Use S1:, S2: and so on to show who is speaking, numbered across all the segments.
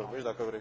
S1: Vorbești dacă vrei.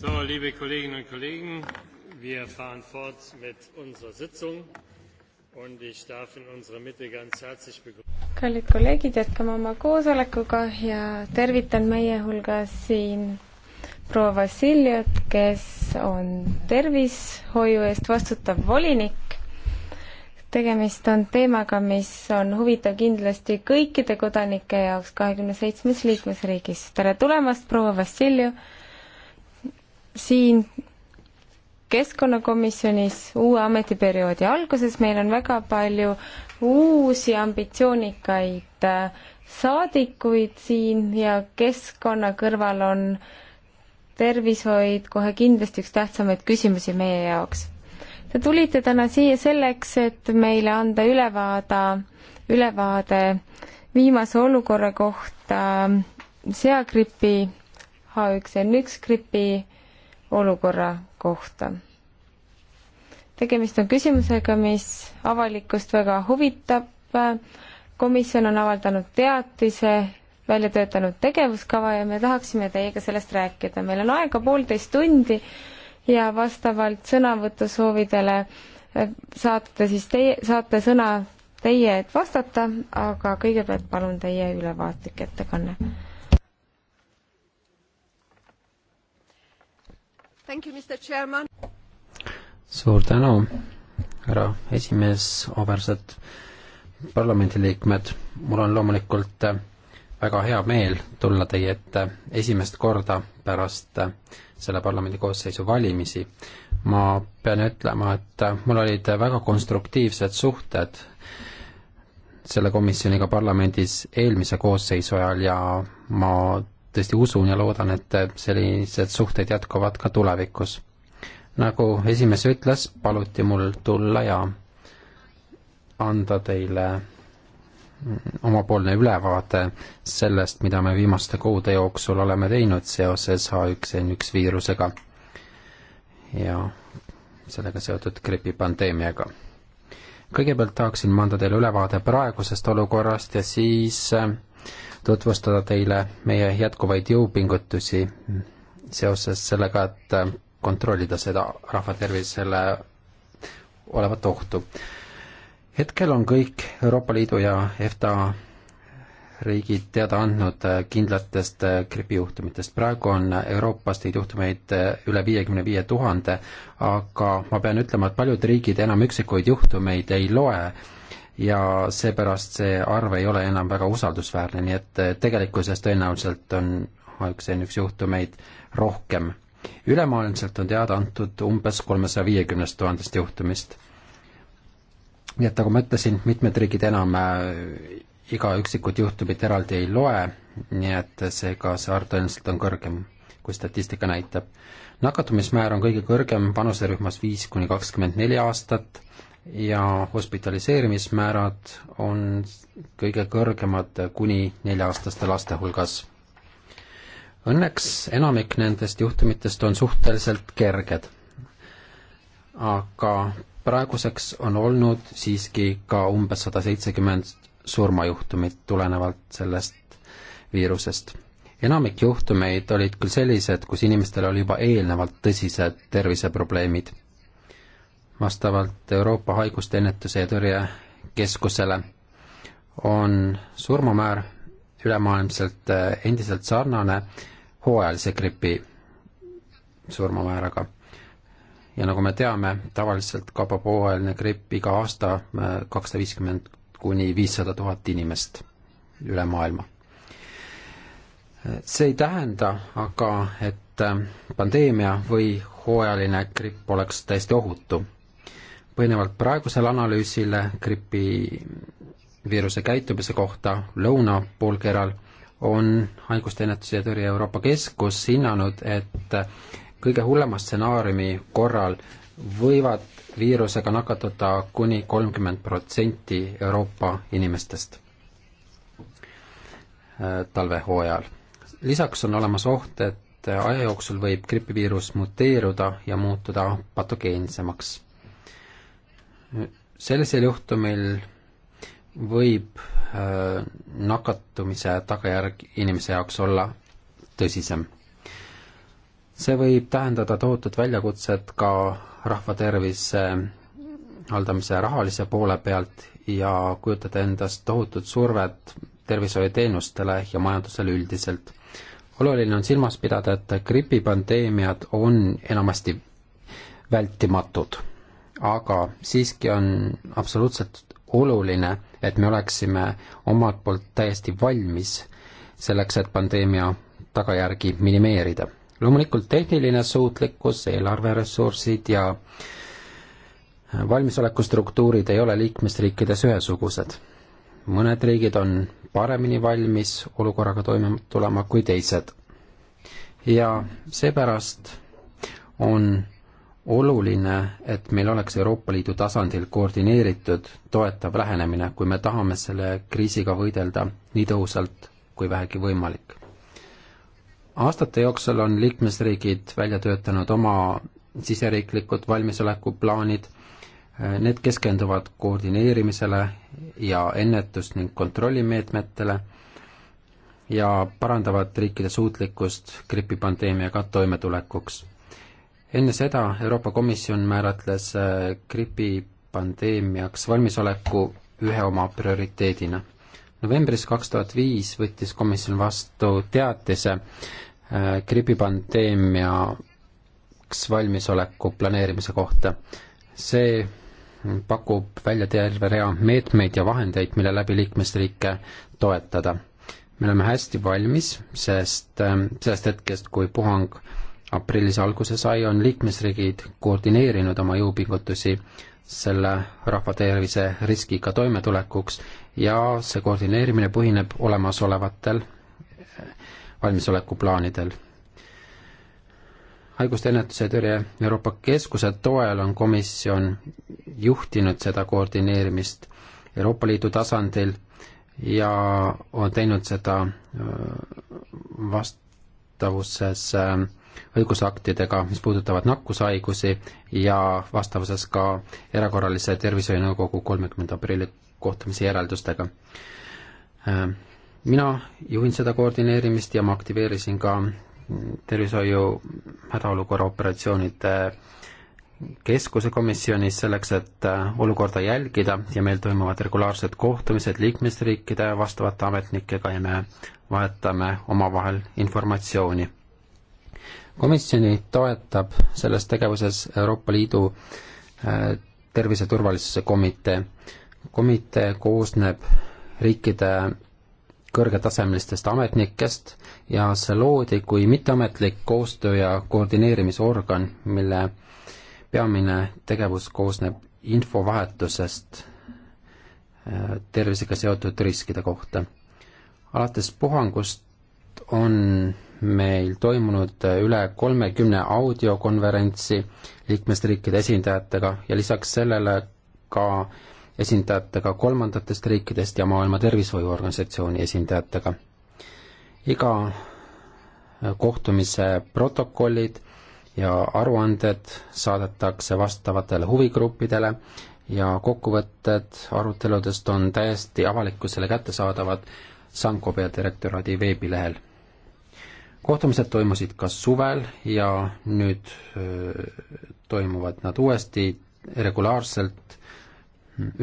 S2: So, liebe Kolleginnen und Kollegen, wir fahren fort mit
S3: unserer Sitzung und ich darf in unserer Mitte ganz herzlich begrüßen.
S4: kallid kolleegid, jätkame oma koosolekuga ja tervitan meie hulgas siin proua Vassiljat, kes on tervishoiu eest vastutav volinik tegemist on teemaga, mis on huvitav kindlasti kõikide kodanike jaoks kahekümne seitsmes liikmesriigis. tere tulemast, proua Vassiljev siin keskkonnakomisjonis uue ametiperioodi alguses, meil on väga palju uusi ambitsioonikaid äh, saadikuid siin ja keskkonna kõrval on tervishoid kohe kindlasti üks tähtsamaid küsimusi meie jaoks. Te tulite täna siia selleks, et meile anda ülevaada, ülevaade viimase olukorra kohta äh, seagripi H1N1 gripi olukorra kohta. tegemist on küsimusega, mis avalikkust väga huvitab. komisjon on avaldanud teatise, välja töötanud tegevuskava ja me tahaksime teiega sellest rääkida. meil on aega poolteist tundi ja vastavalt sõnavõtusoovidele eh, saate siis teie, saate sõna teie, et vastata, aga kõigepealt palun teie ülevaatlik ettekanne
S2: suur tänu, härra esimees, auväärsed parlamendiliikmed, mul on loomulikult äh, väga hea meel tulla teie ette esimest korda pärast äh, selle parlamendikoosseisu valimisi. ma pean ütlema, et äh, mul olid väga konstruktiivsed suhted selle komisjoniga parlamendis eelmise koosseisu ajal ja ma tõesti usun ja loodan, et sellised suhted jätkuvad ka tulevikus. nagu esimees ütles, paluti mul tulla ja anda teile omapoolne ülevaade sellest, mida me viimaste kuude jooksul oleme teinud seoses H1N1 viirusega ja sellega seotud gripipandeemiaga. kõigepealt tahaksin ma anda teile ülevaade praegusest olukorrast ja siis tutvustada teile meie jätkuvaid jõupingutusi seoses sellega, et kontrollida seda rahvatervisele olevat ohtu. hetkel on kõik Euroopa Liidu ja EFTA riigid teada andnud kindlatest gripijuhtumitest. praegu on Euroopast neid juhtumeid üle viiekümne viie tuhande, aga ma pean ütlema, et paljud riigid enam üksikuid juhtumeid ei loe ja seepärast see arv ei ole enam väga usaldusväärne, nii et eh, tegelikkuses tõenäoliselt on H1N1 juhtumeid rohkem. ülemaailmselt on teada antud umbes kolmesaja viiekümnest tuhandest juhtumist. nii et nagu ma ütlesin, mitmed riigid enam eh, iga üksikut juhtumit eraldi ei loe, nii et seega see arv tõenäoliselt on kõrgem, kui statistika näitab. nakatumismäär on kõige kõrgem vanuserühmas viis kuni kakskümmend neli aastat, ja hospitaliseerimismäärad on kõige kõrgemad kuni nelja-aastaste laste hulgas. Õnneks enamik nendest juhtumitest on suhteliselt kerged. aga praeguseks on olnud siiski ka umbes sada seitsekümmend surmajuhtumit tulenevalt sellest viirusest. enamik juhtumeid olid küll sellised, kus inimestel oli juba eelnevalt tõsised terviseprobleemid vastavalt Euroopa Haiguste Ennetuse ja Tõrje Keskusele on surmamäär ülemaailmselt äh, endiselt sarnane hooajalise gripi surmamääraga. ja nagu me teame, tavaliselt kaob hooajaline gripp iga aasta äh, kakssada viiskümmend kuni viissada tuhat inimest üle maailma. Äh, see ei tähenda aga, et pandeemia või hooajaline gripp oleks täiesti ohutu põhinevalt praegusele analüüsile gripi viiruse käitumise kohta lõuna poolkeral on Haiguste Ennetuse ja Tõrje Euroopa Keskus hinnanud, et kõige hullema stsenaariumi korral võivad viirusega nakatuda kuni kolmkümmend protsenti Euroopa inimestest äh, talvehooajal. lisaks on olemas oht, et aja jooksul võib gripiviirus muteeruda ja muutuda patogeensemaks sellisel juhtumil võib äh, nakatumise tagajärg inimese jaoks olla tõsisem. see võib tähendada tohutut väljakutset ka rahvatervise haldamise rahalise poole pealt ja kujutada endast tohutut survet tervishoiuteenustele ja majandusele üldiselt. oluline on silmas pidada, et gripipandeemiad on enamasti vältimatud aga siiski on absoluutselt oluline, et me oleksime omalt poolt täiesti valmis selleks, et pandeemia tagajärgi minimeerida. loomulikult tehniline suutlikkus, eelarveressursid ja valmisolekustruktuurid ei ole liikmesriikides ühesugused. mõned riigid on paremini valmis olukorraga toime tulema kui teised. ja seepärast on oluline, et meil oleks Euroopa Liidu tasandil koordineeritud toetav lähenemine, kui me tahame selle kriisiga võidelda nii tõhusalt kui vähegi võimalik. aastate jooksul on liikmesriigid välja töötanud oma siseriiklikud valmisolekuplaanid, need keskenduvad koordineerimisele ja ennetus- ning kontrollimeetmetele ja parandavad riikide suutlikkust gripipandeemiaga toimetulekuks enne seda Euroopa Komisjon määratles äh, gripipandeemiaks valmisoleku ühe oma prioriteedina. novembris kaks tuhat viis võttis komisjon vastu teatise äh, gripipandeemiaks valmisoleku planeerimise kohta. see pakub välja terve rea meetmeid ja vahendeid, mille läbi liikmesriike toetada. me oleme hästi valmis, sest äh, sellest hetkest, kui puhang aprillis alguse sai, on liikmesriigid koordineerinud oma jõupingutusi selle rahvatervise riskiga toimetulekuks ja see koordineerimine põhineb olemasolevatel valmisolekuplaanidel. haiguste ennetuse ja tõrje Euroopa Keskuse toel on komisjon juhtinud seda koordineerimist Euroopa Liidu tasandil ja on teinud seda äh, vastavuses äh, õigusaktidega, mis puudutavad nakkushaigusi ja vastavuses ka erakorralise tervishoiunõukogu kolmekümnenda aprilli kohtumise järeldustega. Äh, mina juhin seda koordineerimist ja ma aktiveerisin ka tervishoiu hädaolukorra operatsioonide keskuse komisjonis selleks, et äh, olukorda jälgida ja meil toimuvad regulaarsed kohtumised liikmesriikide vastavate ametnikega ja me vahetame omavahel informatsiooni komisjoni toetab selles tegevuses Euroopa Liidu äh, terviseturvalisuse komitee. komitee koosneb riikide kõrgetasemelistest ametnikest ja see loodi kui mitteametlik koostöö ja koordineerimisorgan, mille peamine tegevus koosneb infovahetusest äh, tervisega seotud riskide kohta. alates puhangust on meil toimunud äh, üle kolmekümne audiokonverentsi liikmesriikide esindajatega ja lisaks sellele ka esindajatega kolmandatest riikidest ja Maailma Tervishoiuorganisatsiooni esindajatega. iga äh, kohtumise protokollid ja aruanded saadetakse vastavatele huvigruppidele ja kokkuvõtted aruteludest on täiesti avalikkusele kättesaadavad Sanko peadirektoraadi veebilehel kohtumised toimusid ka suvel ja nüüd toimuvad nad uuesti regulaarselt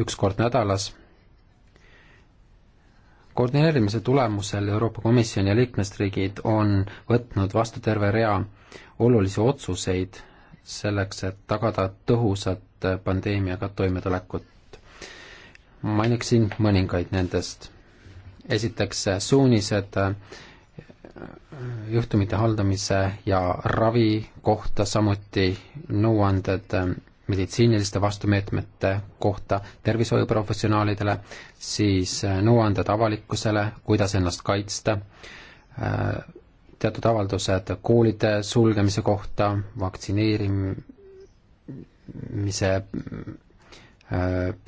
S2: üks kord nädalas. koordineerimise tulemusel Euroopa Komisjon ja liikmesriigid on võtnud vastu terve rea olulisi otsuseid selleks, et tagada tõhusat pandeemiaga toimetulekut. mainiksin mõningaid nendest. esiteks suunised äh, juhtumite haldamise ja ravi kohta, samuti nõuanded äh, meditsiiniliste vastumeetmete kohta tervishoiuprofessionaalidele, siis äh, nõuanded avalikkusele, kuidas ennast kaitsta, äh, teatud avaldused koolide sulgemise kohta, vaktsineerimise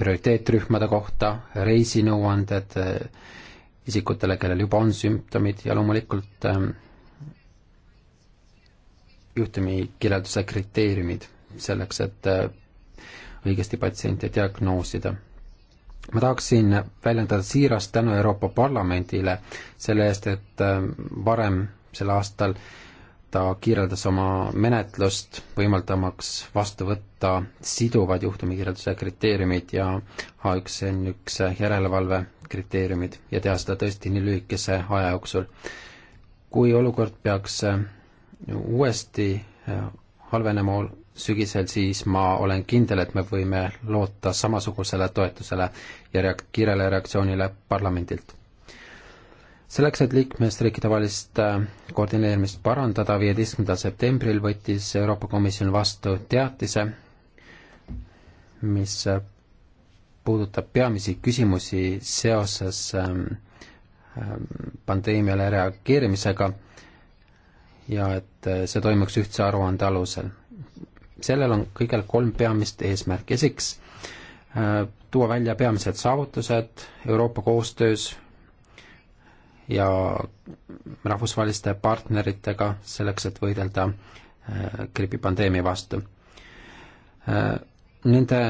S2: prioriteetrühmade kohta, reisinõuanded, isikutele, kellel juba on sümptomid ja loomulikult ähm, juhtumikirjelduse kriteeriumid selleks, et äh, õigesti patsiente diagnoosida ma tahaksin väljendada siirast tänu Euroopa Parlamendile selle eest, et ähm, varem sel aastal ta kirjeldas oma menetlust, võimaldamaks vastu võtta siduvad juhtumikirjelduse kriteeriumid ja H1N1 järelevalve kriteeriumid ja teha seda tõesti nii lühikese aja jooksul. kui olukord peaks äh, uuesti äh, halvenema sügisel, siis ma olen kindel, et me võime loota samasugusele toetusele ja reak-, kiirele reaktsioonile parlamendilt. selleks, et liikmesriikide vahelist äh, koordineerimist parandada, viieteistkümnendal septembril võttis Euroopa Komisjon vastu teatise, mis puudutab peamisi küsimusi seoses ähm, ähm, pandeemiale reageerimisega ja et äh, see toimuks ühtse aruande alusel. sellel on kõigil kolm peamist eesmärki, esiteks äh, tuua välja peamised saavutused Euroopa koostöös ja rahvusvaheliste partneritega selleks, et võidelda äh, gripipandeemia vastu Nende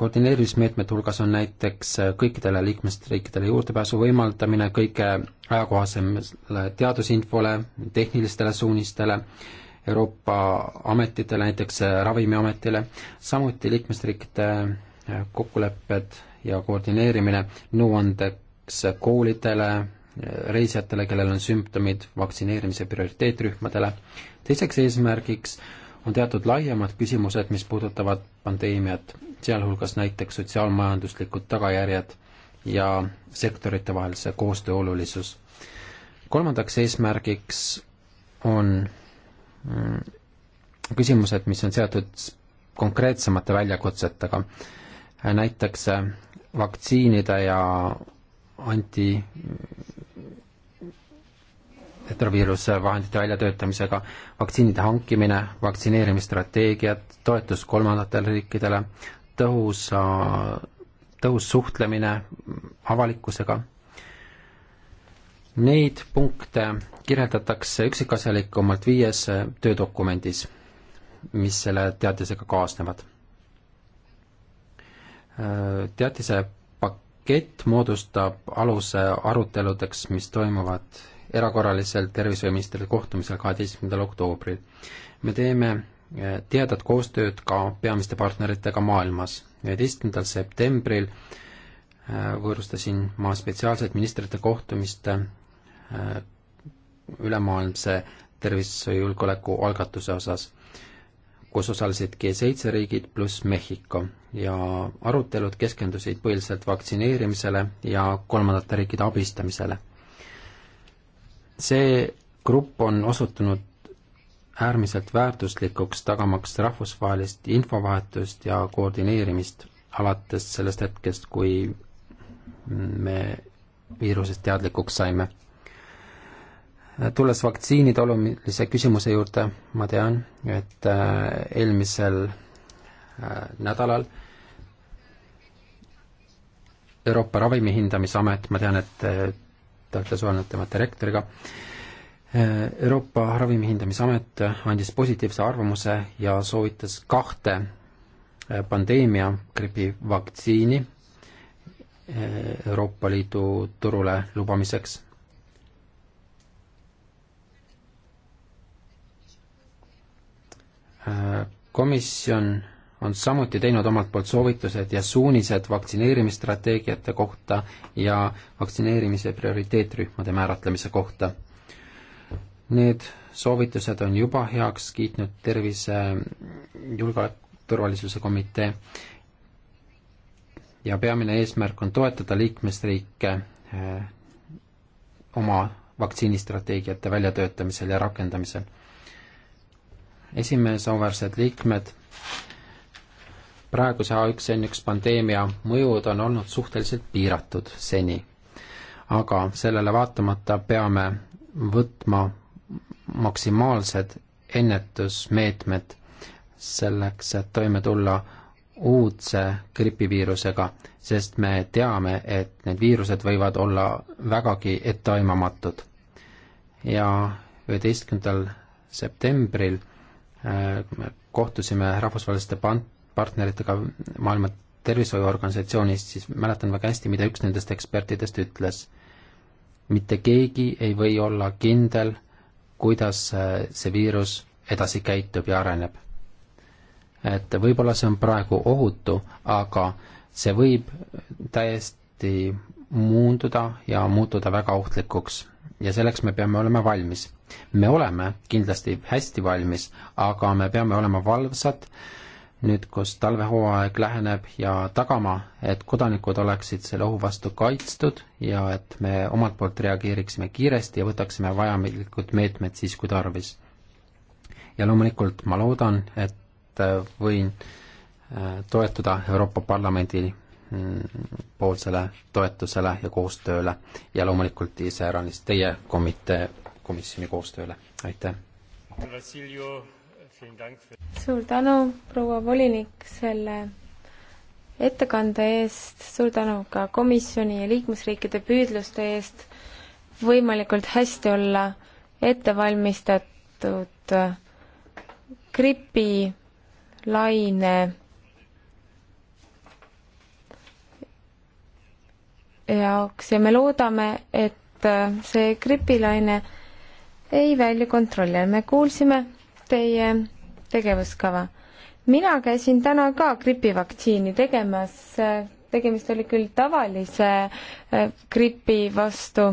S2: koordineerimismeetmete hulgas on näiteks kõikidele liikmesriikidele juurdepääsu võimaldamine kõige ajakohasemale teadusinfole, tehnilistele suunistele, Euroopa ametitele, näiteks Ravimiametile, samuti liikmesriikide kokkulepped ja koordineerimine nõuandeks koolidele, reisijatele, kellel on sümptomid, vaktsineerimise prioriteetrühmadele. teiseks eesmärgiks on teatud laiemad küsimused, mis puudutavad pandeemiat, sealhulgas näiteks sotsiaalmajanduslikud tagajärjed ja sektoritevahelise koostöö olulisus. kolmandaks eesmärgiks on mm, küsimused, mis on seotud konkreetsemate väljakutsetega, näiteks eh, vaktsiinide ja anti retroviiruse vahendite väljatöötamisega, vaktsiinide hankimine, vaktsineerimisstrateegiad, toetus kolmandatele riikidele, tõhusa, tõhus suhtlemine avalikkusega. Neid punkte kirjeldatakse üksikasjalikumalt viies töödokumendis, mis selle teadisega kaasnevad. teatise pakett moodustab aluse aruteludeks, mis toimuvad erakorralisel tervishoiuministrite kohtumisel kaheteistkümnendal oktoobril. me teeme eh, tihedat koostööd ka peamiste partneritega maailmas. üheteistkümnendal septembril eh, võõrustasin ma spetsiaalset ministrite kohtumist eh, ülemaailmse tervisejulgeoleku algatuse osas, kus osalesid G7 riigid pluss Mehhiko ja arutelud keskendusid põhiliselt vaktsineerimisele ja kolmandate riikide abistamisele see grupp on osutunud äärmiselt väärtuslikuks, tagamaks rahvusvahelist infovahetust ja koordineerimist alates sellest hetkest, kui me viirusest teadlikuks saime. tulles vaktsiinide olulise küsimuse juurde, ma tean, et äh, eelmisel äh, nädalal Euroopa Ravimi Hindamisamet, ma tean, et äh, ta ütles suhelnud tema direktoriga. Euroopa Ravimi Hindamisamet andis positiivse arvamuse ja soovitas kahte eh, pandeemia gripivaktsiini eh, Euroopa Liidu turule lubamiseks eh, komisjon on samuti teinud omalt poolt soovitused ja suunised vaktsineerimisstrateegiate kohta ja vaktsineerimise prioriteetrühmade määratlemise kohta. Need soovitused on juba heaks kiitnud Tervise Julgeoleku Turvalisuse Komitee ja peamine eesmärk on toetada liikmesriike eh, oma vaktsiinistrateegiate väljatöötamisel ja rakendamisel. esimees, auväärsed liikmed, praeguse H1N1 pandeemia mõjud on olnud suhteliselt piiratud seni. aga sellele vaatamata peame võtma maksimaalsed ennetusmeetmed selleks, et toime tulla uudse gripiviirusega, sest me teame, et need viirused võivad olla vägagi etteaimamatud. ja üheteistkümnendal septembril äh, kohtusime rahvusvaheliste pan-, partneritega Maailma Tervishoiuorganisatsioonist, siis mäletan väga hästi, mida üks nendest ekspertidest ütles. mitte keegi ei või olla kindel, kuidas äh, see viirus edasi käitub ja areneb. et võib-olla see on praegu ohutu, aga see võib äh, täiesti muunduda ja muutuda väga ohtlikuks ja selleks me peame olema valmis. me oleme kindlasti hästi valmis, aga me peame olema valvsad äh, nüüd, kus talvehooaeg läheneb ja tagama, et kodanikud oleksid selle ohu vastu kaitstud ja et me omalt poolt reageeriksime kiiresti ja võtaksime vajalikud meetmed siis, kui tarvis. ja loomulikult ma loodan, et äh, võin äh, toetuda Euroopa Parlamendi mm, poolsele toetusele ja koostööle ja loomulikult iseäranis teie komitee, komisjoni koostööle, aitäh! Vassiljev
S4: suur tänu, proua volinik, selle ettekande eest, suur tänu ka komisjoni ja liikmesriikide püüdluste eest võimalikult hästi olla ettevalmistatud gripilaine jaoks ja me loodame, et see gripilaine ei välju kontrolli all, me kuulsime teie tegevuskava. mina käisin täna ka gripivaktsiini tegemas, tegemist oli küll tavalise äh, gripi vastu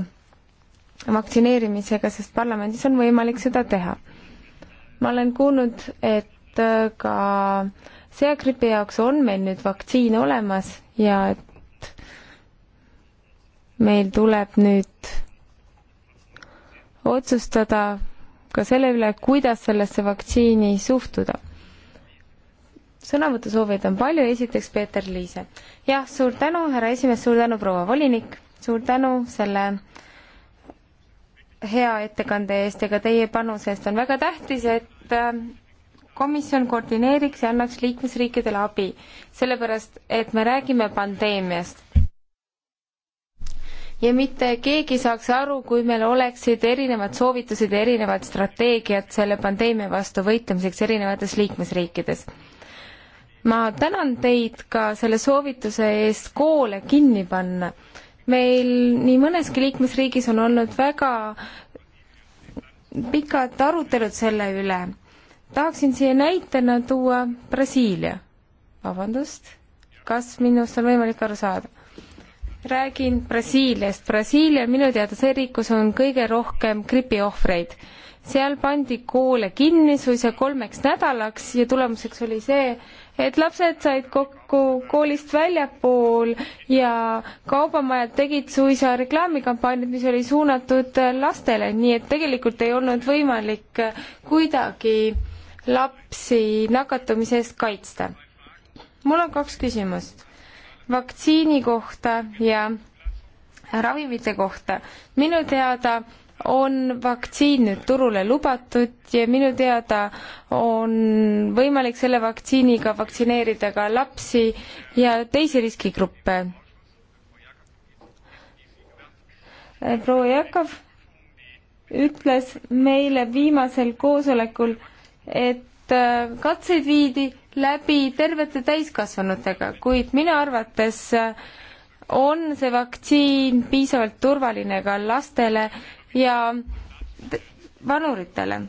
S4: vaktsineerimisega, sest parlamendis on võimalik seda teha. ma olen kuulnud, et äh, ka seagripi jaoks on meil nüüd vaktsiin olemas ja et meil tuleb nüüd otsustada, ka selle üle, kuidas sellesse vaktsiini suhtuda. sõnavõtusoovijaid on palju, esiteks Peeter Liise. jah, suur tänu, härra esimees, suur tänu, proua volinik, suur tänu selle hea ettekande eest ja ka teie panuse eest, on väga tähtis, et äh, komisjon koordineeriks ja annaks liikmesriikidele abi, sellepärast et me räägime pandeemiast ja mitte keegi saaks aru, kui meil oleksid erinevad soovitused ja erinevad strateegiad selle pandeemia vastu võitlemiseks erinevates liikmesriikides. ma tänan teid ka selle soovituse eest koole kinni panna. meil nii mõneski liikmesriigis on olnud väga pikad arutelud selle üle. tahaksin siia näitena tuua Brasiilia. vabandust, kas minust on võimalik aru saada? räägin Brasiiliast. Brasiilia on minu teada see riik, kus on kõige rohkem gripiohvreid. seal pandi koole kinni suisa kolmeks nädalaks ja tulemuseks oli see, et lapsed said kokku koolist väljapool ja kaubamajad tegid suisa reklaamikampaaniat, mis oli suunatud lastele, nii et tegelikult ei olnud võimalik kuidagi lapsi nakatumise eest kaitsta. mul on kaks küsimust vaktsiini kohta ja ravimite kohta. minu teada on vaktsiin nüüd turule lubatud ja minu teada on võimalik selle vaktsiiniga vaktsineerida ka lapsi ja teisi riskigruppe. proua Jakov ütles meile viimasel koosolekul, et Äh, katseid viidi läbi tervete täiskasvanutega, kuid minu arvates äh, on see vaktsiin piisavalt turvaline ka lastele ja vanuritele.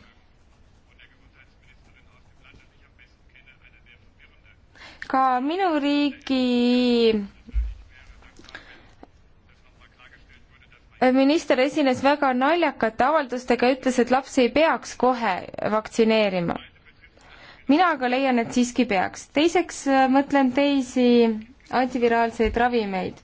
S4: ka minu riigi äh, minister esines väga naljakate avaldustega, ütles, et lapsi ei peaks kohe vaktsineerima mina aga leian, et siiski peaks. teiseks äh, mõtlen teisi antiviraalseid ravimeid.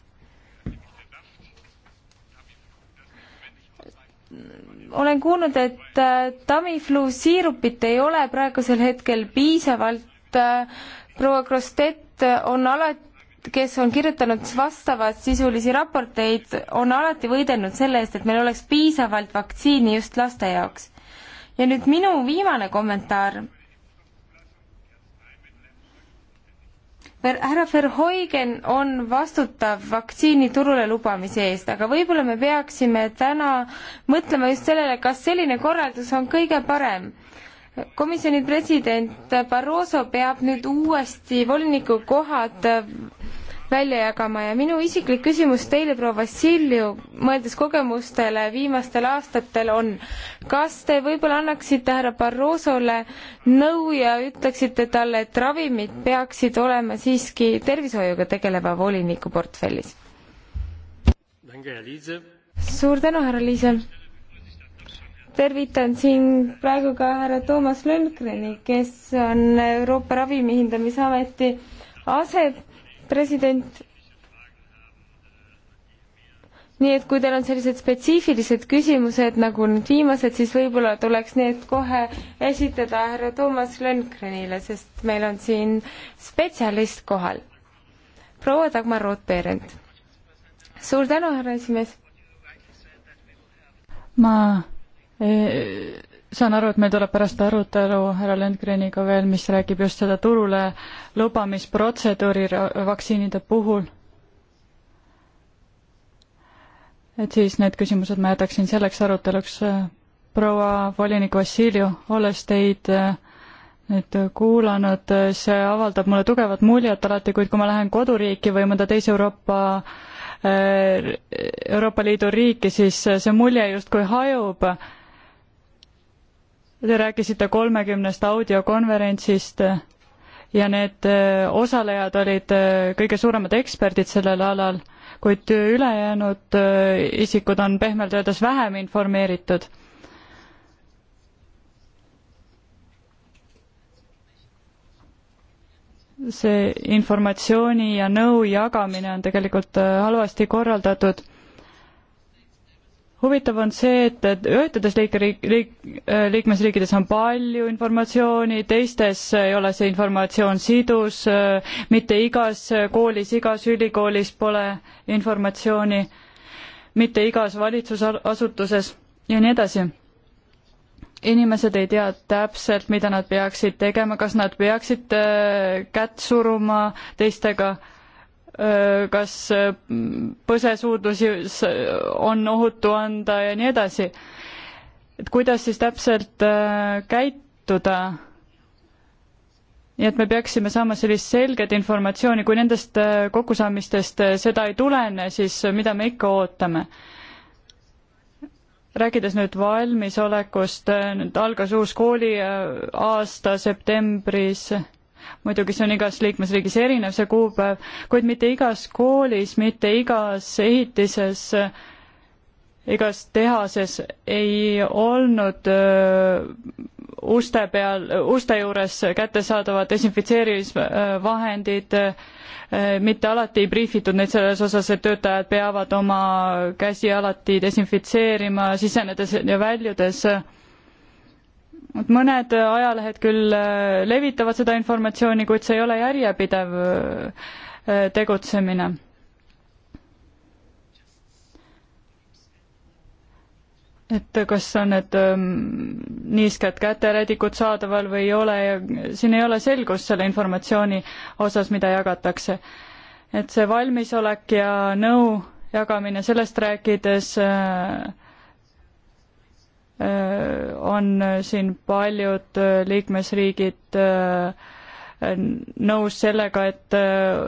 S4: olen kuulnud, et äh, Tamiflu siirupit ei ole praegusel hetkel piisavalt. Äh, proua Krostet on alati kes on kirjutanud vastavad sisulisi raporteid, on alati võidelnud selle eest, et meil oleks piisavalt vaktsiini just laste jaoks. ja nüüd minu viimane kommentaar härra Verhoigen on vastutav vaktsiini turule lubamise eest, aga võib-olla me peaksime täna mõtlema just sellele, kas selline korraldus on kõige parem. komisjoni president Barroso peab nüüd uuesti voliniku kohad välja jagama ja minu isiklik küsimus teile, proua Vassiljev, mõeldes kogemustele viimastel aastatel on, kas te võib-olla annaksite härra Barrosole nõu ja ütleksite talle, et ravimid peaksid olema siiski tervishoiuga tegeleva voliniku portfellis? suur tänu, härra Liise! tervitan siin praegu ka härra Toomas Lönkreni, kes on Euroopa Ravimihindamisameti asep- president, nii et kui teil on sellised spetsiifilised küsimused nagu nüüd viimased, siis võib-olla tuleks need kohe esitada härra Toomas Lönkrenile, sest meil on siin spetsialist kohal.
S1: proua Dagmar Rootberend. suur tänu, härra esimees. ma öö eh, saan aru, et meil tuleb pärast arutelu härra Lendgreniga veel, mis räägib just seda turule lubamisprotseduuri vaktsiinide puhul. et siis need küsimused ma jätaksin selleks aruteluks. proua volinik Vassiljev, olles teid äh, nüüd kuulanud, äh, see avaldab mulle tugevat muljet alati, kuid kui ma lähen koduriiki või mõnda teise Euroopa äh, Euroopa Liidu riiki, siis see mulje justkui hajub Te rääkisite kolmekümnest audiokonverentsist ja need eh, osalejad olid eh, kõige suuremad eksperdid sellel alal, kuid ülejäänud eh, isikud on pehmelt öeldes vähem informeeritud. see informatsiooni ja nõu jagamine on tegelikult halvasti korraldatud huvitav on see, et, et ühtedes liik-, liik-, äh, liikmesriikides on palju informatsiooni, teistes ei ole see informatsioon sidus, äh, mitte igas koolis, igas ülikoolis pole informatsiooni, mitte igas valitsusasutuses ja nii edasi. inimesed ei tea täpselt, mida nad peaksid tegema, kas nad peaksid äh, kätt suruma teistega kas põsesuudlusi on ohutu anda ja nii edasi. et kuidas siis täpselt käituda? nii et me peaksime saama sellist selget informatsiooni, kui nendest kokkusaamistest seda ei tulene, siis mida me ikka ootame? rääkides nüüd valmisolekust, nüüd algas uus kooliaasta septembris muidugi see on igas liikmesriigis erinev, see kuupäev, kuid mitte igas koolis, mitte igas ehitises, igas tehases ei olnud öö, uste peal, uste juures kättesaadavad desinfitseerimisvahendid, mitte alati ei briifitud neid selles osas, et töötajad peavad oma käsi alati desinfitseerima, sisenedes ja väljudes et mõned ajalehed küll äh, levitavad seda informatsiooni, kuid see ei ole järjepidev äh, tegutsemine. et kas on need ähm, niisked käterädikud saadaval või ei ole ja siin ei ole selgust selle informatsiooni osas, mida jagatakse. et see valmisolek ja nõu jagamine, sellest rääkides äh, Äh, on siin paljud äh, liikmesriigid äh, nõus sellega, et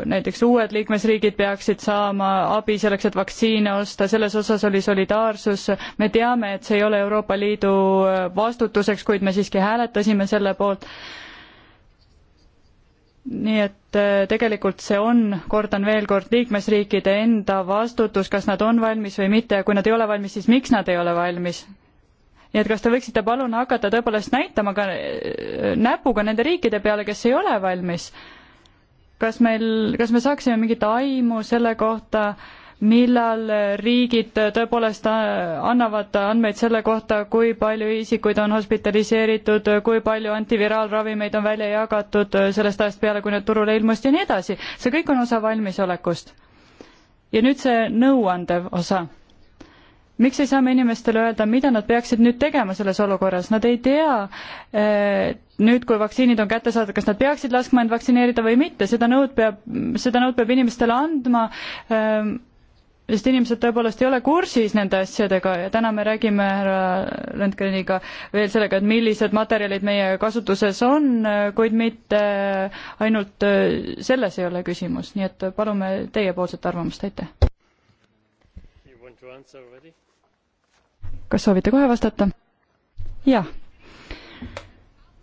S1: näiteks uued liikmesriigid peaksid saama abi selleks, et vaktsiine osta, selles osas oli solidaarsus. me teame, et see ei ole Euroopa Liidu vastutuseks, kuid me siiski hääletasime selle poolt nii et tegelikult see on, kordan veel kord, liikmesriikide enda vastutus, kas nad on valmis või mitte ja kui nad ei ole valmis, siis miks nad ei ole valmis nii et kas te võiksite palun hakata tõepoolest näitama ka äh, näpuga nende riikide peale, kes ei ole valmis? kas meil, kas me saaksime mingit aimu selle kohta, millal riigid tõepoolest äh, annavad andmeid selle kohta, kui palju isikuid on hospitaliseeritud, kui palju antiviraalravimeid on välja jagatud äh, sellest ajast peale, kui need turule ilmusid ja nii edasi. see kõik on osa valmisolekust. ja nüüd see nõuandev osa miks ei saa me inimestele öelda, mida nad peaksid nüüd tegema selles olukorras, nad ei tea eh, nüüd, kui vaktsiinid on kättesaadavad, kas nad peaksid laskma end vaktsineerida või mitte, seda nõud peab, seda nõud peab inimestele andma, eh, sest inimesed tõepoolest ei ole kursis nende asjadega ja täna me räägime härra Lundgreniga veel sellega, et millised materjalid meie kasutuses on, eh, kuid mitte ainult selles ei ole küsimus, nii et palume teiepoolset arvamust, aitäh!
S3: You want to answer already?
S1: kas soovite kohe vastata? jah.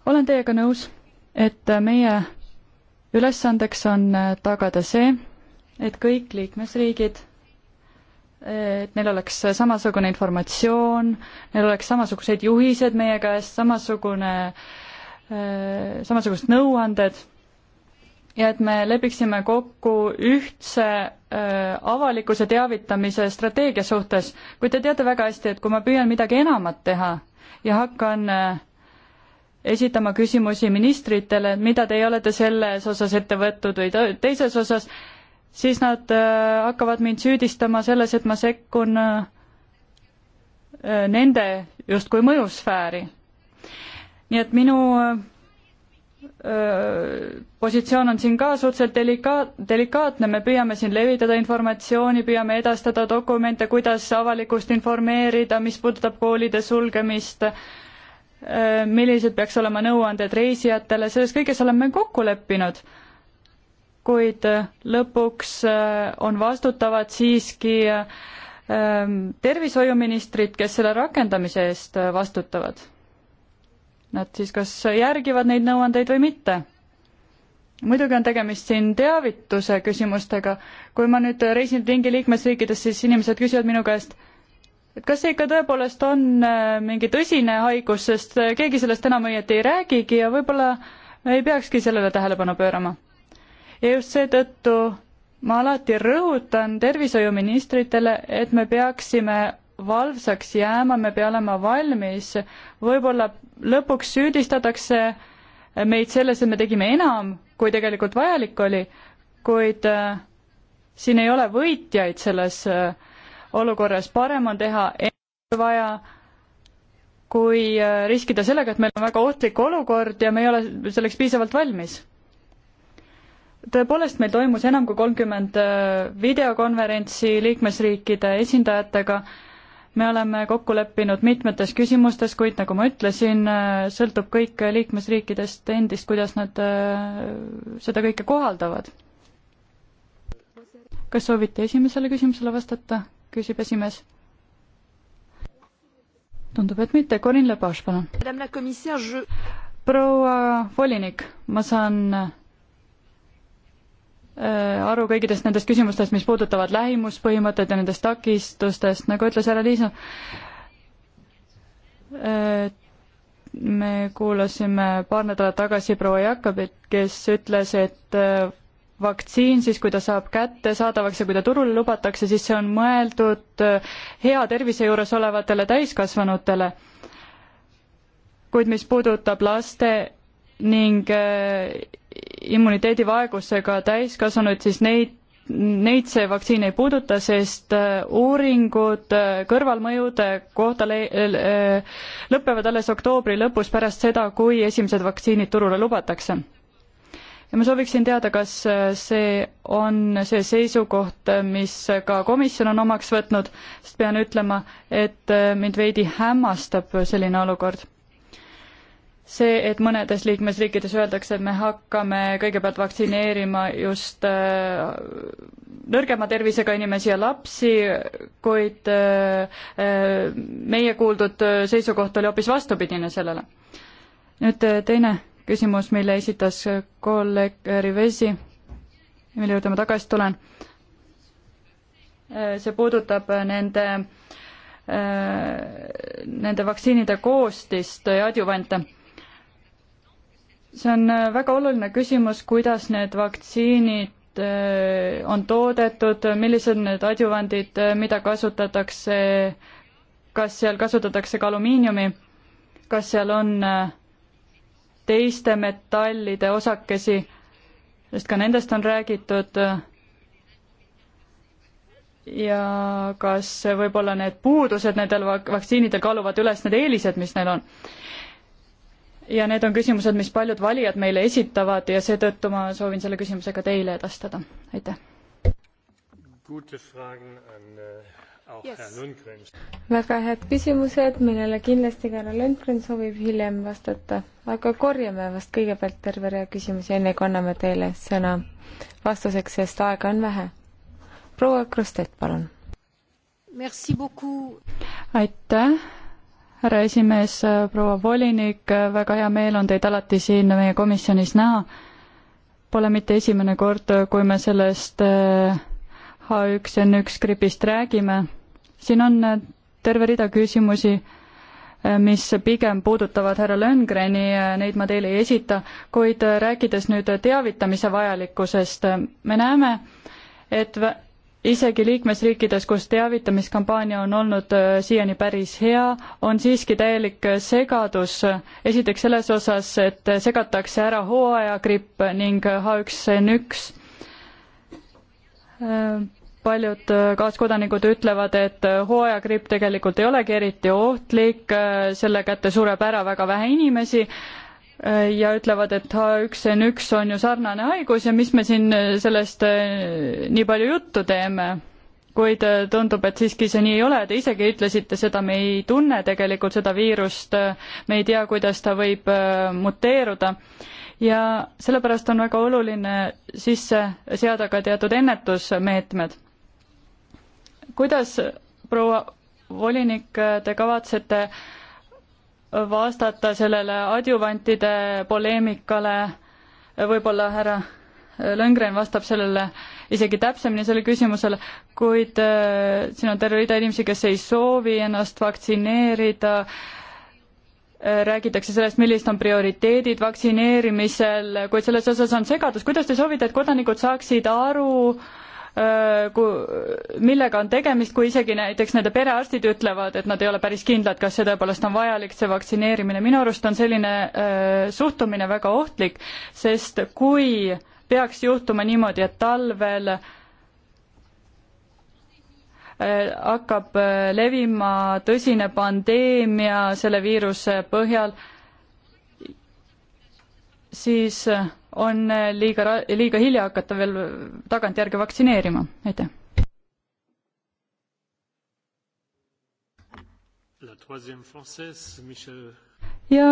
S1: olen teiega nõus, et meie ülesandeks on äh, tagada see, et kõik liikmesriigid, et neil oleks samasugune informatsioon, neil oleks samasugused juhised meie käest, samasugune, äh, samasugused nõuanded ja et me lepiksime kokku ühtse avalikkuse teavitamise strateegia suhtes, kuid te teate väga hästi, et kui ma püüan midagi enamat teha ja hakkan esitama küsimusi ministritele, et mida teie olete selles osas ette võtnud või teises osas, siis nad hakkavad mind süüdistama selles, et ma sekkun nende justkui mõjusfääri. nii et minu positsioon on siin ka suhteliselt delika-, delikaatne, me püüame siin levitada informatsiooni, püüame edastada dokumente, kuidas avalikkust informeerida, mis puudutab koolide sulgemist, millised peaks olema nõuanded reisijatele, selles kõiges oleme kokku leppinud. kuid lõpuks on vastutavad siiski tervishoiuministrid, kes selle rakendamise eest vastutavad nad siis kas järgivad neid nõuandeid või mitte. muidugi on tegemist siin teavituse küsimustega, kui ma nüüd reisin ringi liikmesriikides, siis inimesed küsivad minu käest, et kas see ikka tõepoolest on äh, mingi tõsine haigus, sest äh, keegi sellest enam õieti ei räägigi ja võib-olla ei peakski sellele tähelepanu pöörama. ja just seetõttu ma alati rõhutan tervishoiuministritele, et me peaksime valvsaks jääma, me peame olema valmis, võib-olla lõpuks süüdistatakse meid selles, et me tegime enam, kui tegelikult vajalik oli, kuid äh, siin ei ole võitjaid selles äh, olukorras, parem on teha vaja, kui äh, riskida sellega, et meil on väga ohtlik olukord ja me ei ole selleks piisavalt valmis tõepoolest, meil toimus enam kui kolmkümmend äh, videokonverentsi liikmesriikide esindajatega me oleme kokku leppinud mitmetes küsimustes, kuid nagu ma ütlesin, äh, sõltub kõik liikmesriikidest endist, kuidas nad äh, seda kõike kohaldavad. kas soovite esimesele küsimusele vastata, küsib esimees? tundub, et mitte, Corinne Lepage, palun. proua volinik, ma saan Äh, aru kõikidest nendest küsimustest, mis puudutavad lähimuspõhimõtet ja nendest takistustest, nagu ütles härra Liisa, äh, me kuulasime paar nädalat tagasi proua Jakobit, kes ütles, et äh, vaktsiin siis, kui ta saab kättesaadavaks ja kui ta turule lubatakse, siis see on mõeldud hea tervise juures olevatele täiskasvanutele. kuid mis puudutab laste ning äh, immuniteedi vaegusega täiskasvanuid, siis neid, neid see vaktsiin ei puuduta, sest äh, uuringud äh, kõrvalmõjude kohta lõpevad alles oktoobri lõpus, pärast seda, kui esimesed vaktsiinid turule lubatakse. ja ma sooviksin teada, kas see on see seisukoht, mis ka komisjon on omaks võtnud, sest pean ütlema, et mind veidi hämmastab selline olukord see, et mõnedes liikmesriikides öeldakse, et me hakkame kõigepealt vaktsineerima just äh, nõrgema tervisega inimesi ja lapsi, kuid äh, äh, meie kuuldud seisukoht oli hoopis vastupidine sellele. nüüd teine küsimus, mille esitas kolleeg Rivesi, mille juurde ma tagasi tulen. see puudutab nende nende vaktsiinide koostist ja adjuvante see on äh, väga oluline küsimus, kuidas need vaktsiinid äh, on toodetud, millised need adjuvandid, äh, mida kasutatakse, kas seal kasutatakse ka alumiiniumi, kas seal on teiste metallide osakesi, sest ka nendest on räägitud, ja kas võib-olla need puudused nendel vaktsiinidel kaaluvad üles need eelised, mis neil on ja need on küsimused, mis paljud valijad meile esitavad ja seetõttu ma soovin selle küsimuse ka teile edastada, aitäh.
S3: Äh, yes.
S1: väga head
S4: küsimused, millele kindlasti ka härra Lundgren soovib hiljem vastata, aga korjame vast kõigepealt terve rea küsimusi, enne kui anname teile sõna vastuseks, sest aega on vähe.
S1: proua Krustet, palun. aitäh härra esimees, proua volinik, väga hea meel on teid alati siin meie komisjonis näha. Pole mitte esimene kord, kui me sellest H1N1 eh, gripist räägime. siin on eh, terve rida küsimusi, eh, mis pigem puudutavad härra Löngreni, neid ma teile ei esita, kuid rääkides nüüd teavitamise vajalikkusest, me näeme, et isegi liikmesriikides, kus teavitamiskampaania on olnud äh, siiani päris hea, on siiski täielik äh, segadus. esiteks selles osas, et äh, segatakse ära hooajagripp ning H1N1. paljud kaaskodanikud ütlevad, et hooajagripp tegelikult ei olegi eriti ohtlik, selle kätte sureb ära väga vähe inimesi ja ütlevad, et H1N1 on ju sarnane haigus ja mis me siin äh, sellest äh, nii palju juttu teeme. kuid äh, tundub, et siiski see nii ei ole, te isegi ütlesite seda, me ei tunne tegelikult seda viirust, me ei tea, kuidas ta võib muteeruda ja sellepärast on väga oluline sisse seada ka teatud ennetusmeetmed. kuidas, proua volinik, te kavatsete äh, vastata sellele adjuvantide poleemikale, võib-olla härra Lõngren vastab sellele isegi täpsemini, sellele küsimusele, kuid äh, siin on terve rida inimesi, kes ei soovi ennast vaktsineerida, äh, räägitakse sellest, millised on prioriteedid vaktsineerimisel, kuid selles osas on segadus, kuidas te soovite, et kodanikud saaksid aru äh, Äh, kui, millega on tegemist, kui isegi näiteks nende perearstid ütlevad, et nad ei ole päris kindlad, kas see tõepoolest on vajalik, see vaktsineerimine. minu arust on selline äh, suhtumine väga ohtlik, sest kui peaks juhtuma niimoodi, et talvel äh, hakkab levima tõsine pandeemia selle viiruse põhjal siis äh, on äh, liiga, liiga hilja hakata veel tagantjärgi vaktsineerima, aitäh. ja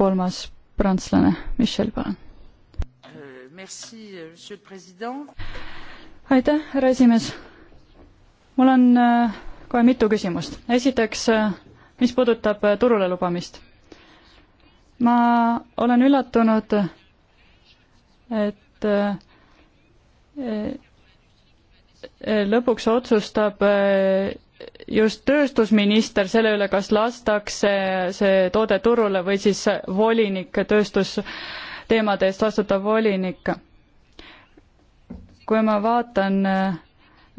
S1: kolmas prantslane, Michel, palun.
S3: Euh, euh,
S1: aitäh, härra esimees. mul on äh, kohe mitu küsimust. esiteks, mis puudutab turule lubamist ma olen üllatunud, et eh, lõpuks otsustab eh, just tööstusminister selle üle, kas lastakse see toode turule või siis volinik, tööstusteemade eest vastutav volinik. kui ma vaatan eh,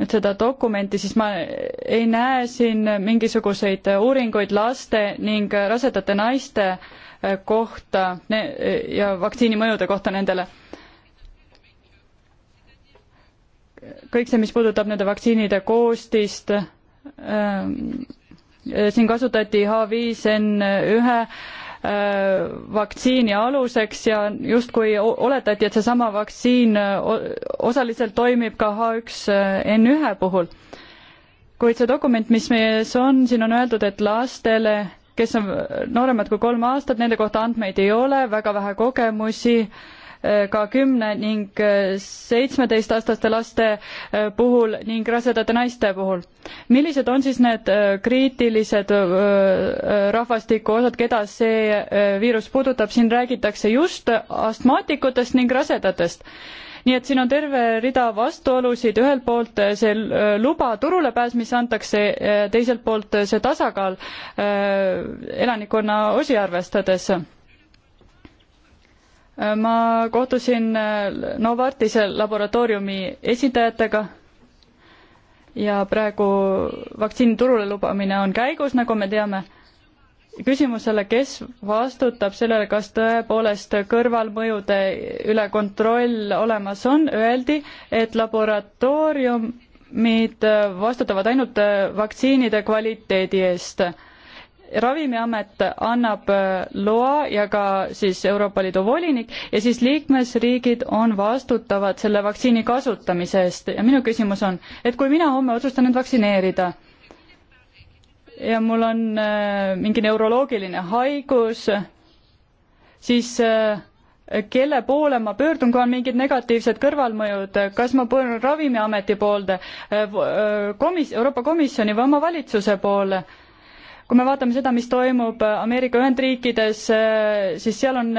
S1: nüüd seda dokumenti, siis ma ei näe siin mingisuguseid uuringuid laste ning rasedate naiste äh, kohta ja vaktsiini mõjude kohta nendele. kõik see, mis puudutab nende vaktsiinide koostist, ähm, siin kasutati H5N1 äh, vaktsiini aluseks ja justkui oletati, et seesama vaktsiin osaliselt toimib ka H1N1 puhul. kuid see dokument, mis meie ees on, siin on öeldud, et lastele kes on nooremad kui kolm aastat, nende kohta andmeid ei ole, väga vähe kogemusi, eh, ka kümne ning eh, seitsmeteistaastaste laste eh, puhul ning rasedate naiste puhul. millised on siis need kriitilised rahvastiku osad, keda see viirus puudutab, siin räägitakse just astmaatikutest ning rasedatest nii et siin on terve rida vastuolusid, ühelt poolt eh, see eh, luba turule pääs, mis antakse, eh, teiselt poolt see tasakaal elanikkonna osi arvestades ma kohtusin Novartise laboratooriumi esindajatega ja praegu vaktsiini turule lubamine on käigus, nagu me teame küsimusele, kes vastutab sellele, kas tõepoolest kõrvalmõjude üle kontroll olemas on, öeldi, et laboratooriumid vastutavad ainult vaktsiinide kvaliteedi eest. ravimiamet annab loa ja ka siis Euroopa Liidu volinik ja siis liikmesriigid on vastutavad selle vaktsiini kasutamise eest ja minu küsimus on, et kui mina homme otsustan end vaktsineerida ja mul on äh, mingi neuroloogiline haigus, siis äh, kelle poole ma pöördun, kui on mingid negatiivsed kõrvalmõjud, kas ma pöördun Ravimiameti poolde, äh, komis-, Euroopa Komisjoni või oma valitsuse poole? kui me vaatame seda, mis toimub Ameerika Ühendriikides, siis seal on,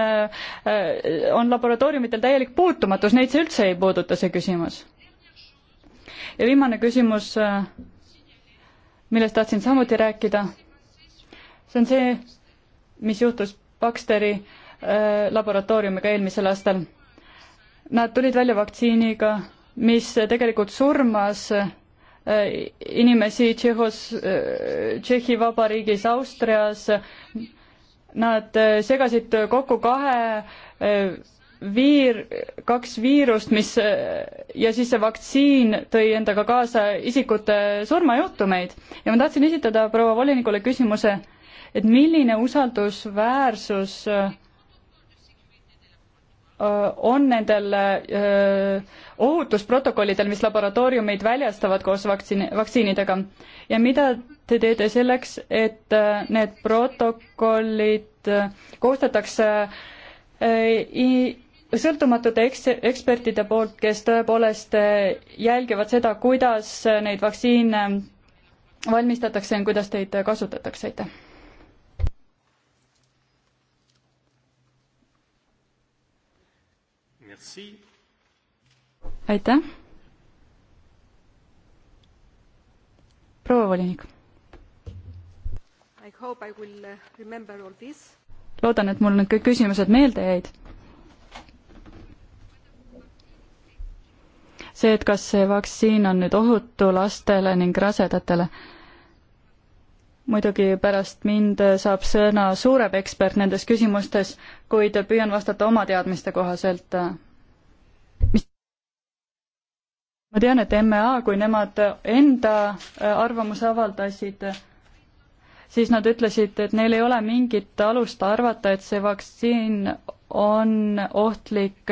S1: on laboratooriumitel täielik puutumatus, neid see üldse ei puuduta, see küsimus. ja viimane küsimus millest tahtsin samuti rääkida. see on see, mis juhtus Baxteri äh, laboratooriumiga eelmisel aastal. Nad tulid välja vaktsiiniga, mis tegelikult surmas äh, inimesi Tšehhos äh,, Tšehhi Vabariigis, Austrias. Nad äh, segasid kokku kahe äh, viir, kaks viirust, mis ja siis see vaktsiin tõi endaga kaasa isikute surmajuhtumeid ja ma tahtsin esitada proua volinikule küsimuse, et milline usaldusväärsus on nendel ohutusprotokollidel, mis laboratooriumid väljastavad koos vaktsiini, vaktsiinidega ja mida te teete selleks, et need protokollid koostatakse sõltumatute eks-, ekspertide poolt, kes tõepoolest eh, jälgivad seda, kuidas eh, neid vaktsiine eh, valmistatakse ja kuidas teid kasutatakse, aitäh! aitäh! proua volinik. loodan, et mul need kõik küsimused meelde jäid see, et kas see vaktsiin on nüüd ohutu lastele ning rasedatele. muidugi pärast mind saab sõna suurem ekspert nendes küsimustes, kuid püüan vastata oma teadmiste kohaselt. mis ma tean, et MEA, kui nemad enda arvamuse avaldasid, siis nad ütlesid, et neil ei ole mingit alust arvata, et see vaktsiin on ohtlik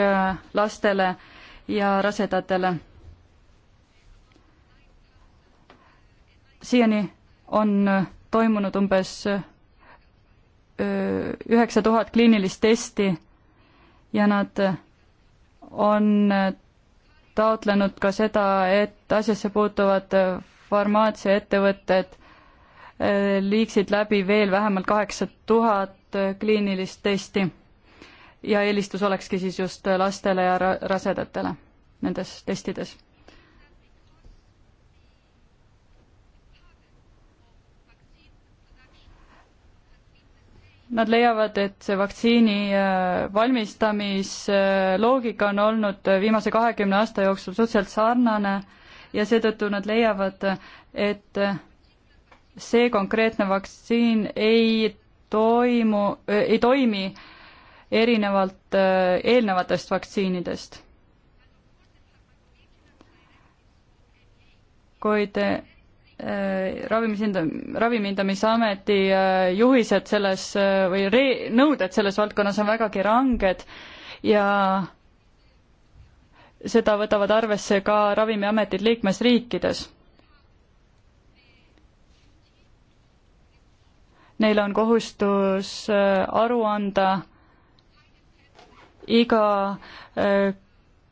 S1: lastele ja rasedatele. siiani on toimunud umbes üheksa tuhat kliinilist testi ja nad on taotlenud ka seda, et asjasse puutuvad farmaatsiaettevõtted liiksid läbi veel vähemalt kaheksa tuhat kliinilist testi ja eelistus olekski siis just lastele ja ra rasedatele nendes testides. Nad leiavad, et see vaktsiini äh, valmistamisloogika on olnud viimase kahekümne aasta jooksul suhteliselt sarnane ja seetõttu nad leiavad, et see konkreetne vaktsiin ei toimu, äh, ei toimi äh, erinevalt äh, eelnevatest vaktsiinidest. kuid äh, ravimis hinda, Ravimi hindamisameti äh, juhised selles või re-, nõuded selles valdkonnas on vägagi ranged ja seda võtavad arvesse ka Ravimiametid liikmesriikides. Neil on kohustus aru anda iga äh,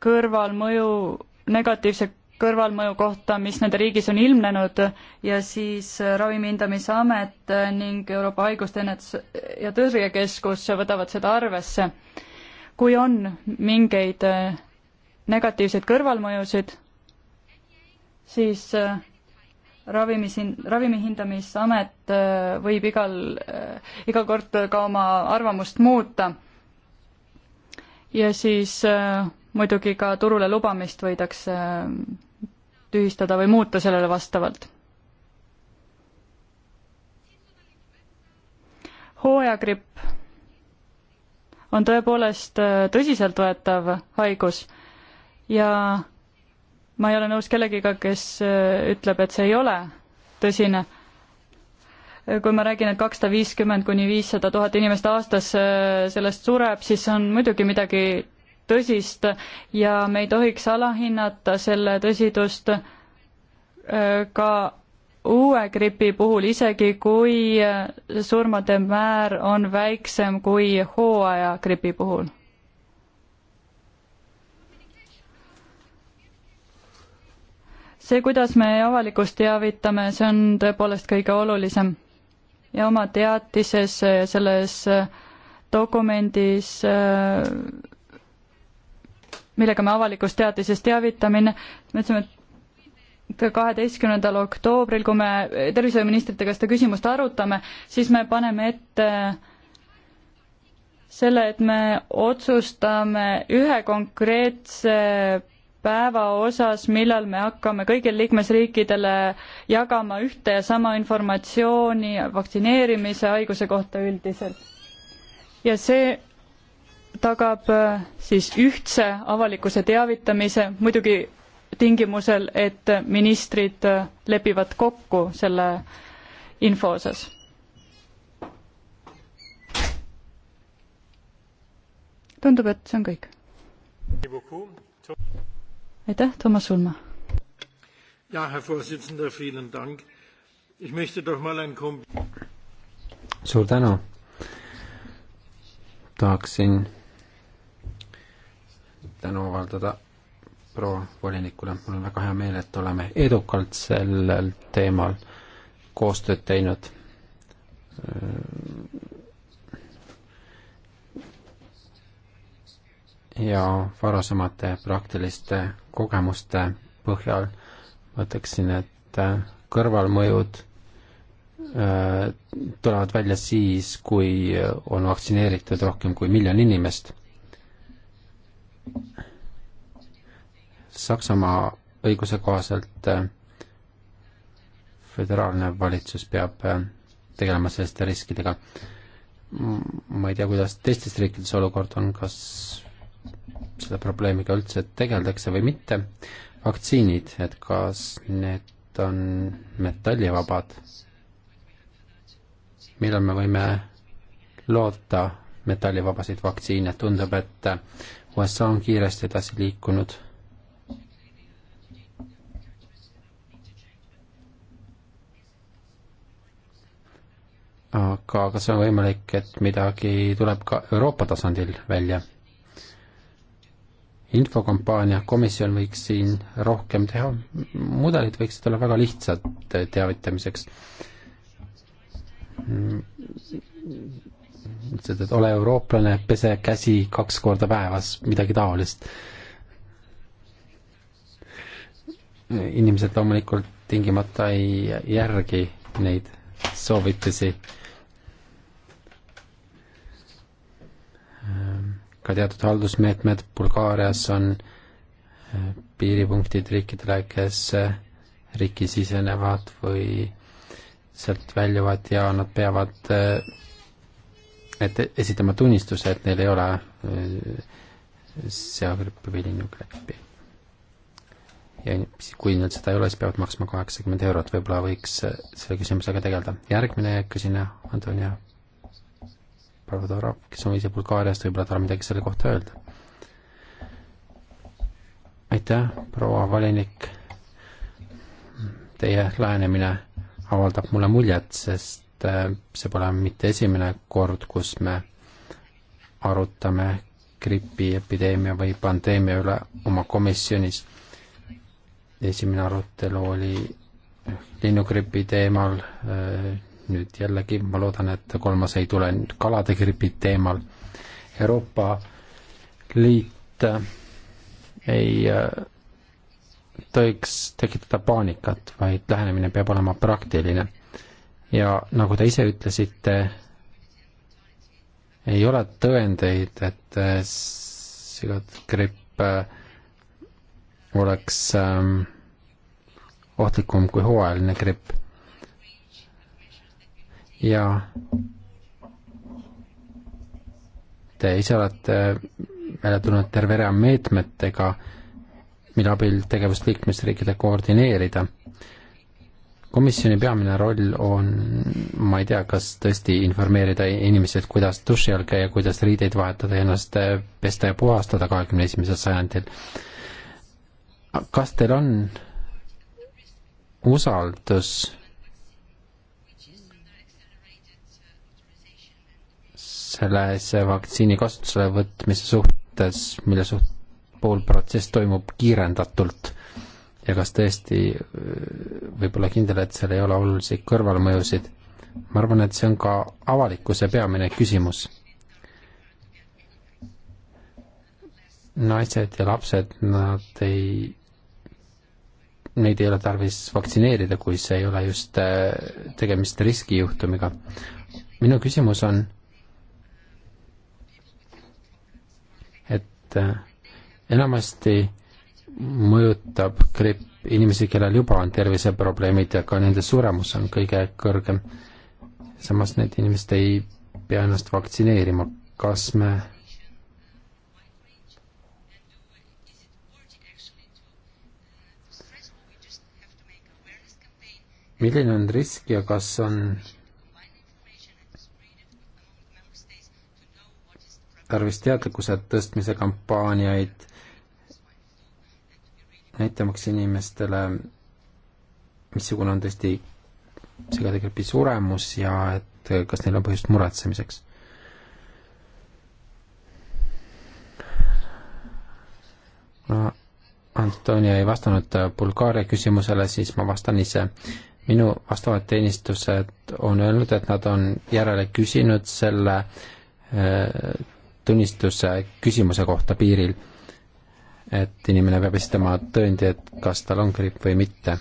S1: kõrvalmõju, negatiivse kõrvalmõju kohta, mis nende riigis on ilmnenud ja siis äh, Ravimi Hindamise Amet äh, ning Euroopa Haiguste Ennetus- ja Tõrjekeskus võtavad seda arvesse. kui on mingeid negatiivseid kõrvalmõjusid, siis ravimis, ravimi hindamisamet võib igal, iga kord ka oma arvamust muuta ja siis äh, muidugi ka turule lubamist võidakse äh, tühistada või muuta sellele vastavalt. hooajagripp on tõepoolest äh, tõsiseltvõetav haigus ja ma ei ole nõus kellegiga, kes ütleb, et see ei ole tõsine kui ma räägin, et kakssada viiskümmend kuni viissada tuhat inimest aastas äh, sellest sureb, siis see on muidugi midagi tõsist ja me ei tohiks alahinnata selle tõsidust äh, ka uue gripi puhul, isegi kui äh, surmade määr on väiksem kui hooaja gripi puhul. see, kuidas me avalikkust teavitame, see on tõepoolest kõige olulisem ja oma teatises selles dokumendis, millega me avalikust teatisest teavitamine, me ütlesime, et kaheteistkümnendal oktoobril, kui me tervishoiuministritega seda küsimust arutame, siis me paneme ette selle, et me otsustame ühe konkreetse päeva osas, millal me hakkame kõigile liikmesriikidele jagama ühte ja sama informatsiooni vaktsineerimise haiguse kohta üldiselt. ja see tagab äh, siis ühtse avalikkuse teavitamise, muidugi tingimusel, et ministrid äh, lepivad kokku selle info osas tundub, et see on kõik aitäh, Toomas Ulma.
S2: suur tänu. tahaksin tänu avaldada proua volinikule, mul on väga hea meel, et oleme edukalt sellel teemal koostööd teinud ja varasemate praktiliste kogemuste põhjal ma ütleksin, et äh, kõrvalmõjud äh, tulevad välja siis, kui on vaktsineeritud rohkem kui miljon inimest. Saksamaa õiguse kohaselt äh, föderaalne valitsus peab tegelema selliste riskidega. ma ei tea, kuidas teistes riikides olukord on, kas selle probleemiga üldse tegeldakse või mitte, vaktsiinid, et kas need on metallivabad, millal me võime loota metallivabasid vaktsiine, tundub, et USA on kiiresti edasi liikunud aga kas on võimalik, et midagi tuleb ka Euroopa tasandil välja? infokampaania, komisjon võiks siin rohkem teha, mudelid võiksid olla väga lihtsad teavitamiseks.
S3: ütlesid,
S2: et ole eurooplane, pese käsi kaks korda päevas, midagi taolist. inimesed loomulikult tingimata ei järgi neid soovitusi ka teatud haldusmeetmed, Bulgaarias on eh, piiripunktid riikidele, kes eh, riiki sisenevad või sealt väljuvad ja nad peavad eh, et esitama tunnistuse, et neil ei ole seagrippi või linnugripi. ja kui nad seda ei ole, siis peavad maksma kaheksakümmend eurot, võib-olla võiks selle küsimusega tegeleda. järgmine küsija, Antonia Pravdora, kes on ise Bulgaariast, võib-olla tal on midagi selle kohta öelda. aitäh, proua volinik. Teie lähenemine avaldab mulle muljet, sest äh, see pole mitte esimene kord, kus me arutame gripiepideemia või pandeemia üle oma komisjonis. esimene arutelu oli linnugripi teemal äh, nüüd jällegi ma loodan, et kolmas ei tule kalade gripi teemal. Euroopa Liit äh, ei äh, tohiks tekitada paanikat, vaid lähenemine peab olema praktiline. ja nagu te ise ütlesite, ei ole tõendeid, et äh, sigad gripp oleks ähm, ohtlikum kui hooajaline gripp ja te ise olete välja tulnud terve rea meetmetega, mille abil tegevust liikmesriikide koordineerida. komisjoni peamine roll on, ma ei tea, kas tõesti informeerida inimesi, et kuidas duši all käia, kuidas riideid vahetada ja ennast pesta ja puhastada kahekümne esimesel sajandil. kas teil on usaldus selle e vaktsiini kasutusele võtmise suhtes, mille suht-, pool protsess toimub kiirendatult ja kas tõesti äh, võib olla kindel, et seal ei ole olulisi kõrvalmõjusid? ma arvan, et see on ka avalikkuse peamine küsimus. naised ja lapsed, nad ei, neid ei ole tarvis vaktsineerida, kui see ei ole just äh, tegemist riskijuhtumiga. minu küsimus on et enamasti mõjutab gripp inimesi, kellel juba on terviseprobleemid ja ka nende suremus on kõige kõrgem. samas need inimesed ei pea ennast vaktsineerima. kas me milline on risk ja kas on tarvis teadlikkuse tõstmise kampaaniaid, näitamaks inimestele, missugune on tõesti segategripi suremus ja et kas neil on põhjust muretsemiseks. kuna Antonia ei vastanud Bulgaaria küsimusele, siis ma vastan ise. minu vastavad teenistused on öelnud, et nad on järele küsinud selle eh, tunnistuse küsimuse kohta piiril, et inimene peab esitama tõendi, et kas tal on gripp või mitte.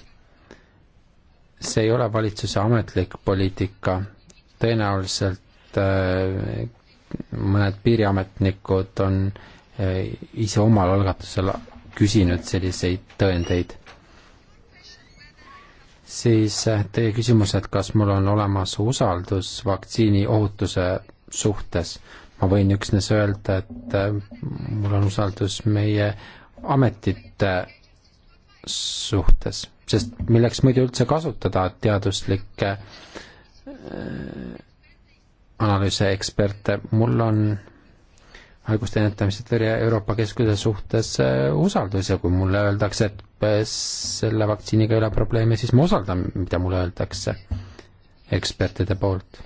S2: see ei ole valitsuse ametlik poliitika, tõenäoliselt äh, mõned piiriametnikud on äh, ise omal algatusel küsinud selliseid tõendeid. siis äh, teie küsimus, et kas mul on olemas usaldus vaktsiini ohutuse suhtes ma võin üksnes öelda, et äh, mul on usaldus meie ametite suhtes, sest milleks muidu üldse kasutada teaduslikke äh, analüüse, eksperte, mul on haiguste ennetamise tõrje Euroopa Keskuse suhtes äh, usaldus ja kui mulle öeldakse, et selle vaktsiiniga ei ole probleeme, siis ma usaldan, mida mulle öeldakse ekspertide poolt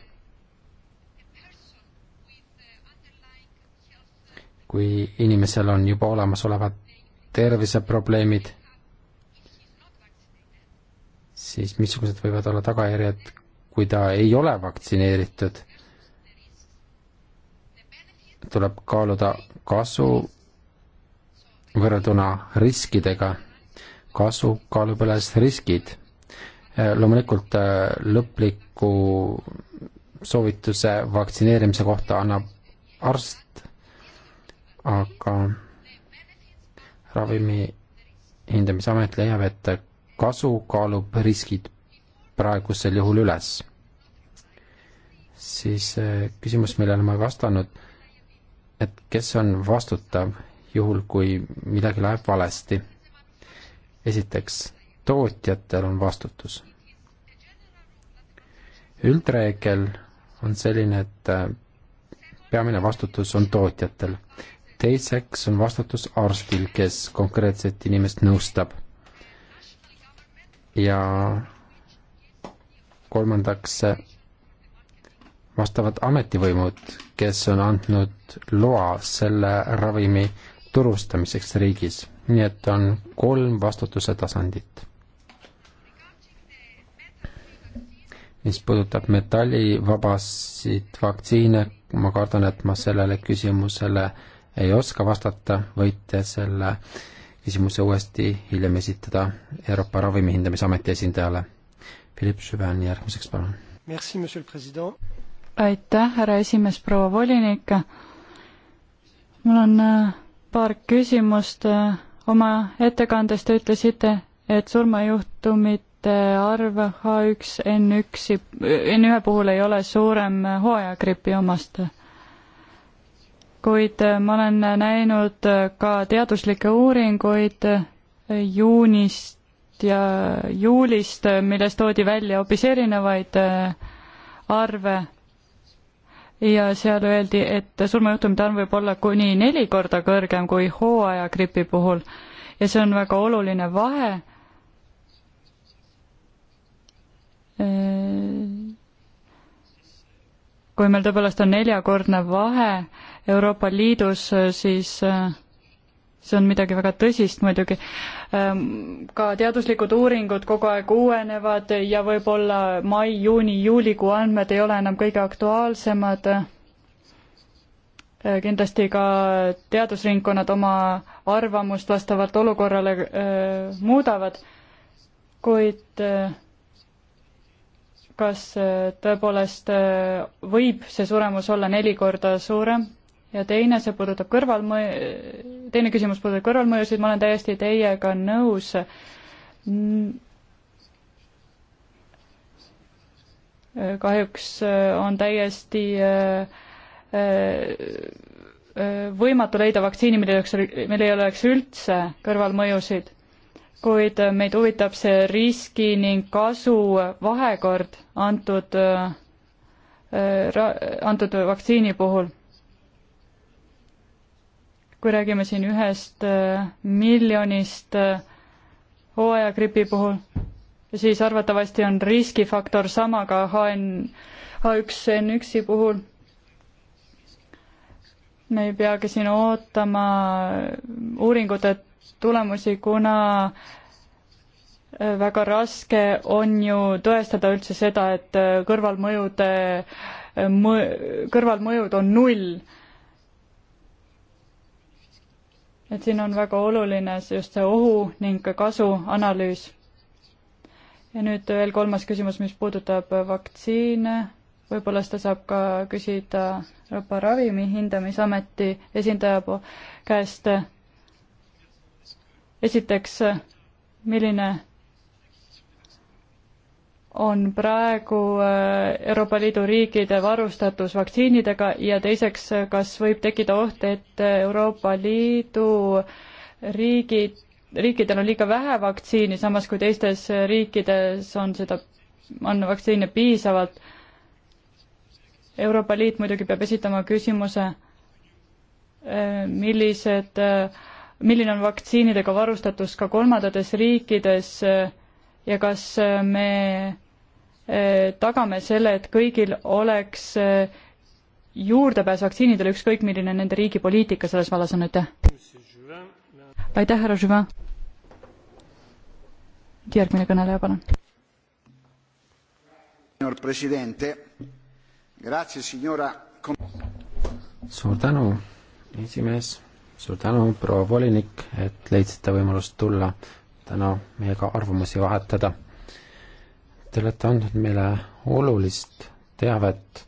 S2: kui inimesel on juba olemasolevad terviseprobleemid, siis missugused võivad olla tagajärjed, kui ta ei ole vaktsineeritud? tuleb kaaluda kasu võrrelduna riskidega, kasu kaalub üles riskid. Äh, loomulikult äh, lõpliku soovituse vaktsineerimise kohta annab arst aga ravimi hindamisamet leiab, et kasu kaalub riskid praegusel juhul üles. siis eh, küsimus, millele ma ei vastanud, et kes on vastutav juhul, kui midagi läheb valesti. esiteks, tootjatel on vastutus. üldreegel on selline, et eh, peamine vastutus on tootjatel teiseks on vastutus arstil, kes konkreetset inimest nõustab. ja kolmandaks vastavad ametivõimud, kes on andnud loa selle ravimi turustamiseks riigis, nii et on kolm vastutuse tasandit. mis puudutab metallivabasid vaktsiine, ma kardan, et ma sellele küsimusele ei oska vastata, võite selle küsimuse uuesti hiljem esitada Euroopa Ravimihindamisameti esindajale. Philipp Süven järgmiseks,
S3: palun.
S1: aitäh, härra esimees, proua volinik. mul on äh, paar küsimust. Äh, oma ettekandes te ütlesite, et surmajuhtumite arv H1N1-i, N1 puhul ei ole suurem äh, hooajagripi omast kuid äh, ma olen näinud äh, ka teaduslikke uuringuid äh, juunist ja juulist, milles toodi välja hoopis erinevaid arve. ja seal öeldi, et surmajuhtumite arv võib olla kuni neli korda kõrgem kui hooajagripi puhul ja see on väga oluline vahe. kui meil tõepoolest on neljakordne vahe Euroopa Liidus, äh, siis äh, see on midagi väga tõsist muidugi. Ähm, ka teaduslikud uuringud kogu aeg uuenevad ja võib-olla mai, juuni, juulikuu andmed ei ole enam kõige aktuaalsemad. Äh, kindlasti ka teadusringkonnad oma arvamust vastavalt olukorrale muudavad, kuid kas tõepoolest võib see suremus olla neli korda suurem? ja teine, see puudutab kõrvalmõju, teine küsimus puudutab kõrvalmõjusid, ma olen täiesti teiega nõus. kahjuks äh, on täiesti äh, äh, võimatu leida vaktsiini, millel oleks, millel ei oleks üldse kõrvalmõjusid, kuid meid huvitab see riski ning kasu vahekord antud, antud vaktsiini puhul kui räägime siin ühest äh, miljonist äh, hooajagripi puhul, siis arvatavasti on riskifaktor sama ka HN, H1N1-i puhul. me ei peagi siin ootama äh, uuringute tulemusi, kuna väga raske on ju tõestada üldse seda, et kõrvalmõjude, kõrvalmõjud on null et siin on väga oluline see just see ohu ning kasu analüüs. ja nüüd veel kolmas küsimus, mis puudutab vaktsiine. võib-olla seda saab ka küsida Euroopa Ravimi Hindamisameti esindaja käest. esiteks, milline on praegu äh, Euroopa Liidu riikide varustatus vaktsiinidega ja teiseks, äh, kas võib tekkida oht, et äh, Euroopa Liidu riigid, riikidel on liiga vähe vaktsiini, samas kui teistes riikides on seda, on vaktsiine piisavalt. Euroopa Liit muidugi peab esitama küsimuse, millised, milline on vaktsiinidega varustatus ka kolmandates riikides ja kas me tagame selle, et kõigil oleks juurdepääs vaktsiinidele, ükskõik milline nende riigi poliitika selles vallas on, aitäh! aitäh, härra Juvin! järgmine kõneleja, palun!
S2: suur tänu, esimees, suur tänu, proua volinik, et leidsite võimalust tulla täna meiega arvamusi vahetada Te olete andnud meile olulist teavet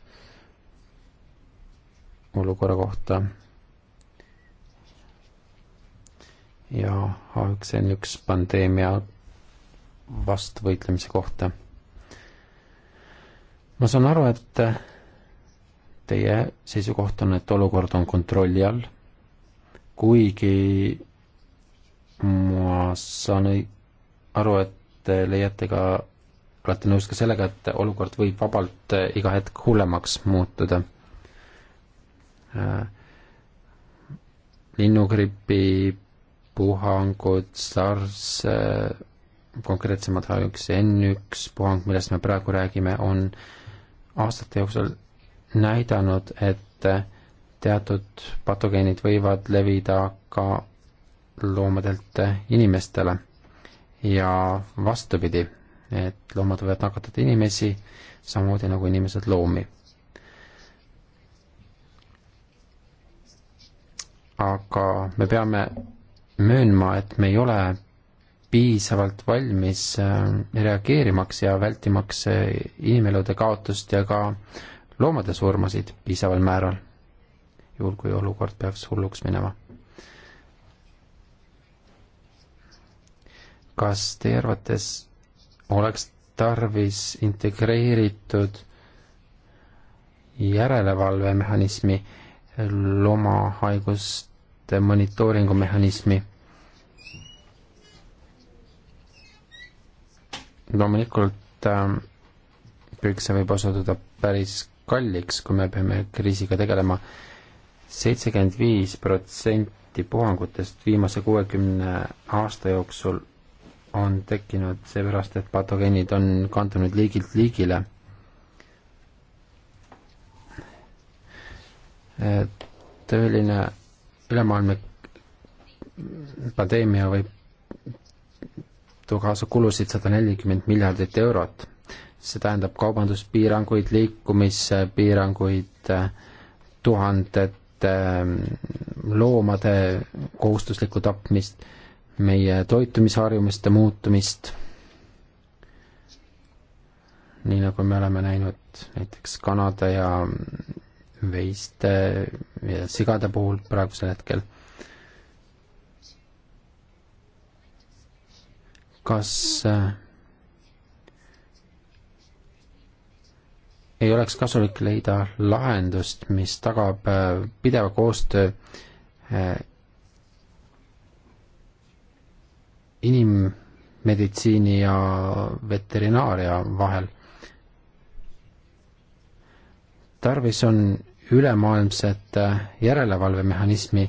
S2: olukorra kohta. ja H1N1 pandeemia vastu võitlemise kohta. ma saan aru, et teie seisukoht on, et olukord on kontrolli all, kuigi ma saan aru, et te leiate ka olete nõus ka sellega, et olukord võib vabalt eh, iga hetk hullemaks muutuda? Äh, linnugripi puhangud, SARS, eh, konkreetsemalt H1N1 puhang, millest me praegu räägime, on aastate jooksul näidanud, et eh, teatud patogeenid võivad levida ka loomadelt inimestele ja vastupidi et loomad võivad nakatada inimesi, samamoodi nagu inimesed loomi. aga me peame möönma, et me ei ole piisavalt valmis äh, reageerimaks ja vältimaks äh, inimelude kaotust ja ka loomade surmasid piisaval määral, juhul kui olukord peaks hulluks minema kas teie arvates oleks tarvis integreeritud järelevalvemehhanismi, loomahaiguste monitooringumehhanismi. loomulikult ähm, kõik see võib osutuda päris kalliks, kui me peame kriisiga tegelema. seitsekümmend viis protsenti puhangutest viimase kuuekümne aasta jooksul on tekkinud seepärast, et patogeenid on kandunud liigilt liigile. tõeline ülemaailmne pandeemia võib tuua kaasa kulusid sada nelikümmend miljardit eurot. see tähendab kaubanduspiiranguid, liikumispiiranguid, tuhandete ehm, loomade kohustuslikku tapmist meie toitumisharjumuste muutumist, nii nagu me oleme näinud näiteks kanade ja veiste ja sigade puhul praegusel hetkel. kas äh, ei oleks kasulik leida lahendust, mis tagab äh, pideva koostöö äh, inimmeditsiini ja veterinaaria vahel. tarvis on ülemaailmset järelevalvemehhanismi,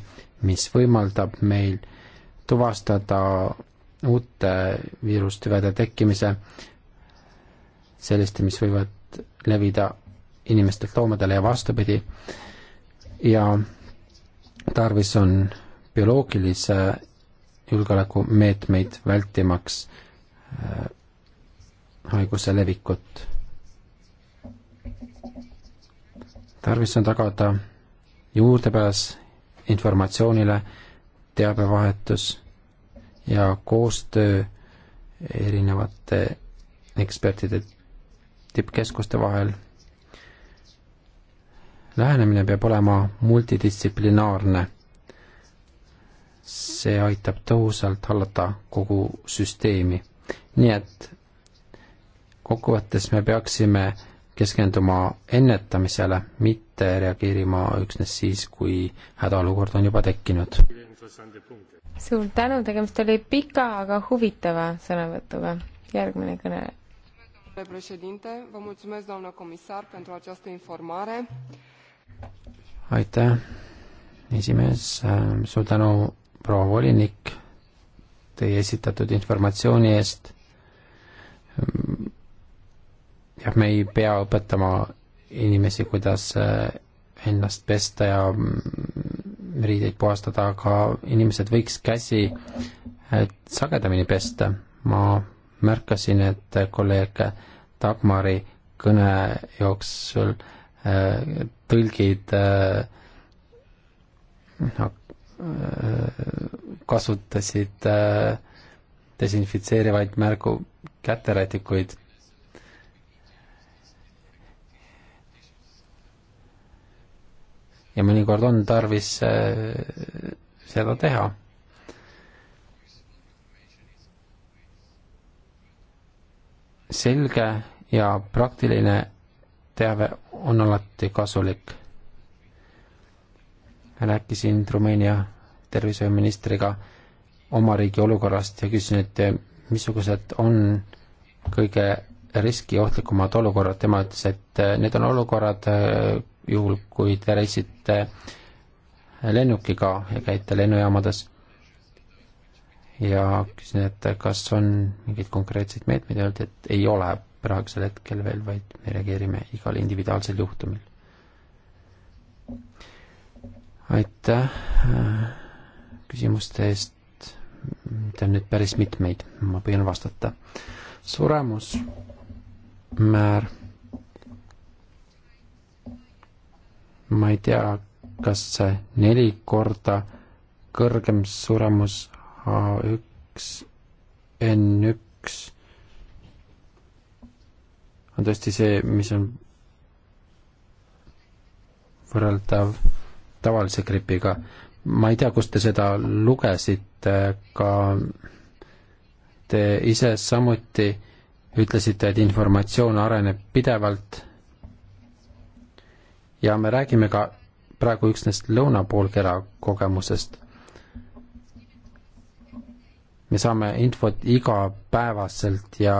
S2: mis võimaldab meil tuvastada uute viirustüvede tekkimise, selliste, mis võivad levida inimestelt loomadele ja vastupidi, ja tarvis on bioloogilise julgeolekumeetmeid, vältimaks äh, haiguse levikut. tarvis on tagada juurdepääs informatsioonile, teabevahetus ja koostöö erinevate ekspertide tippkeskuste vahel. lähenemine peab olema multidistsiplinaarne see aitab tõhusalt hallata kogu süsteemi. nii et kokkuvõttes me peaksime keskenduma ennetamisele, mitte reageerima üksnes siis, kui hädaolukord on juba tekkinud.
S4: suur tänu, tegemist oli pika, aga huvitava sõnavõtuga. järgmine kõne.
S2: aitäh, esimees, suur tänu proua volinik, teie esitatud informatsiooni eest. jah, me ei pea õpetama inimesi, kuidas äh, ennast pesta ja mm, riideid puhastada, aga inimesed võiks käsi äh, sagedamini pesta. ma märkasin, et kolleeg Dagmari kõne jooksul äh, tõlgid kasutasid äh, desinfitseerivaid märgu käterätikuid. ja mõnikord on tarvis äh, seda teha. selge ja praktiline teave on alati kasulik rääkisin Rumeenia tervishoiuministriga oma riigi olukorrast ja küsisin, et eh, missugused on kõige riskiohtlikumad olukorrad, tema ütles, et eh, need on olukorrad eh, juhul, kui te reisite lennukiga ja käite lennujaamades. ja küsin, et kas on mingeid konkreetseid meetmeid, öeldi, et ei ole praegusel hetkel veel, vaid me reageerime igal individuaalsel juhtumil aitäh äh, küsimuste eest. Neid on nüüd päris mitmeid, ma püüan vastata. suremusmäär. ma ei tea, kas see neli korda kõrgem suremus H1N1 on tõesti see, mis on võrreldav tavalise gripiga. ma ei tea, kust te seda lugesite, ka te ise samuti ütlesite, et informatsioon areneb pidevalt ja me räägime ka praegu üksnes lõunapoolkera kogemusest. me saame infot igapäevaselt ja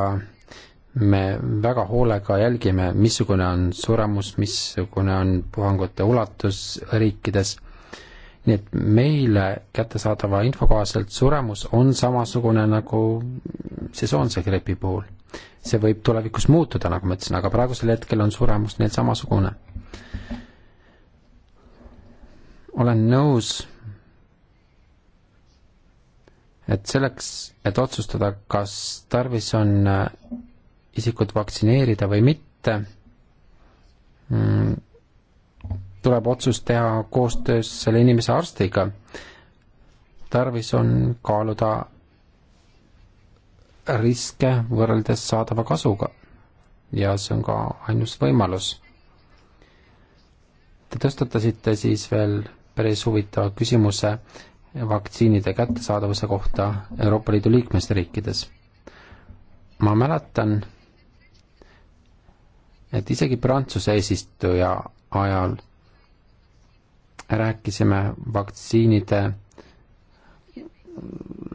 S2: me väga hoolega jälgime, missugune on suremus, missugune on puhangute ulatus riikides. nii et meile kättesaadava info kohaselt suremus on samasugune nagu sesoonse gripi puhul. see võib tulevikus muutuda, nagu ma ütlesin, aga praegusel hetkel on suremus neil samasugune. olen nõus, et selleks, et otsustada, kas tarvis on isikut vaktsineerida või mitte, mm, tuleb otsus teha koostöös selle inimese arstiga. tarvis on kaaluda riske võrreldes saadava kasuga ja see on ka ainus võimalus. Te tõstatasite siis veel päris huvitava küsimuse vaktsiinide kättesaadavuse kohta Euroopa Liidu liikmesriikides. ma mäletan, et isegi Prantsuse eesistuja ajal rääkisime vaktsiinide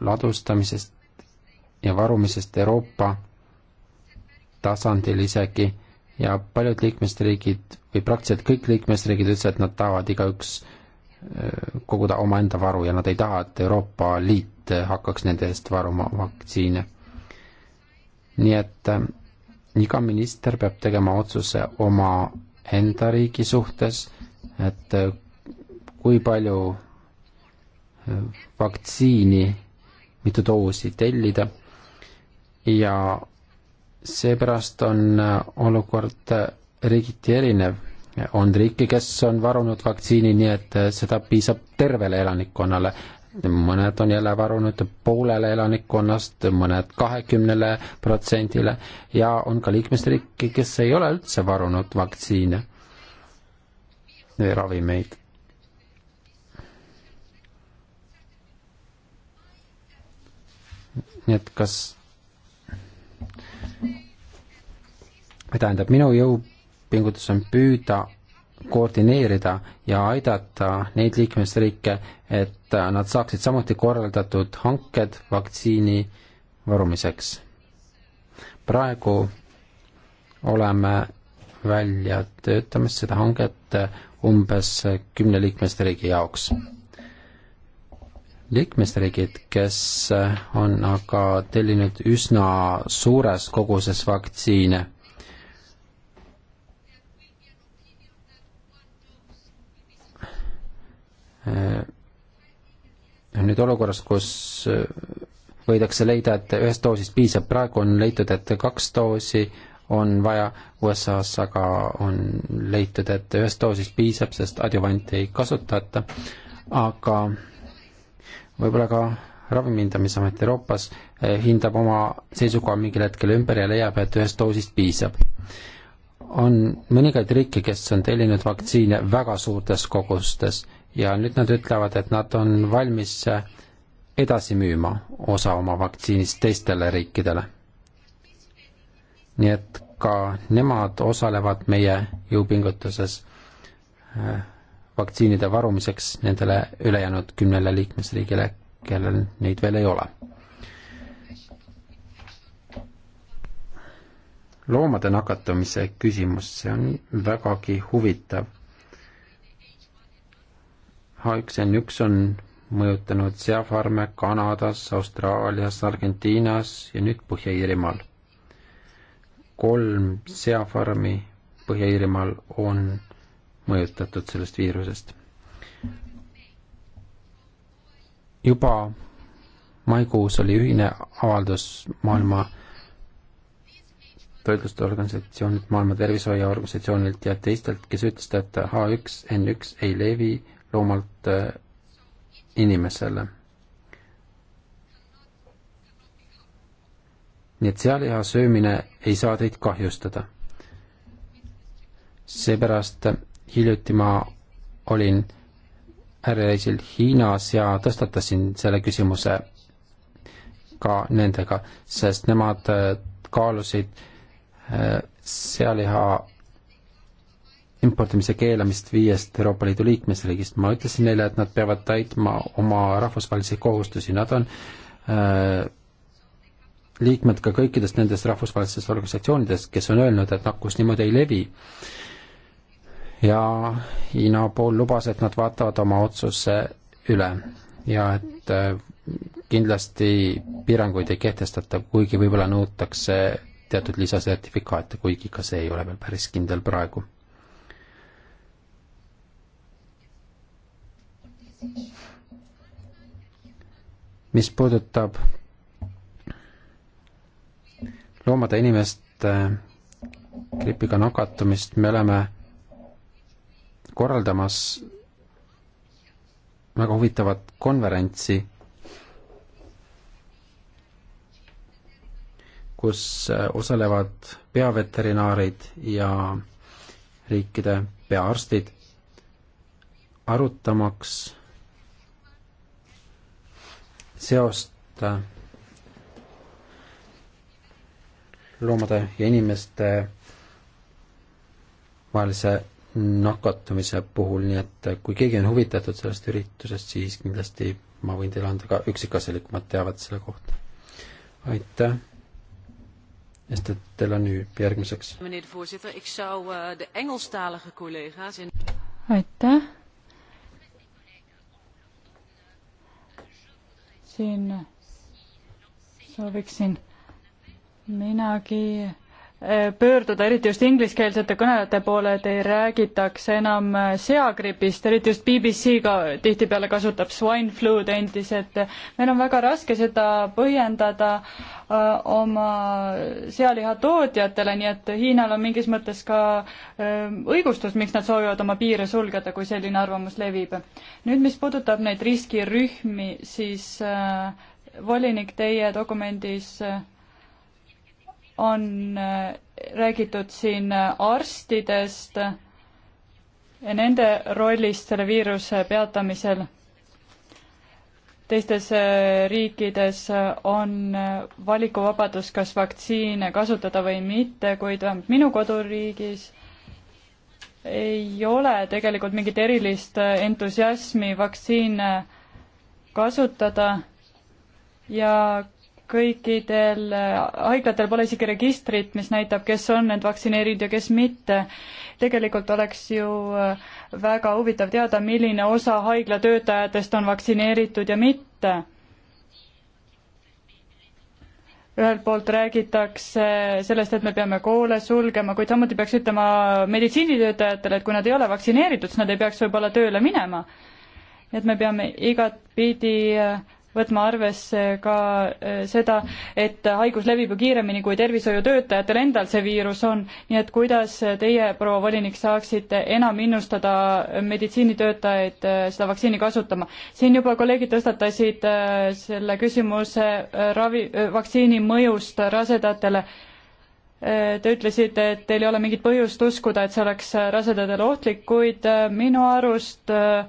S2: ladustamisest ja varumisest Euroopa tasandil isegi ja paljud liikmesriigid või praktiliselt kõik liikmesriigid ütlesid, et nad tahavad igaüks koguda omaenda varu ja nad ei taha, et Euroopa Liit hakkaks nende eest varuma vaktsiine. nii et iga minister peab tegema otsuse oma enda riigi suhtes, et äh, kui palju äh, vaktsiini, mitu doosi tellida ja seepärast on äh, olukord riigiti erinev. on riike, kes on varunud vaktsiini nii, et seda piisab tervele elanikkonnale, mõned on jälle varunud poolele elanikkonnast, mõned kahekümnele protsendile ja on ka liikmesriike, kes ei ole üldse varunud vaktsiine või ravimeid. nii et kas, tähendab, minu jõupingutus on püüda koordineerida ja aidata neid liikmesriike, et et äh, nad saaksid samuti korraldatud hanked vaktsiini varumiseks. praegu oleme välja töötamas seda hanget äh, umbes kümne liikmesriigi jaoks. liikmesriigid, kes äh, on aga tellinud üsna suures koguses vaktsiine, nüüd olukorras, kus äh, võidakse leida, et ühest doosist piisab, praegu on leitud, et kaks doosi on vaja, USA-s aga on leitud, et ühest doosist piisab, sest adjuvanti ei kasutata, aga võib-olla ka Ravimihindamisamet Euroopas äh, hindab oma seisukoha mingil hetkel ümber ja leiab, et ühest doosist piisab. on mõningaid riike, kes on tellinud vaktsiine väga suurtes kogustes ja nüüd nad ütlevad, et nad on valmis äh, edasi müüma osa oma vaktsiinist teistele riikidele. nii et ka nemad osalevad meie jõupingutuses äh, vaktsiinide varumiseks nendele ülejäänud kümnele liikmesriigile, kellel neid veel ei ole. loomade nakatumise küsimus, see on vägagi huvitav H1N1 on mõjutanud seafarme Kanadas, Austraalias, Argentiinas ja nüüd Põhja-Iirimaal. kolm seafarmi Põhja-Iirimaal on mõjutatud sellest viirusest. juba maikuus oli ühine avaldus maailma toitluste organisatsioonilt, Maailma Tervishoiuorganisatsioonilt ja teistelt, kes ütlesid, et H1N1 ei levi loomalt äh, inimesele. nii et sealiha söömine ei saa teid kahjustada. seepärast äh, hiljuti ma olin ärireisil Hiinas ja tõstatasin selle küsimuse ka nendega, sest nemad äh, kaalusid sealiha importimise keelamist viiest Euroopa Liidu liikmesriigist. ma ütlesin neile, et nad peavad täitma oma rahvusvahelisi kohustusi, nad on äh, liikmed ka kõikidest nendest rahvusvahelistest organisatsioonidest, kes on öelnud, et nakkus niimoodi ei levi. ja Hiina pool lubas, et nad vaatavad oma otsuse üle ja et äh, kindlasti piiranguid ei kehtestata, kuigi võib-olla nõutakse teatud lisasertifikaate, kuigi ka see ei ole veel päris kindel praegu mis puudutab loomade inimeste gripiga nakatumist, me oleme korraldamas väga huvitavat konverentsi, kus osalevad peaveterinaarid ja riikide peaarstid, arutamaks seost äh, loomade ja inimeste vahelise nakatumise puhul, nii et äh, kui keegi on huvitatud sellest üritusest, siis kindlasti ma võin teile anda ka üksikasjalikumat teavet selle kohta. aitäh, sest et teil on nüüd järgmiseks.
S1: Eh, aitäh, siin sooviksin minagi pöörduda eriti just ingliskeelsete kõnelejate poole, et ei räägitaks enam seagripist, eriti just BBC ka tihtipeale kasutab swine flu'd endiselt. meil on väga raske seda põhjendada äh, oma sealihatootjatele, nii et Hiinal on mingis mõttes ka äh, õigustus, miks nad soovivad oma piire sulgeda, kui selline arvamus levib. nüüd, mis puudutab neid riskirühmi, siis äh, volinik, teie dokumendis on äh, räägitud siin äh, arstidest ja nende rollist selle viiruse peatamisel. teistes äh, riikides on valikuvabadus, kas vaktsiine kasutada või mitte, kuid vähemalt minu koduriigis ei ole tegelikult mingit erilist entusiasmi vaktsiine kasutada ja kõikidel äh, haiglatel pole isegi registrit, mis näitab, kes on end vaktsineerinud ja kes mitte. tegelikult oleks ju äh, väga huvitav teada, milline osa haigla töötajatest on vaktsineeritud ja mitte. ühelt poolt räägitakse sellest, et me peame koole sulgema, kuid samuti peaks ütlema meditsiinitöötajatele, et kui nad ei ole vaktsineeritud, siis nad ei peaks võib-olla tööle minema. et me peame igatpidi äh, võtma arvesse ka äh, seda, et haigus levib ju kiiremini, kui tervishoiutöötajatel endal see viirus on. nii et kuidas teie, proua volinik, saaksite enam innustada meditsiinitöötajaid äh, seda vaktsiini kasutama? siin juba kolleegid tõstatasid äh, selle küsimuse ravi, vaktsiini mõjust rasedatele. Te ütlesite, et teil ei ole mingit põhjust uskuda, et see oleks rasedatele ohtlik, kuid minu arust äh,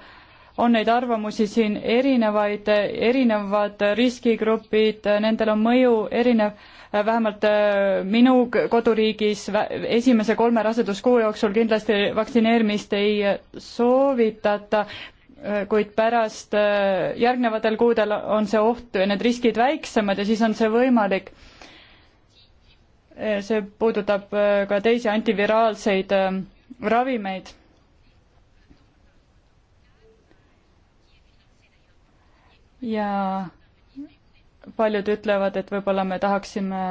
S1: on neid arvamusi siin erinevaid, erinevad riskigrupid, nendel on mõju erinev, vähemalt äh, minu koduriigis esimese kolme raseduskuu jooksul kindlasti vaktsineerimist ei äh, soovitata, äh, kuid pärast järgnevatel kuudel on see oht ja need riskid väiksemad ja siis on see võimalik. see puudutab ka teisi antiviraalseid ravimeid ja paljud ütlevad, et võib-olla me tahaksime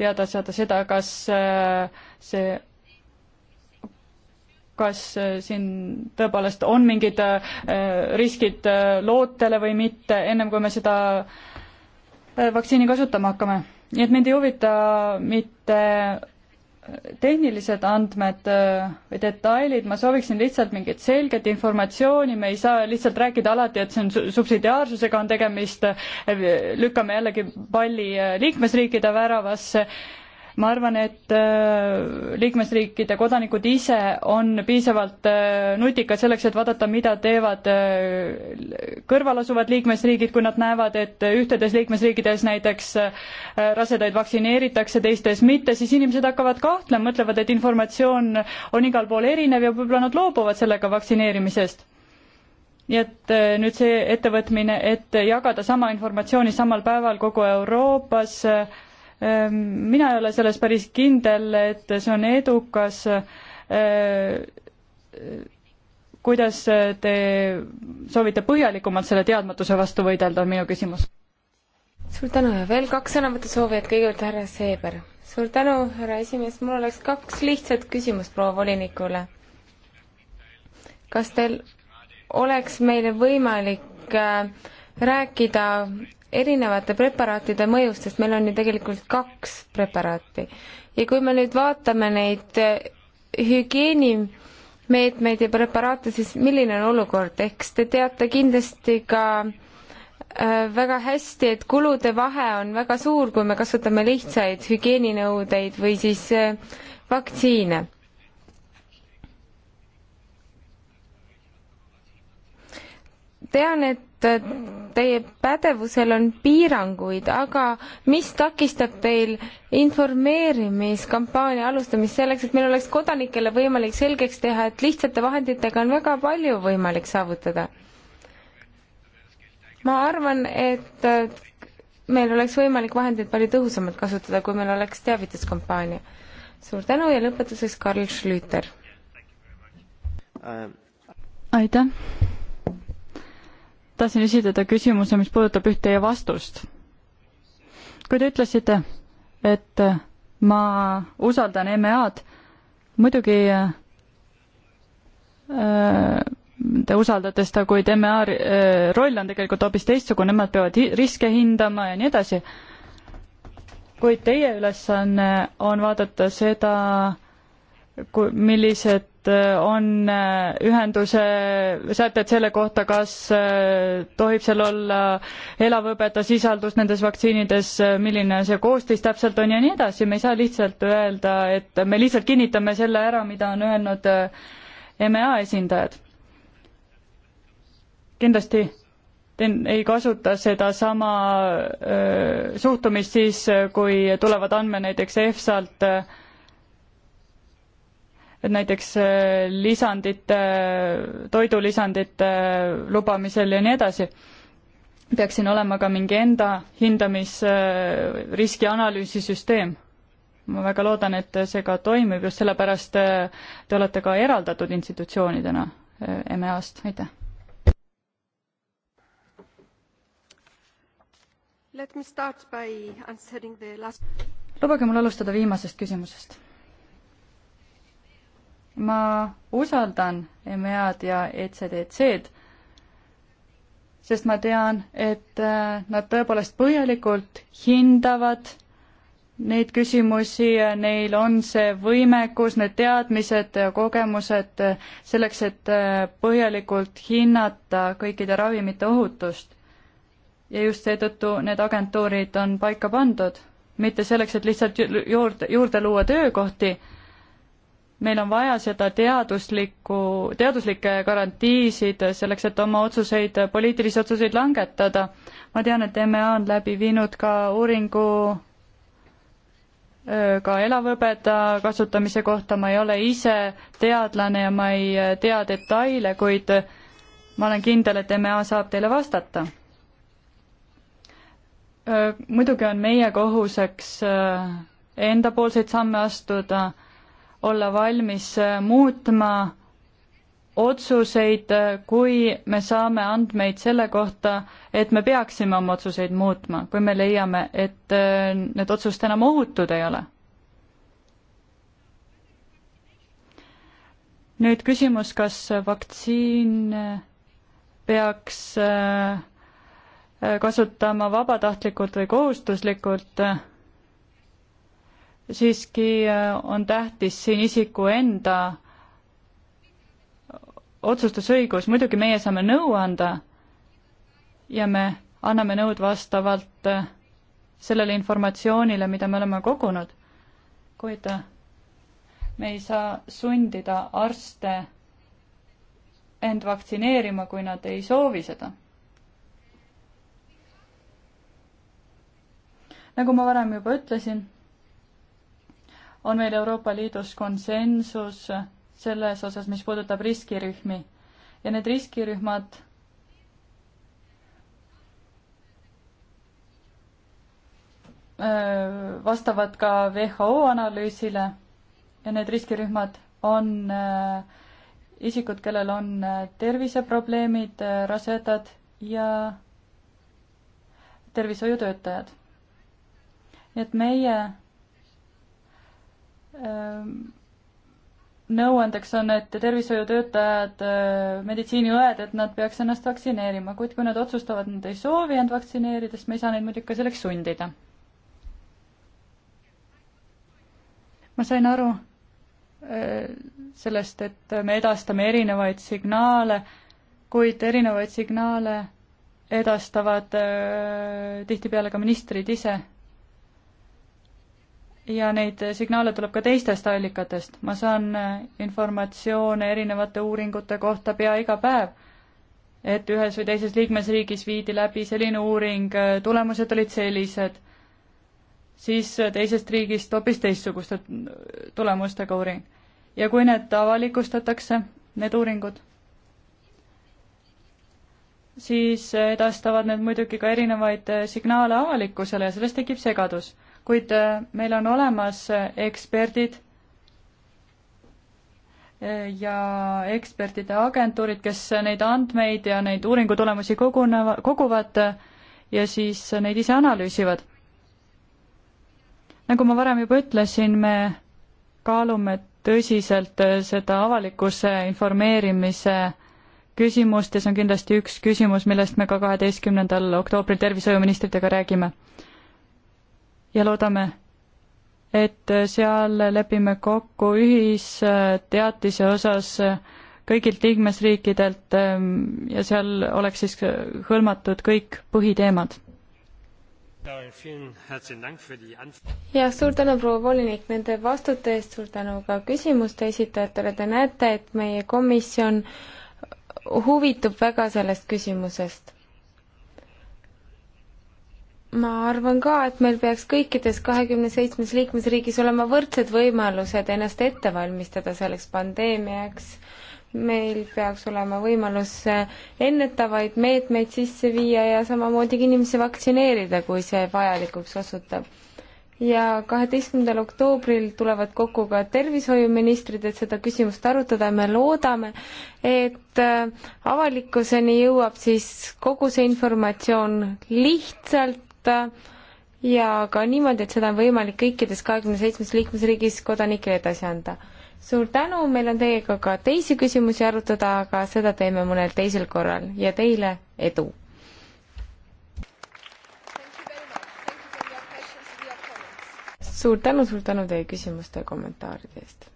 S1: teada saada seda, kas äh, see, kas äh, siin tõepoolest on mingid äh, riskid lootele või mitte, ennem kui me seda vaktsiini kasutama hakkame. nii et mind ei huvita mitte tehnilised andmed äh, või detailid, ma sooviksin lihtsalt mingit selget informatsiooni, me ei saa lihtsalt rääkida alati, et see on subsidiaarsusega on tegemist, äh, lükkame jällegi palli äh, liikmesriikide väravasse ma arvan, et äh, liikmesriikide kodanikud ise on piisavalt äh, nutikad selleks, et vaadata, mida teevad äh, kõrval asuvad liikmesriigid, kui nad näevad, et ühtedes liikmesriikides näiteks rasedaid vaktsineeritakse, teistes mitte, siis inimesed hakkavad kahtlema, mõtlevad, et informatsioon on igal pool erinev ja võib-olla nad loobuvad sellega vaktsineerimisest nii et nüüd see ettevõtmine, et jagada sama informatsiooni samal päeval kogu Euroopas äh, Ehm, mina ei ole selles päris kindel, et see on edukas. Eh, kuidas te soovite põhjalikumalt selle teadmatuse vastu võidelda, on minu küsimus.
S4: suur tänu ja veel kaks sõnavõtusoovijat, kõigepealt härra Seeber. suur tänu, härra esimees, mul oleks kaks lihtsat küsimust proua volinikule. kas teil oleks meile võimalik eh, rääkida erinevate preparaatide mõjust, sest meil on ju tegelikult kaks preparaati. ja kui me nüüd vaatame neid eh, hügieenimeetmeid ja preparaate, siis milline on olukord, eks te teate kindlasti ka eh, väga hästi, et kulude vahe on väga suur, kui me kasutame lihtsaid hügieeninõudeid või siis eh, vaktsiine tean, et et teie pädevusel on piiranguid, aga mis takistab teil informeerimiskampaania alustamist selleks, et meil oleks kodanikele võimalik selgeks teha, et lihtsate vahenditega on väga palju võimalik saavutada? ma arvan, et meil oleks võimalik vahendeid palju tõhusamalt kasutada, kui meil oleks teavituskampaania. suur tänu ja lõpetuseks Karl Schlüter.
S1: aitäh tahtsin esitada küsimuse, mis puudutab üht teie vastust. kui te ütlesite, et ma usaldan EMA-d, muidugi äh, te usaldate seda, kuid EMA äh, roll on tegelikult hoopis teistsugune, nemad peavad riske hindama ja nii edasi. kuid teie ülesanne on vaadata seda, kui, millised Äh, on äh, ühenduse sätted selle kohta, kas äh, tohib seal olla elavhõbeda sisaldus nendes vaktsiinides, milline see koostis täpselt on ja nii edasi, me ei saa lihtsalt öelda, et me lihtsalt kinnitame selle ära, mida on öelnud EMEA esindajad. kindlasti teen, ei kasuta sedasama suhtumist siis, kui tulevad andmed näiteks EFSA-lt öö, et näiteks äh, lisandite, äh, toidulisandite äh, lubamisel ja nii edasi, peaks siin olema ka mingi enda hindamisriski analüüsisüsteem. ma väga loodan, et see ka toimib, just sellepärast te olete ka eraldatud institutsioonidena EMEA-st, aitäh. lubage mul alustada viimasest küsimusest ma usaldan EMEA-d ja ECDC-d, sest ma tean, et äh, nad tõepoolest põhjalikult hindavad neid küsimusi, neil on see võimekus, need teadmised ja kogemused äh, selleks, et äh, põhjalikult hinnata kõikide ravimite ohutust. ja just seetõttu need agentuurid on paika pandud, mitte selleks, et lihtsalt juurde, juurde luua töökohti meil on vaja seda teaduslikku, teaduslikke garantiisid selleks, et oma otsuseid, poliitilisi otsuseid langetada. ma tean, et EMEA on läbi viinud ka uuringu ka elavhõbeda kasutamise kohta, ma ei ole ise teadlane ja ma ei äh, tea detaile, kuid ma olen kindel, et EMEA saab teile vastata. muidugi on meie kohuseks endapoolseid samme astuda olla valmis äh, muutma otsuseid, äh, kui me saame andmeid selle kohta, et me peaksime oma otsuseid muutma, kui me leiame, et äh, need otsused enam ohutud ei ole. nüüd küsimus, kas vaktsiin peaks kasutama vabatahtlikult või kohustuslikult siiski äh, on tähtis siin isiku enda otsustusõigus, muidugi meie saame nõu anda ja me anname nõud vastavalt äh, sellele informatsioonile, mida me oleme kogunud, kuid äh, me ei saa sundida arste end vaktsineerima, kui nad ei soovi seda. nagu ma varem juba ütlesin on meil Euroopa Liidus konsensus selles osas, mis puudutab riskirühmi. ja need riskirühmad äh, vastavad ka WHO analüüsile ja need riskirühmad on äh, isikud, kellel on äh, terviseprobleemid, rasedad ja tervishoiutöötajad. nii et meie Ehm, nõuandeks on, et tervishoiutöötajad, ehm, meditsiiniõed, et nad peaks ennast vaktsineerima, kuid kui nad otsustavad, nad ei soovi end vaktsineerida, siis me ei saa neid muidugi ka selleks sundida. ma sain aru ehm, sellest, et me edastame erinevaid signaale, kuid erinevaid signaale edastavad tihtipeale ka ministrid ise ja neid signaale tuleb ka teistest allikatest. ma saan äh, informatsioone erinevate uuringute kohta pea iga päev, et ühes või teises liikmesriigis viidi läbi selline uuring, äh, tulemused olid sellised, siis äh, teisest riigist hoopis teistsuguste tulemustega uuring. ja kui need avalikustatakse, need uuringud, siis edastavad need muidugi ka erinevaid signaale avalikkusele ja sellest tekib segadus kuid äh, meil on olemas äh, eksperdid äh, ja ekspertide agentuurid, kes neid andmeid ja neid uuringutulemusi kogunevad, koguvad ja siis neid ise analüüsivad. nagu ma varem juba ütlesin, me kaalume tõsiselt seda avalikkuse informeerimise küsimust ja see on kindlasti üks küsimus, millest me ka kaheteistkümnendal oktoobril tervishoiuministritega räägime ja loodame, et seal lepime kokku ühisteatise osas kõigilt liikmesriikidelt ehm, ja seal oleks siis hõlmatud kõik põhiteemad. ja suur tänu, proua volinik, nende vastute
S4: eest, suur tänu ka küsimuste esitajatele, te näete, et meie komisjon huvitub väga sellest küsimusest ma arvan ka, et meil peaks kõikides kahekümne seitsmes liikmesriigis olema võrdsed võimalused ennast ette valmistada selleks pandeemiaks. meil peaks olema võimalus ennetavaid meetmeid sisse viia ja samamoodi ka inimesi vaktsineerida, kui see vajalikuks osutub. ja kaheteistkümnendal oktoobril tulevad kokku ka tervishoiuministrid, et seda küsimust arutada ja me loodame, et äh, avalikkuseni jõuab siis kogu see informatsioon lihtsalt ja ka niimoodi, et seda on võimalik kõikides kahekümne seitsmes liikmesriigis kodanikele edasi anda. suur tänu, meil on teiega ka teisi küsimusi arutada, aga seda teeme mõnel teisel korral ja teile edu! suur tänu, suur tänu teie küsimuste ja kommentaaride eest!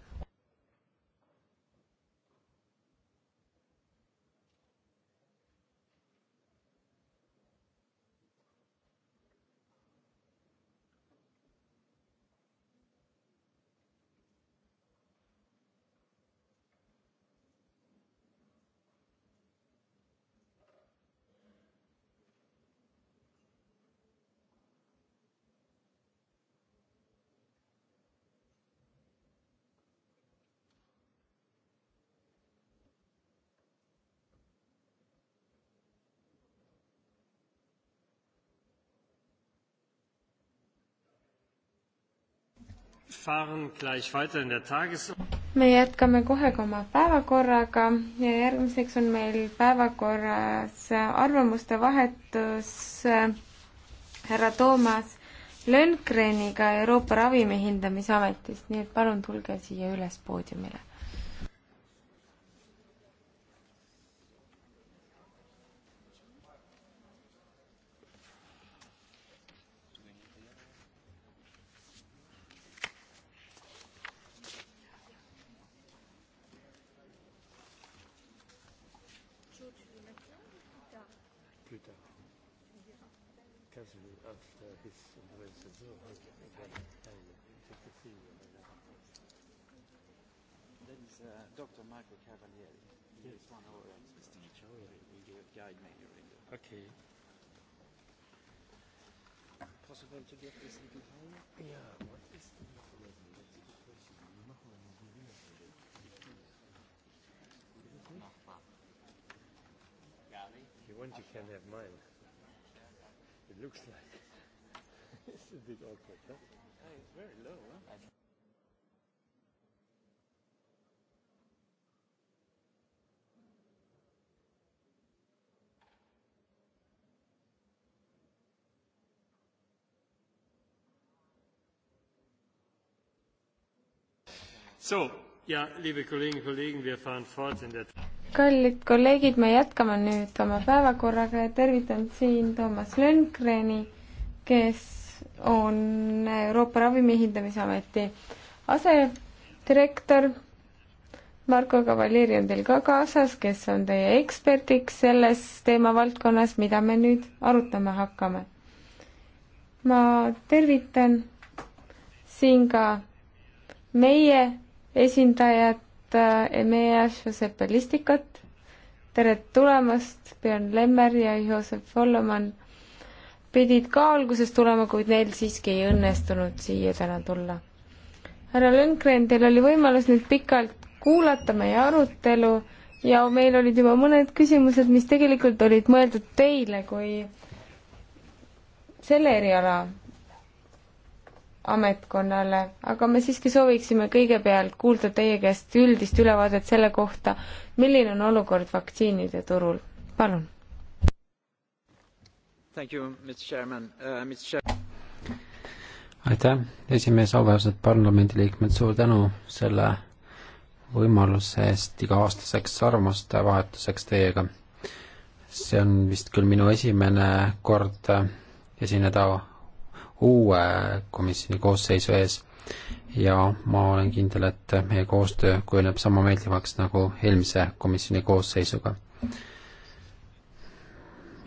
S4: me jätkame kohe ka oma päevakorraga ja järgmiseks on meil päevakorras arvamuste vahetus äh, härra Toomas Lönkreniga Euroopa Ravimi Hindamise Ametist, nii et palun tulge siia üles poodiumile
S3: If you want, you can have mine. It looks like it's a bit awkward, huh? Hey, it's very low, huh?
S4: kallid kolleegid, me jätkame nüüd oma päevakorraga ja tervitan siin Toomas Lönkreni, kes on Euroopa Ravimihindamise Ameti asedirektor. Marko Kavaleri on teil ka kaasas, kes on teie eksperdiks selles teemavaldkonnas, mida me nüüd arutama hakkame. ma tervitan siin ka meie esindajat Emea eh, Šosepelistikat. tere tulemast, Björn Lemmer ja Joosep Volloman pidid ka alguses tulema, kuid neil siiski ei õnnestunud siia täna tulla. härra Lundgren, teil oli võimalus nüüd pikalt kuulata meie arutelu ja meil olid juba mõned küsimused, mis tegelikult olid mõeldud teile kui selle eriala ametkonnale, aga me siiski sooviksime kõigepealt kuulda teie käest üldist ülevaadet selle kohta, milline on olukord vaktsiinide
S2: turul, palun. Uh, aitäh, esimees, auväärsed parlamendiliikmed, suur tänu selle võimaluse eest iga-aastaseks arvamustevahetuseks teiega. see on vist küll minu esimene kord esineda uue komisjoni koosseisu ees ja ma olen kindel, et meie koostöö kujuneb sama meeldivaks nagu eelmise komisjoni koosseisuga.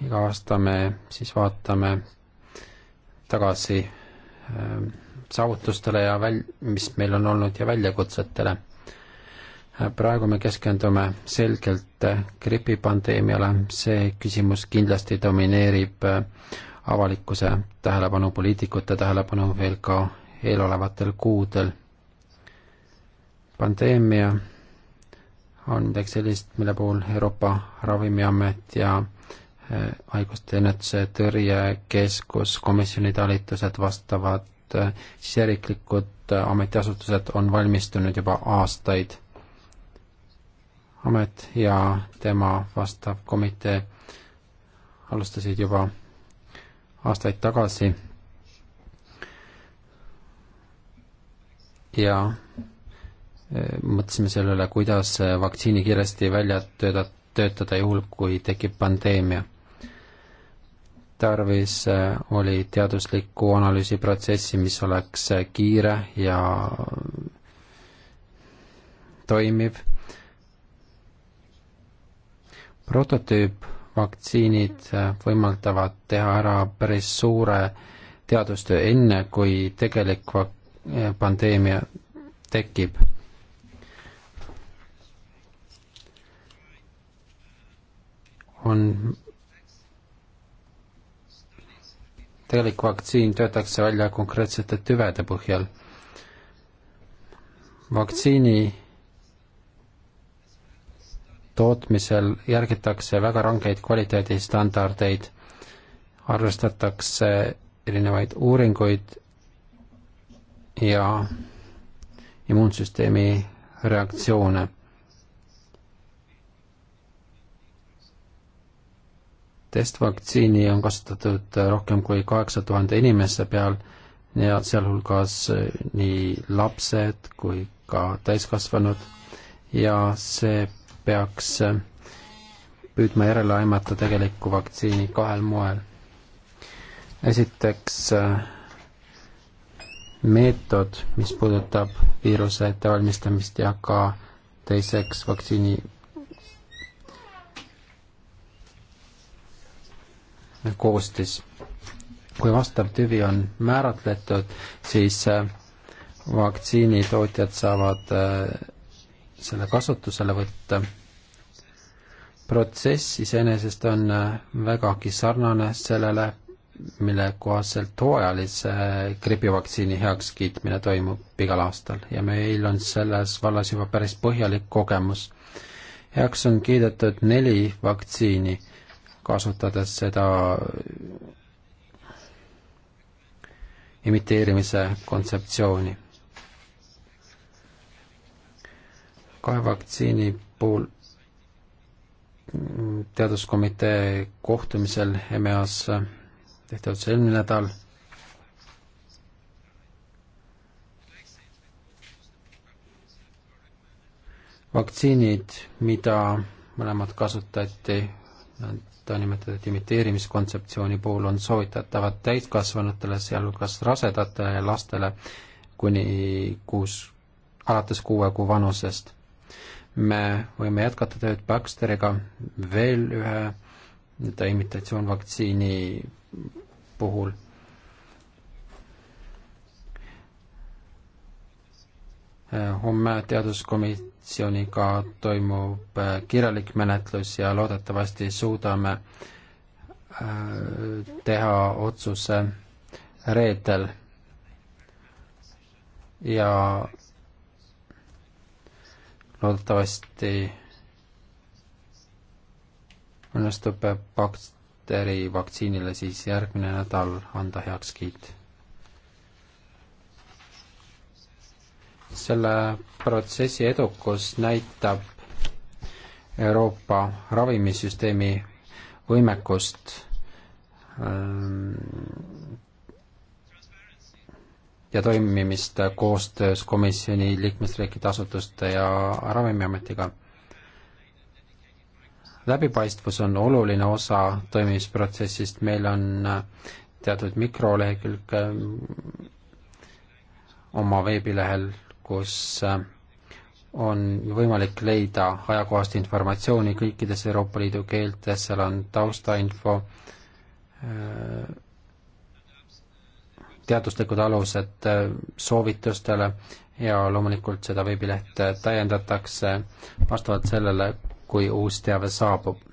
S2: iga aasta me siis vaatame tagasi ähm, saavutustele ja väl-, mis meil on olnud ja väljakutsetele. Äh, praegu me keskendume selgelt äh, gripipandeemiale, see küsimus kindlasti domineerib äh, avalikkuse tähelepanu, poliitikute tähelepanu veel ka eelolevatel kuudel. pandeemia on midagi sellist, mille puhul Euroopa Ravimiamet ja eh, haiguste ennetuse tõrjekeskus, komisjoni talitused, vastavad eh, siseriiklikud eh, ametiasutused on valmistunud juba aastaid. amet ja tema vastav komitee alustasid juba aastaid tagasi. ja e, mõtlesime selle üle, kuidas vaktsiini kiiresti välja tööda, töötada juhul, kui tekib pandeemia. tarvis e, oli teaduslikku analüüsiprotsessi, mis oleks kiire ja toimiv. prototüüp vaktsiinid äh, võimaldavad teha ära päris suure teadustöö enne, kui tegelik äh, pandeemia tekib. on tegelik vaktsiin töötakse välja konkreetsete tüvede põhjal. vaktsiini tootmisel järgitakse väga rangeid kvaliteedistandardeid, arvestatakse erinevaid uuringuid ja immuunsüsteemi reaktsioone testvaktsiini on kasutatud rohkem kui kaheksa tuhande inimese peal ja sealhulgas nii lapsed kui ka täiskasvanud ja see peaks äh, püüdma järele aimata tegelikku vaktsiini kahel moel. esiteks äh, meetod, mis puudutab viiruse ettevalmistamist ja ka teiseks vaktsiini koostis. kui vastav tüvi on määratletud, siis äh, vaktsiinitootjad saavad selle kasutusele võtta protsess iseenesest on äh, vägagi sarnane sellele, mille kohaselt hooajalise äh, gripivaktsiini heakskiitmine toimub igal aastal ja meil on selles vallas juba päris põhjalik kogemus. heaks on kiidetud neli vaktsiini, kasutades seda äh, imiteerimise kontseptsiooni. kahe vaktsiini puhul teaduskomitee kohtumisel EMEA-s tehti otsus eelmine nädal. vaktsiinid, mida mõlemad kasutati nõndanimetatud imiteerimiskontseptsiooni puhul, on soovitatavad täiskasvanutele, sealhulgas rasedatele ja lastele kuni kuus, alates kuue kuu vanusest me võime jätkata tööd Baxteriga veel ühe nii-öelda imitatsioonvaktsiini puhul. homme teaduskomisjoniga toimub äh, kirjalik menetlus ja loodetavasti suudame äh, teha otsuse reedel ja loodetavasti õnnestub bakteri vaktsiinile siis järgmine nädal anda heakskiit. selle protsessi edukus näitab Euroopa ravimisüsteemi võimekust ähm, ja toimimist koostöös komisjoni liikmesriikide asutuste ja Ravimiametiga. läbipaistvus on oluline osa toimimisprotsessist, meil on teatud mikrolehekülg ähm, oma veebilehel, kus äh, on võimalik leida ajakohast informatsiooni kõikides Euroopa Liidu keeltes, seal on taustainfo, äh, teaduslikud alused äh, soovitustele ja loomulikult seda veebilehte äh, täiendatakse vastavalt sellele, kui uus teave saabub.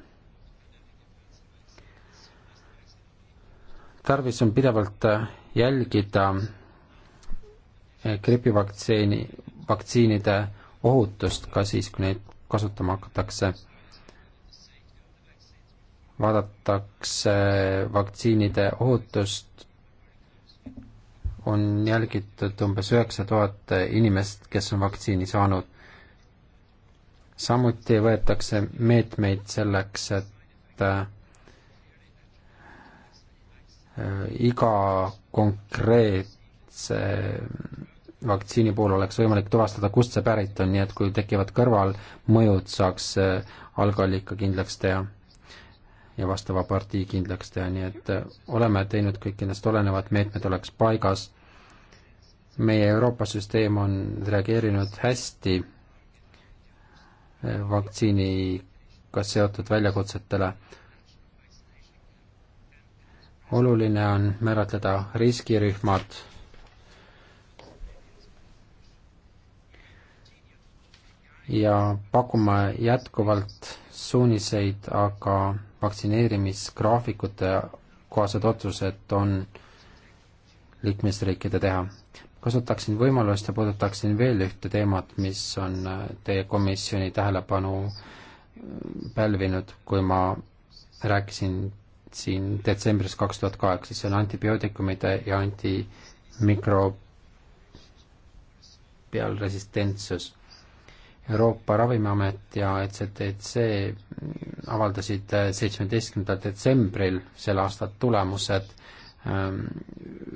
S2: tarvis on pidevalt äh, jälgida gripivaktsiini, vaktsiinide ohutust ka siis, kui neid kasutama hakatakse vaadatakse vaktsiinide ohutust on jälgitud umbes üheksa tuhat inimest, kes on vaktsiini saanud. samuti võetakse meetmeid selleks, et äh, iga konkreetse vaktsiini puhul oleks võimalik tuvastada, kust see pärit on, nii et kui tekivad kõrvalmõjud, saaks algallika kindlaks teha ja vastava partii kindlaks teha, nii et äh, oleme teinud kõik endast olenevad, meetmed oleks paigas meie Euroopa süsteem on reageerinud hästi eh, vaktsiiniga seotud väljakutsetele. oluline on määratleda riskirühmad, ja pakkuma jätkuvalt suuniseid, aga vaktsineerimisgraafikute kohased otsused on liikmesriikide teha kasutaksin võimalust ja puudutaksin veel ühte teemat, mis on äh, teie komisjoni tähelepanu äh, pälvinud, kui ma rääkisin siin detsembris kaks tuhat kaheksa, see on antibiootikumide ja antimikrobiaalresistentsus. Euroopa Ravimiamet ja ECDC äh, avaldasid seitsmeteistkümnendal detsembril sel aastal tulemused ähm,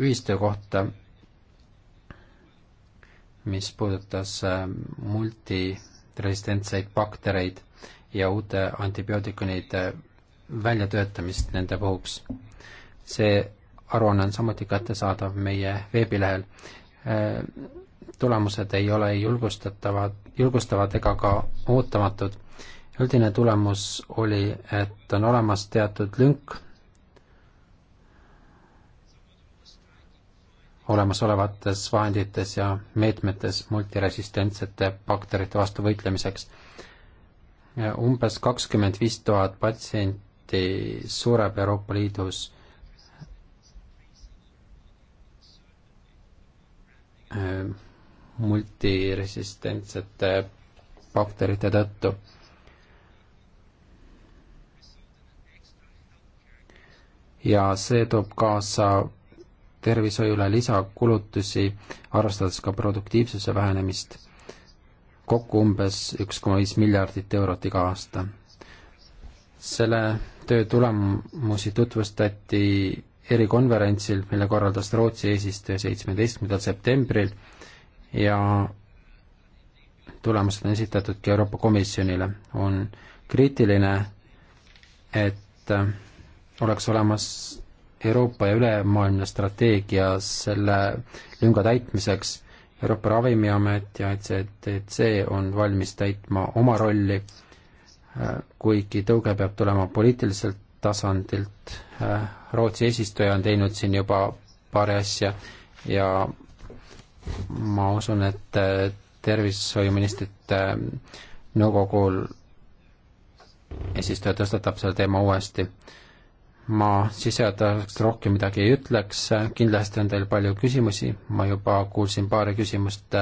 S2: ühistöö kohta mis puudutas äh, multiresistentseid baktereid ja uute antibiootikumide väljatöötamist nende puhuks. see aruanne on samuti kättesaadav meie veebilehel. Äh, tulemused ei ole julgustatavad, julgustavad ega ka ootamatud. üldine tulemus oli, et on olemas teatud lünk olemasolevates vahendites ja meetmetes multiresistentsete bakterite vastu võitlemiseks. umbes kakskümmend viis tuhat patsienti sureb Euroopa Liidus multiresistentsete bakterite tõttu. ja see toob kaasa tervishoiule lisakulutusi, arvestades ka produktiivsuse vähenemist, kokku umbes üks koma viis miljardit eurot iga aasta. selle töö tulemusi tutvustati erikonverentsil, mille korraldas Rootsi eesistuja seitsmeteistkümnendal septembril ja tulemused on esitatud ka Euroopa Komisjonile. on kriitiline, et oleks olemas Euroopa ja ülemaailmne strateegia selle lünga täitmiseks. Euroopa Ravimiamet ja ECDC on valmis täitma oma rolli, kuigi tõuge peab tulema poliitiliselt tasandilt. Rootsi eesistuja on teinud siin juba paari asja ja ma usun, et tervishoiuministrite nõukogul eesistuja tõstatab selle teema uuesti ma sissejuhatuseks rohkem midagi ei ütleks, kindlasti on teil palju küsimusi, ma juba kuulsin paari küsimust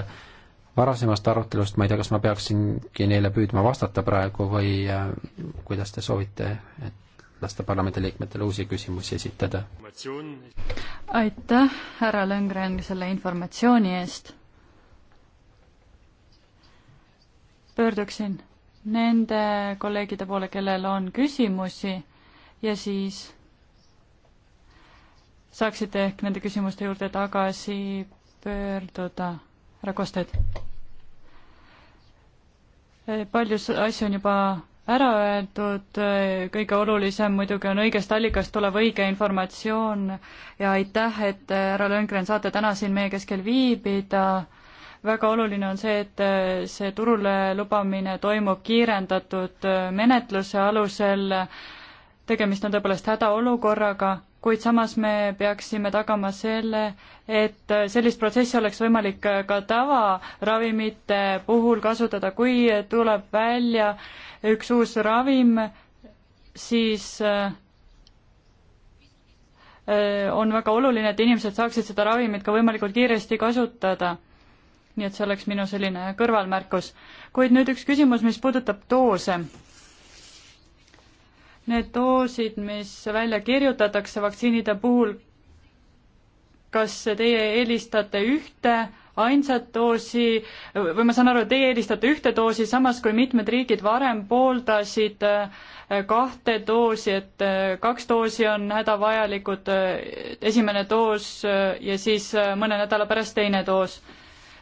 S2: varasemast arutelust, ma ei tea, kas ma peaksingi neile püüdma vastata praegu või äh, kuidas te soovite, et lasta parlamendiliikmetele uusi küsimusi esitada?
S1: aitäh, härra Lõngren, selle informatsiooni eest. pöörduksin nende kolleegide poole, kellel on küsimusi ja siis saaksite ehk nende küsimuste juurde tagasi pöörduda. härra Kostet. palju asju on juba ära öeldud, kõige olulisem muidugi on õigest allikast tulev õige informatsioon ja aitäh, et härra Löngren saate täna siin meie keskel viibida. väga oluline on see, et see turule lubamine toimub kiirendatud menetluse alusel. tegemist on tõepoolest hädaolukorraga kuid samas me peaksime tagama selle, et sellist protsessi oleks võimalik ka tavaravimite puhul kasutada, kui tuleb välja üks uus ravim, siis äh, on väga oluline, et inimesed saaksid seda ravimit ka võimalikult kiiresti kasutada. nii et see oleks minu selline kõrvalmärkus. kuid nüüd üks küsimus, mis puudutab doose need doosid, mis välja kirjutatakse vaktsiinide puhul, kas teie eelistate ühte ainsat doosi või ma saan aru, et teie eelistate ühte doosi, samas kui mitmed riigid varem pooldasid äh, kahte doosi, et äh, kaks doosi on hädavajalikud, äh, esimene doos ja siis mõne nädala pärast teine doos.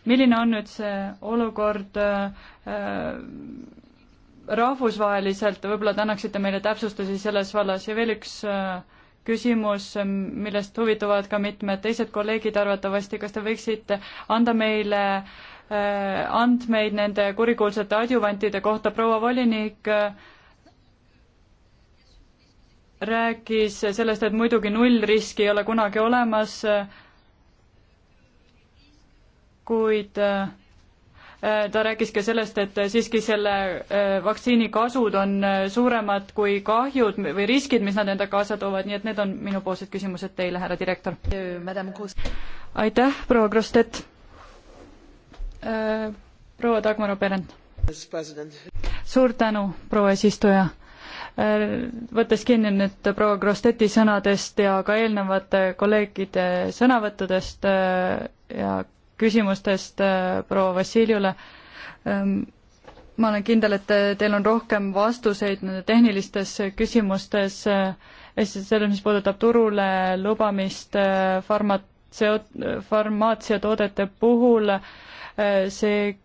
S1: milline on nüüd see olukord rahvusvaheliselt, võib-olla te annaksite meile täpsustusi selles vallas ja veel üks äh, küsimus, millest huvituvad ka mitmed teised kolleegid arvatavasti, kas te võiksite anda meile äh, andmeid nende kurikuulsate adjuvantide kohta, proua volinik äh, rääkis sellest, et muidugi nullriski ei ole kunagi olemas, kuid äh, Äh, ta rääkis ka sellest, et äh, siiski selle äh, vaktsiini kasud on suuremad kui kahjud või riskid, mis nad endaga kaasa toovad, nii et need on minupoolsed küsimused teile, härra direktor. aitäh, proua Krostet. proua Dagmar Operend. suur tänu, proua eesistuja võttes kinni nüüd proua Grosteti sõnadest ja ka eelnevate kolleegide sõnavõttudest ja küsimustest äh, proua Vassiljule. Ähm, ma olen kindel, et äh, teil on rohkem vastuseid nende tehnilistes küsimustes, äh, selles, mis puudutab turule lubamist farmatseot-, farmaatsiatoodete puhul, see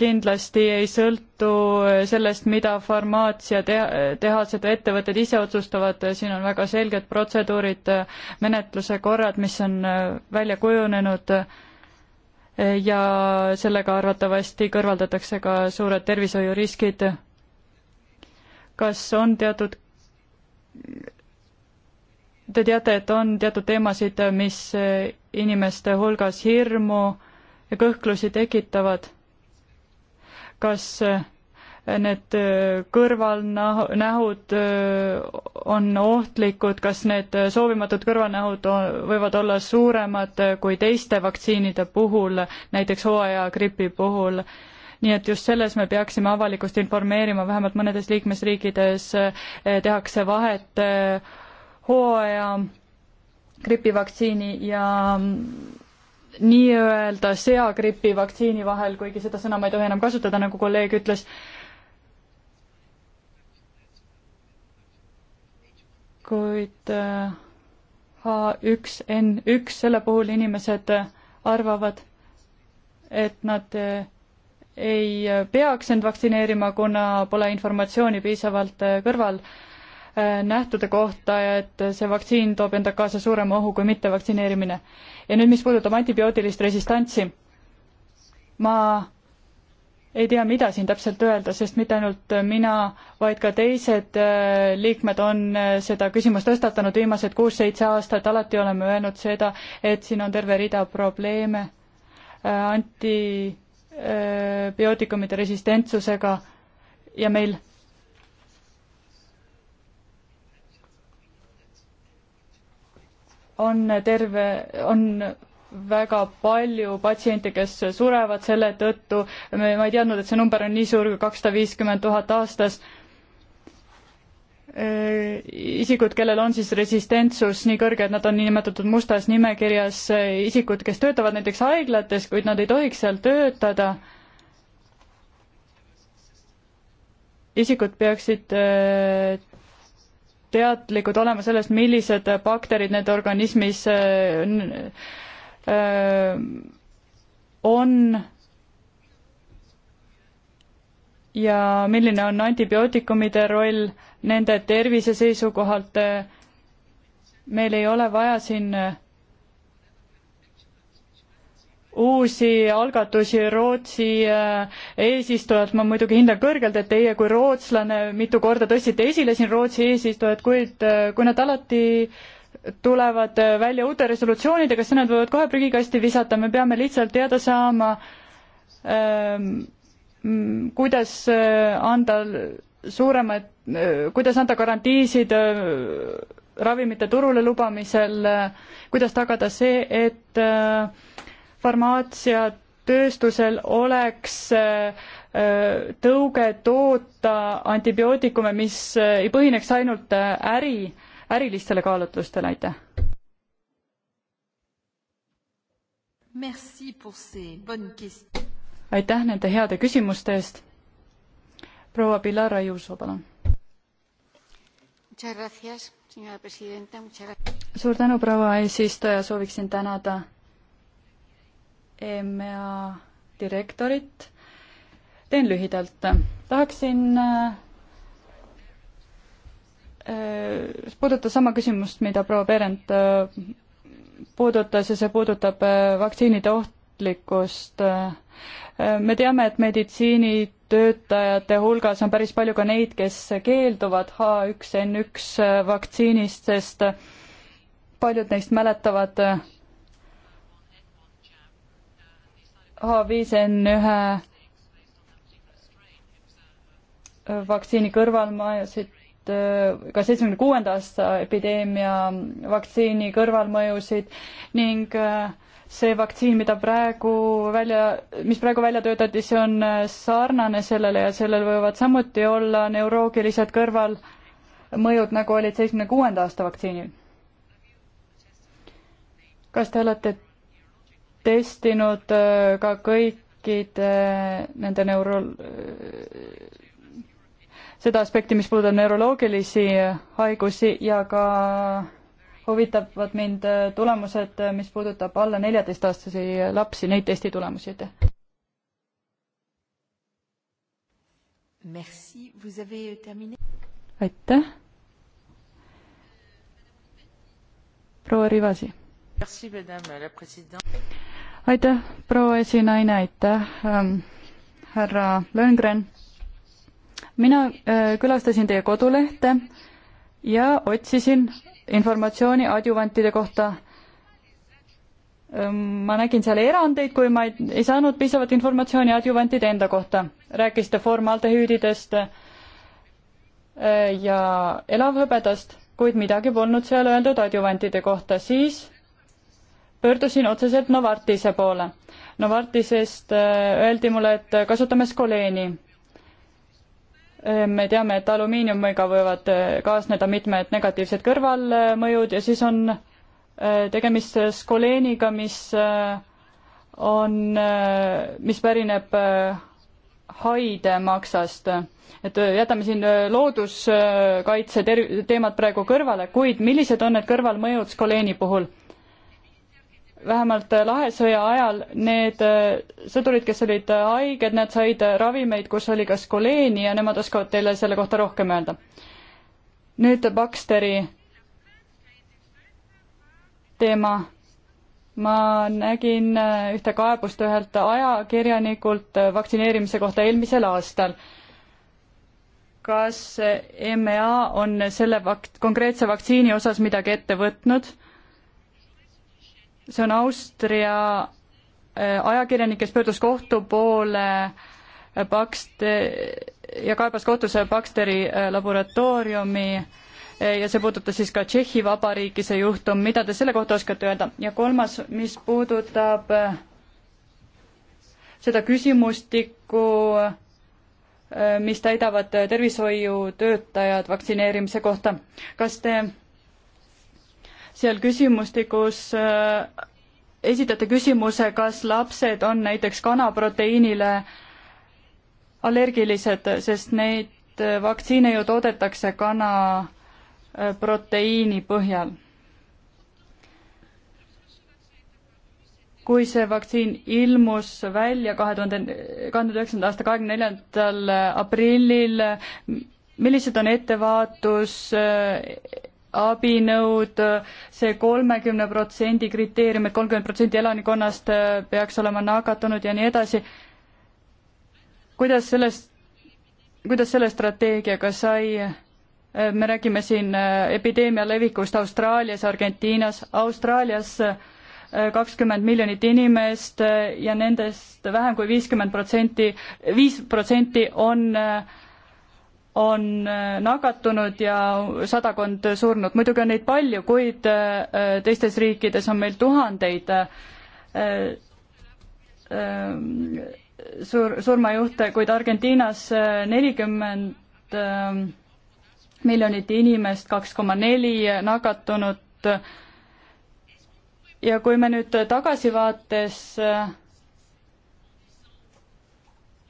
S1: kindlasti ei sõltu sellest, mida farmaatsia teha, tehased või ettevõtted ise otsustavad, siin on väga selged protseduurid, menetluse korrad, mis on välja kujunenud ja sellega arvatavasti kõrvaldatakse ka suured tervishoiuriskid. kas on teatud Te teate, et on teatud teemasid, mis inimeste hulgas hirmu ja kõhklusi tekitavad kas eh, need eh, kõrvalnähud eh, on ohtlikud, kas need soovimatud kõrvalnähud võivad olla suuremad kui teiste vaktsiinide puhul, näiteks hooajagripi puhul. nii et just selles me peaksime avalikkust informeerima, vähemalt mõnedes liikmesriikides tehakse vahet hooaja gripivaktsiini ja mm, nii-öelda seagripi vaktsiini vahel, kuigi seda sõna ma ei tohi enam kasutada, nagu kolleeg ütles. kuid H1N1, äh, selle puhul inimesed äh, arvavad, et nad äh, ei peaks end vaktsineerima, kuna pole informatsiooni piisavalt kõrval äh, nähtude kohta ja et see vaktsiin toob endaga kaasa suurema ohu kui mittevaktsineerimine. ja nüüd, mis puudutab antibiootilist resistantsi, ma ei tea, mida siin täpselt öelda, sest mitte ainult mina, vaid ka teised äh, liikmed on äh, seda küsimust tõstatanud viimased kuus-seitse aastat, alati oleme öelnud seda, et siin on terve rida probleeme äh, antibiootikumitele resistentsusega ja meil on terve, on väga palju patsiente, kes surevad selle tõttu, ma ei teadnud, et see number on nii suur kui kakssada viiskümmend tuhat aastas äh, isikud, kellel on siis resistentsus nii kõrge, et nad on niinimetatud mustas nimekirjas, äh, isikud, kes töötavad näiteks haiglates, kuid nad ei tohiks seal töötada. isikud peaksid äh, teadlikud olema sellest, millised bakterid nende organismis äh, äh, on ja milline on antibiootikumide roll nende tervise seisukohalt. meil ei ole vaja siin uusi algatusi Rootsi äh, eesistujalt, ma muidugi hindan kõrgelt, et teie kui rootslane mitu korda tõstsite esile siin Rootsi eesistujat, kuid äh, kui nad alati tulevad äh, välja uute resolutsioonidega, siis nad võivad kohe prügikasti visata, me peame lihtsalt teada saama, ähm, kuidas anda suuremaid, kuidas anda garantiisid ravimite turule lubamisel, kuidas tagada see, et farmaatsiatööstusel oleks äh, tõuge toota antibiootikume, mis äh, ei põhineks ainult äh, äri, ärilistele kaalutlustele, aitäh. aitäh nende heade küsimuste eest. proua Pilar Ajuso, palun. suur tänu, proua eesistuja, sooviksin tänada EMEA direktorit. teen lühidalt. tahaksin äh, äh puudutada sama küsimust, mida proua Berend äh, puudutas ja see puudutab äh, vaktsiinide ohtlikkust. Äh, äh, me teame, et meditsiinitöötajate hulgas on päris palju ka neid, kes keelduvad H1N1 vaktsiinist, sest paljud neist mäletavad H5N1 vaktsiini kõrvalmõjusid, äh, ka seitsmekümne kuuenda aasta epideemia vaktsiini kõrvalmõjusid ning äh, see vaktsiin, mida praegu välja, mis praegu välja töötati, see on äh, sarnane sellele ja sellel võivad samuti olla neuroogilised kõrvalmõjud, nagu olid seitsmekümne kuuenda aasta vaktsiinil. kas te olete testinud äh, ka kõikide nende neuro-, äh, seda aspekti, mis puudutab neuroloogilisi haigusi ja ka huvitavad mind äh, tulemused, mis puudutab alla neljateistaastasi lapsi, neid testi tulemusi, aitäh. Euh, aitäh. proua Rivasi aitäh, proua esinaine, aitäh ähm,, härra Löngren. mina äh, külastasin teie kodulehte ja otsisin informatsiooni adjuvantide kohta ähm,. ma nägin seal erandeid, kui ma ei, ei saanud piisavalt informatsiooni adjuvantide enda kohta. rääkisite formaldehüüdidest äh, ja elavhõbedast, kuid midagi polnud seal öeldud adjuvantide kohta, siis pöördusin otseselt Novartise poole. Novartisest äh, öeldi mulle, et äh, kasutame skoleeni. Äh, me teame, et alumiiniumiga võivad kaasneda mitmed negatiivsed kõrvalmõjud ja siis on tegemist skoleeniga, mis on, mis pärineb haidemaksast. et jätame siin looduskaitse ter-, teemad praegu kõrvale, kuid millised on need kõrvalmõjud skoleeni puhul? vähemalt lahesõja ajal need äh, sõdurid, kes olid äh, haiged, need said äh, ravimeid, kus oli ka skoleeni ja nemad oskavad teile selle kohta rohkem öelda. nüüd Baxteri teema. ma nägin ühte kaebust ühelt ajakirjanikult vaktsineerimise kohta eelmisel aastal kas MEA on selle vakt-, konkreetse vaktsiini osas midagi ette võtnud? see on Austria äh, ajakirjanik, kes pöördus kohtu poole äh, Bakst- ja kaebas kohtusse Baksteri äh, laboratooriumi ja see puudutas siis ka Tšehhi Vabariiki, see juhtum, mida te selle kohta oskate öelda? ja kolmas, mis puudutab seda küsimustikku, mis täidavad tervishoiutöötajad vaktsineerimise kohta. kas te seal küsimustikus äh, esitate küsimuse, kas lapsed on näiteks kanaproteiinile allergilised, sest neid äh, vaktsiine ju toodetakse kanaproteiini äh, põhjal. kui see vaktsiin ilmus välja kahe tuhande, kahe tuhande üheksanda aasta kahekümne neljandal aprillil, millised on ettevaatus abinõud see, see kolmekümne protsendi kriteerium, et kolmkümmend protsenti elanikkonnast äh, peaks olema nakatunud ja nii edasi. kuidas sellest, kuidas selle strateegiaga sai, äh, me räägime siin äh, epideemia levikust Austraalias, Argentiinas, Austraalias kakskümmend miljonit inimest ja nendest vähem kui viiskümmend protsenti, viis protsenti on äh, on äh, nakatunud ja sadakond surnud. muidugi on neid palju, kuid äh, äh, teistes riikides on meil tuhandeid sur-, surmajuhte, kuid Argentiinas nelikümmend miljonit inimest, kaks koma neli nakatunut. ja kui me nüüd tagasivaates äh,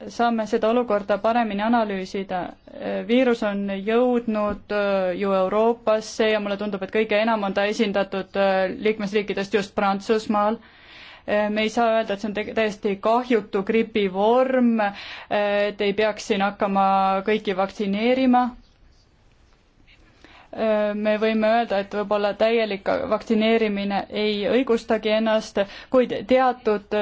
S1: saame seda olukorda paremini analüüsida. viirus on jõudnud äh, ju Euroopasse ja mulle tundub, et kõige enam on ta esindatud äh, liikmesriikidest just Prantsusmaal. Äh, me ei saa öelda, et see on täiesti kahjutu gripivorm, et ei peaks siin hakkama kõiki vaktsineerima me võime öelda, et võib-olla täielik vaktsineerimine ei õigustagi ennast, kuid teatud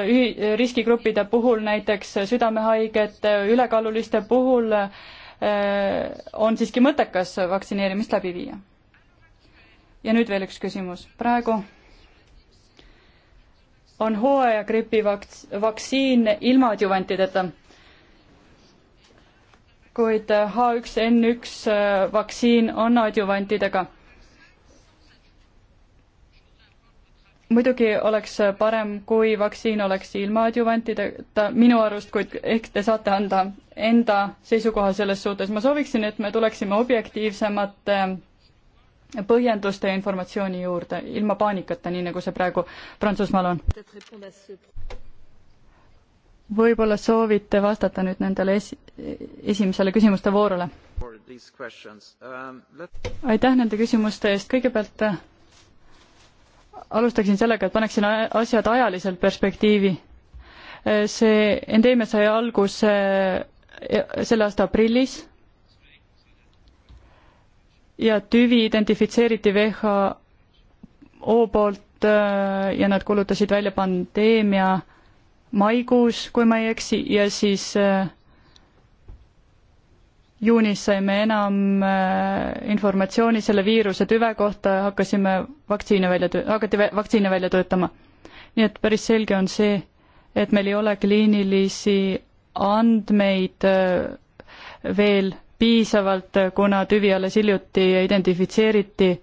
S1: riskigruppide puhul, näiteks südamehaigete, ülekaaluliste puhul on siiski mõttekas vaktsineerimist läbi viia. ja nüüd veel üks küsimus. praegu on hooaja gripi vaktsiin ilma adjuvantideta kuid H1N1 äh, äh, vaktsiin on adjuvantidega. muidugi oleks äh, parem, kui vaktsiin oleks ilma adjuvantideta minu arust, kuid ehk te saate anda enda seisukoha selles suhtes. ma sooviksin, et me tuleksime objektiivsemate põhjenduste ja informatsiooni juurde, ilma paanikata, nii nagu see praegu Prantsusmaal on võib-olla soovite vastata nüüd nendele es-, esimesele küsimuste voorule? aitäh nende küsimuste eest, kõigepealt äh, alustaksin sellega, et paneksin asjad ajaliselt perspektiivi. Äh, see endeemia sai alguse äh, selle aasta aprillis ja tüvi identifitseeriti WHO poolt ja nad kuulutasid välja pandeemia maikuus, kui ma ei eksi, ja siis äh, juunis saime enam äh, informatsiooni selle viiruse tüve kohta, hakkasime vaktsiine välja, hakati vaktsiine välja töötama. nii et päris selge on see, et meil ei ole kliinilisi andmeid äh, veel piisavalt, kuna tüvi alles hiljuti identifitseeriti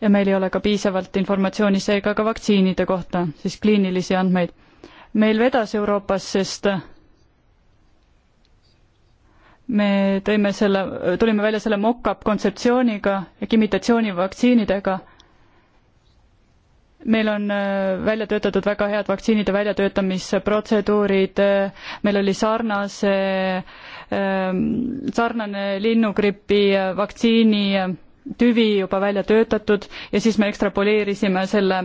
S1: ja meil ei ole ka piisavalt informatsiooni seega ka vaktsiinide kohta, siis kliinilisi andmeid meil vedas Euroopas, sest me tõime selle, tulime välja selle mock-up kontseptsiooniga ehk imitatsioonivaktsiinidega. meil on äh, välja töötatud väga head vaktsiinide väljatöötamisprotseduurid, meil oli sarnase, ähm, sarnane linnugripi äh, vaktsiini äh, tüvi juba välja töötatud ja siis me ekstrapoleerisime selle,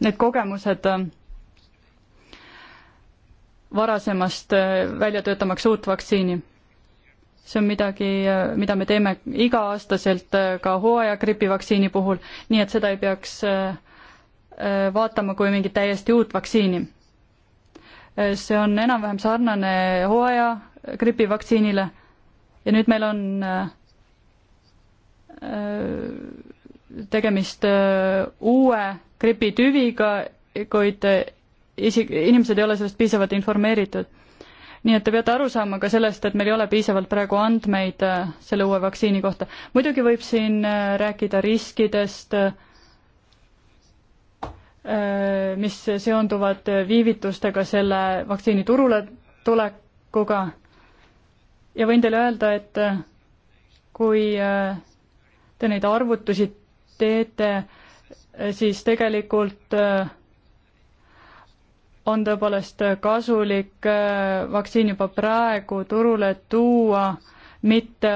S1: need kogemused varasemast äh, välja töötamaks uut vaktsiini. see on midagi, äh, mida me teeme iga-aastaselt äh, ka hooajagripi vaktsiini puhul, nii et seda ei peaks vaatama kui mingit täiesti uut vaktsiini. see on enam-vähem sarnane hooajagripi vaktsiinile ja nüüd meil on tegemist uue gripitüviga, kuid isik, inimesed ei ole sellest piisavalt informeeritud. nii et te peate aru saama ka sellest, et meil ei ole piisavalt praegu andmeid äh, selle uue vaktsiini kohta. muidugi võib siin äh, rääkida riskidest, äh, mis seonduvad viivitustega selle vaktsiini turule tulekuga ja võin teile öelda, et kui te neid arvutusi teete, siis tegelikult äh, on tõepoolest kasulik äh, vaktsiin juba praegu turule tuua, mitte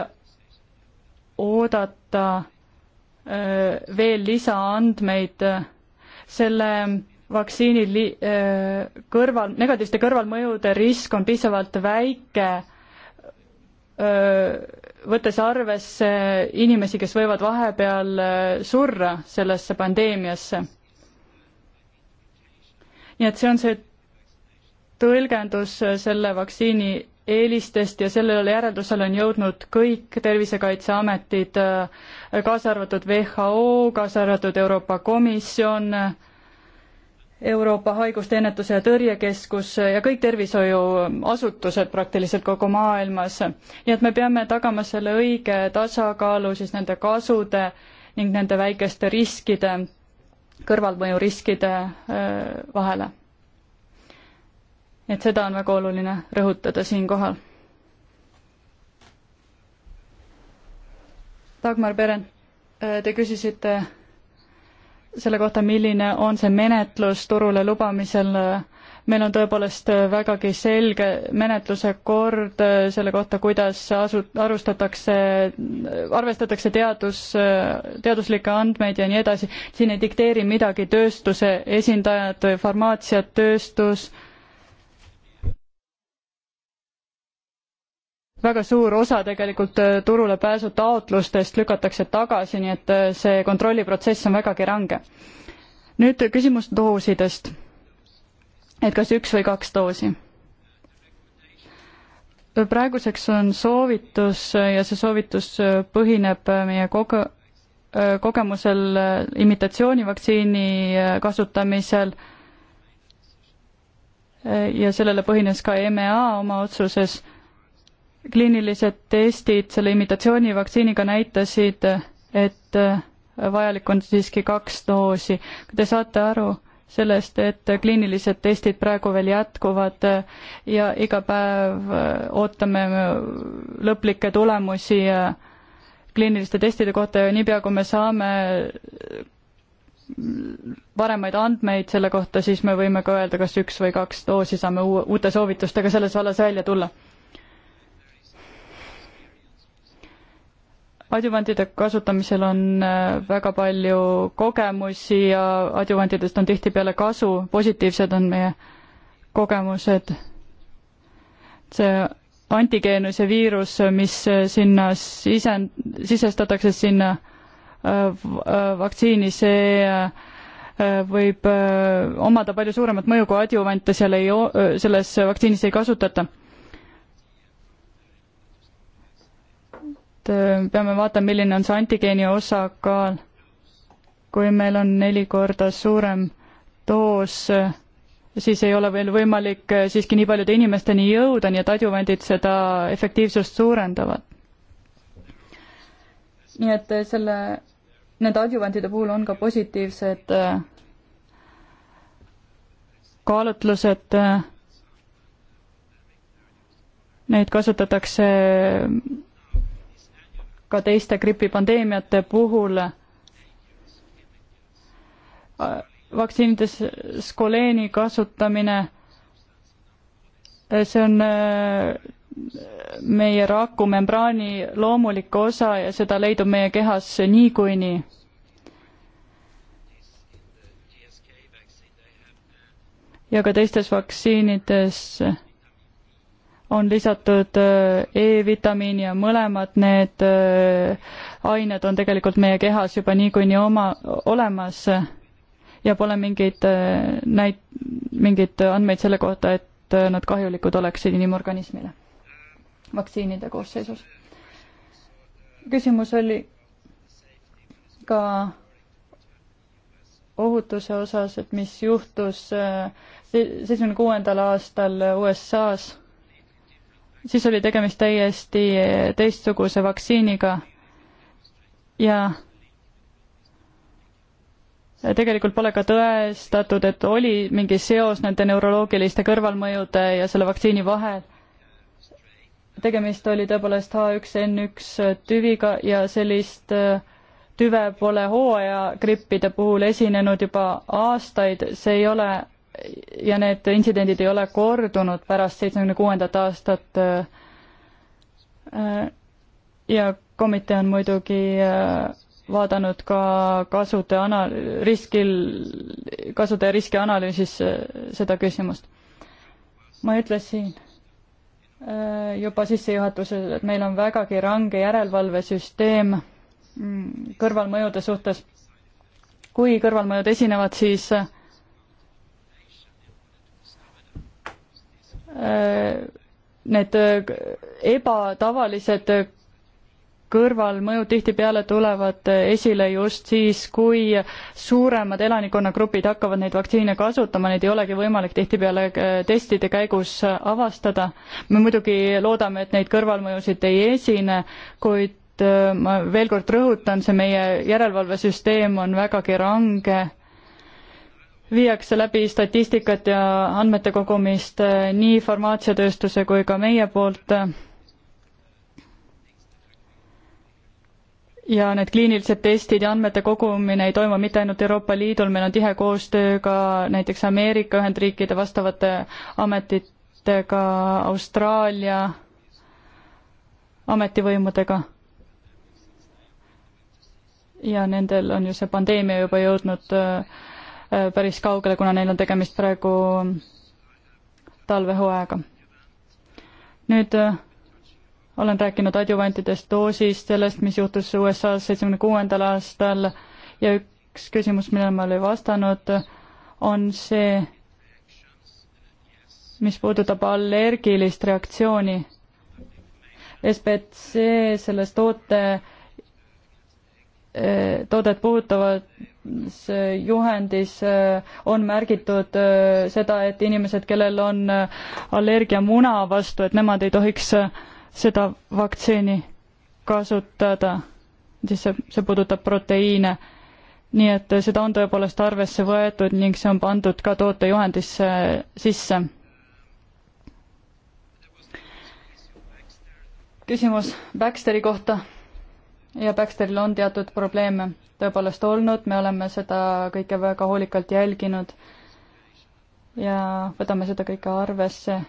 S1: oodata äh, veel lisaandmeid äh, selle vaktsiini li-, kõrval, negatiivsete kõrvalmõjude risk on piisavalt väike, võttes arvesse inimesi, kes võivad vahepeal surra sellesse pandeemiasse nii et see on see tõlgendus selle vaktsiini eelistest ja sellele järeldusele on jõudnud kõik tervisekaitseametid, kaasa arvatud WHO, kaasa arvatud Euroopa Komisjon, Euroopa Haiguste Ennetuse ja Tõrjekeskus ja kõik tervishoiuasutused praktiliselt kogu maailmas. nii et me peame tagama selle õige tasakaalu siis nende kasude ning nende väikeste riskide kõrvalmõjuriskide vahele. et seda on väga oluline rõhutada siinkohal. Dagmar Peren, te küsisite selle kohta, milline on see menetlus turule lubamisel meil on tõepoolest vägagi selge menetluse kord äh, selle kohta, kuidas asu-, arustatakse, arvestatakse teadus, äh, teaduslikke andmeid ja nii edasi, siin ei dikteeri midagi tööstuse esindajad, farmaatsiatööstus, väga suur osa tegelikult äh, turule pääsu taotlustest lükatakse tagasi, nii et see kontrolliprotsess on vägagi range. nüüd küsimus doosidest et kas üks või kaks doosi. praeguseks on soovitus ja see soovitus põhineb meie koge-, kogemusel imitatsioonivaktsiini kasutamisel ja sellele põhines ka EMEA oma otsuses. kliinilised testid selle imitatsioonivaktsiiniga näitasid, et vajalik on siiski kaks doosi. kui te saate aru, sellest, et kliinilised testid praegu veel jätkuvad ja iga päev äh, ootame lõplikke tulemusi äh, kliiniliste testide kohta ja niipea, kui me saame äh, paremaid andmeid selle kohta, siis me võime ka öelda, kas üks või kaks doosi saame uue, uute soovitustega selles vallas välja tulla adjuvantide kasutamisel on äh, väga palju kogemusi ja adjuvantidest on tihtipeale kasu, positiivsed on meie kogemused. see antigeen või see viirus, mis äh, sinna sisen-, sisestatakse sinna äh, vaktsiini, see võib omada palju suuremat mõju kui adjuvante seal ei, selles vaktsiinis ei kasutata et äh, peame vaatama, milline on see antigeeni osakaal. kui meil on neli korda suurem doos, äh, siis ei ole veel võimalik äh, siiski nii paljude inimesteni jõuda, nii et adjuvandid seda efektiivsust suurendavad. nii et selle, nende adjuvantide puhul on ka positiivsed kaalutlused neid kasutatakse ka teiste gripipandeemiate puhul äh, vaktsiinides skoleeni kasutamine, äh, see on äh, meie rakumembraani loomulik osa ja seda leidub meie kehas niikuinii nii.. ja ka teistes vaktsiinides on lisatud äh, E-vitamiini ja mõlemad need äh, ained on tegelikult meie kehas juba niikuinii oma, olemas ja pole mingeid äh, näit-, mingeid andmeid selle kohta, et nad kahjulikud oleksid inimorganismile vaktsiinide koosseisus. küsimus oli ka ohutuse osas, et mis juhtus seitsmekümne kuuendal aastal USA-s siis oli tegemist täiesti teistsuguse vaktsiiniga ja tegelikult pole ka tõestatud, et oli mingi seos nende neuroloogiliste kõrvalmõjude ja selle vaktsiini vahel. tegemist oli tõepoolest H1N1 tüviga ja sellist äh, tüve pole hooajagrippide puhul esinenud juba aastaid, see ei ole ja need intsidendid ei ole kordunud pärast seitsmekümne kuuendat aastat. ja komitee on muidugi äh, vaadanud ka kasude ana-, riskil, kasude ja riski analüüsis äh, seda küsimust. ma ütlesin äh, juba sissejuhatuses, et meil on vägagi range järelevalvesüsteem mm, kõrvalmõjude suhtes. kui kõrvalmõjud esinevad, siis need äh, ebatavalised kõrvalmõjud tihtipeale tulevad äh, esile just siis, kui suuremad elanikkonnagrupid hakkavad neid vaktsiine kasutama, neid ei olegi võimalik tihtipeale äh, testide käigus avastada. me muidugi loodame, et neid kõrvalmõjusid ei esine, kuid ma veel kord rõhutan, see meie järelevalvesüsteem on vägagi range viiakse läbi statistikat ja andmete kogumist eh, nii farmaatsiatööstuse kui ka meie poolt. ja need kliinilised testid ja andmete kogumine ei toimu mitte ainult Euroopa Liidul, meil on tihe koostöö ka näiteks Ameerika Ühendriikide vastavate ametitega, Austraalia ametivõimudega. ja nendel on ju see pandeemia juba jõudnud äh, Äh, päris kaugele, kuna neil on tegemist praegu talvehooaega. nüüd äh, olen rääkinud adjuvantidest, doosist, sellest, mis juhtus USA-s seitsmekümne kuuendal aastal ja üks küsimus, millele ma ei vastanud, on see, mis puudutab allergilist reaktsiooni. SBC, selles toote, äh, toodet puudutavad juhendis äh, on märgitud äh, seda, et inimesed, kellel on äh, allergia muna vastu, et nemad ei tohiks seda vaktsiini kasutada, siis see, see puudutab proteiine. nii et seda on tõepoolest arvesse võetud ning see on pandud ka tootejuhendisse sisse. küsimus Baxteri kohta ja Baxteril on teatud probleeme tõepoolest olnud, me oleme seda kõike väga hoolikalt jälginud ja võtame seda kõike arvesse.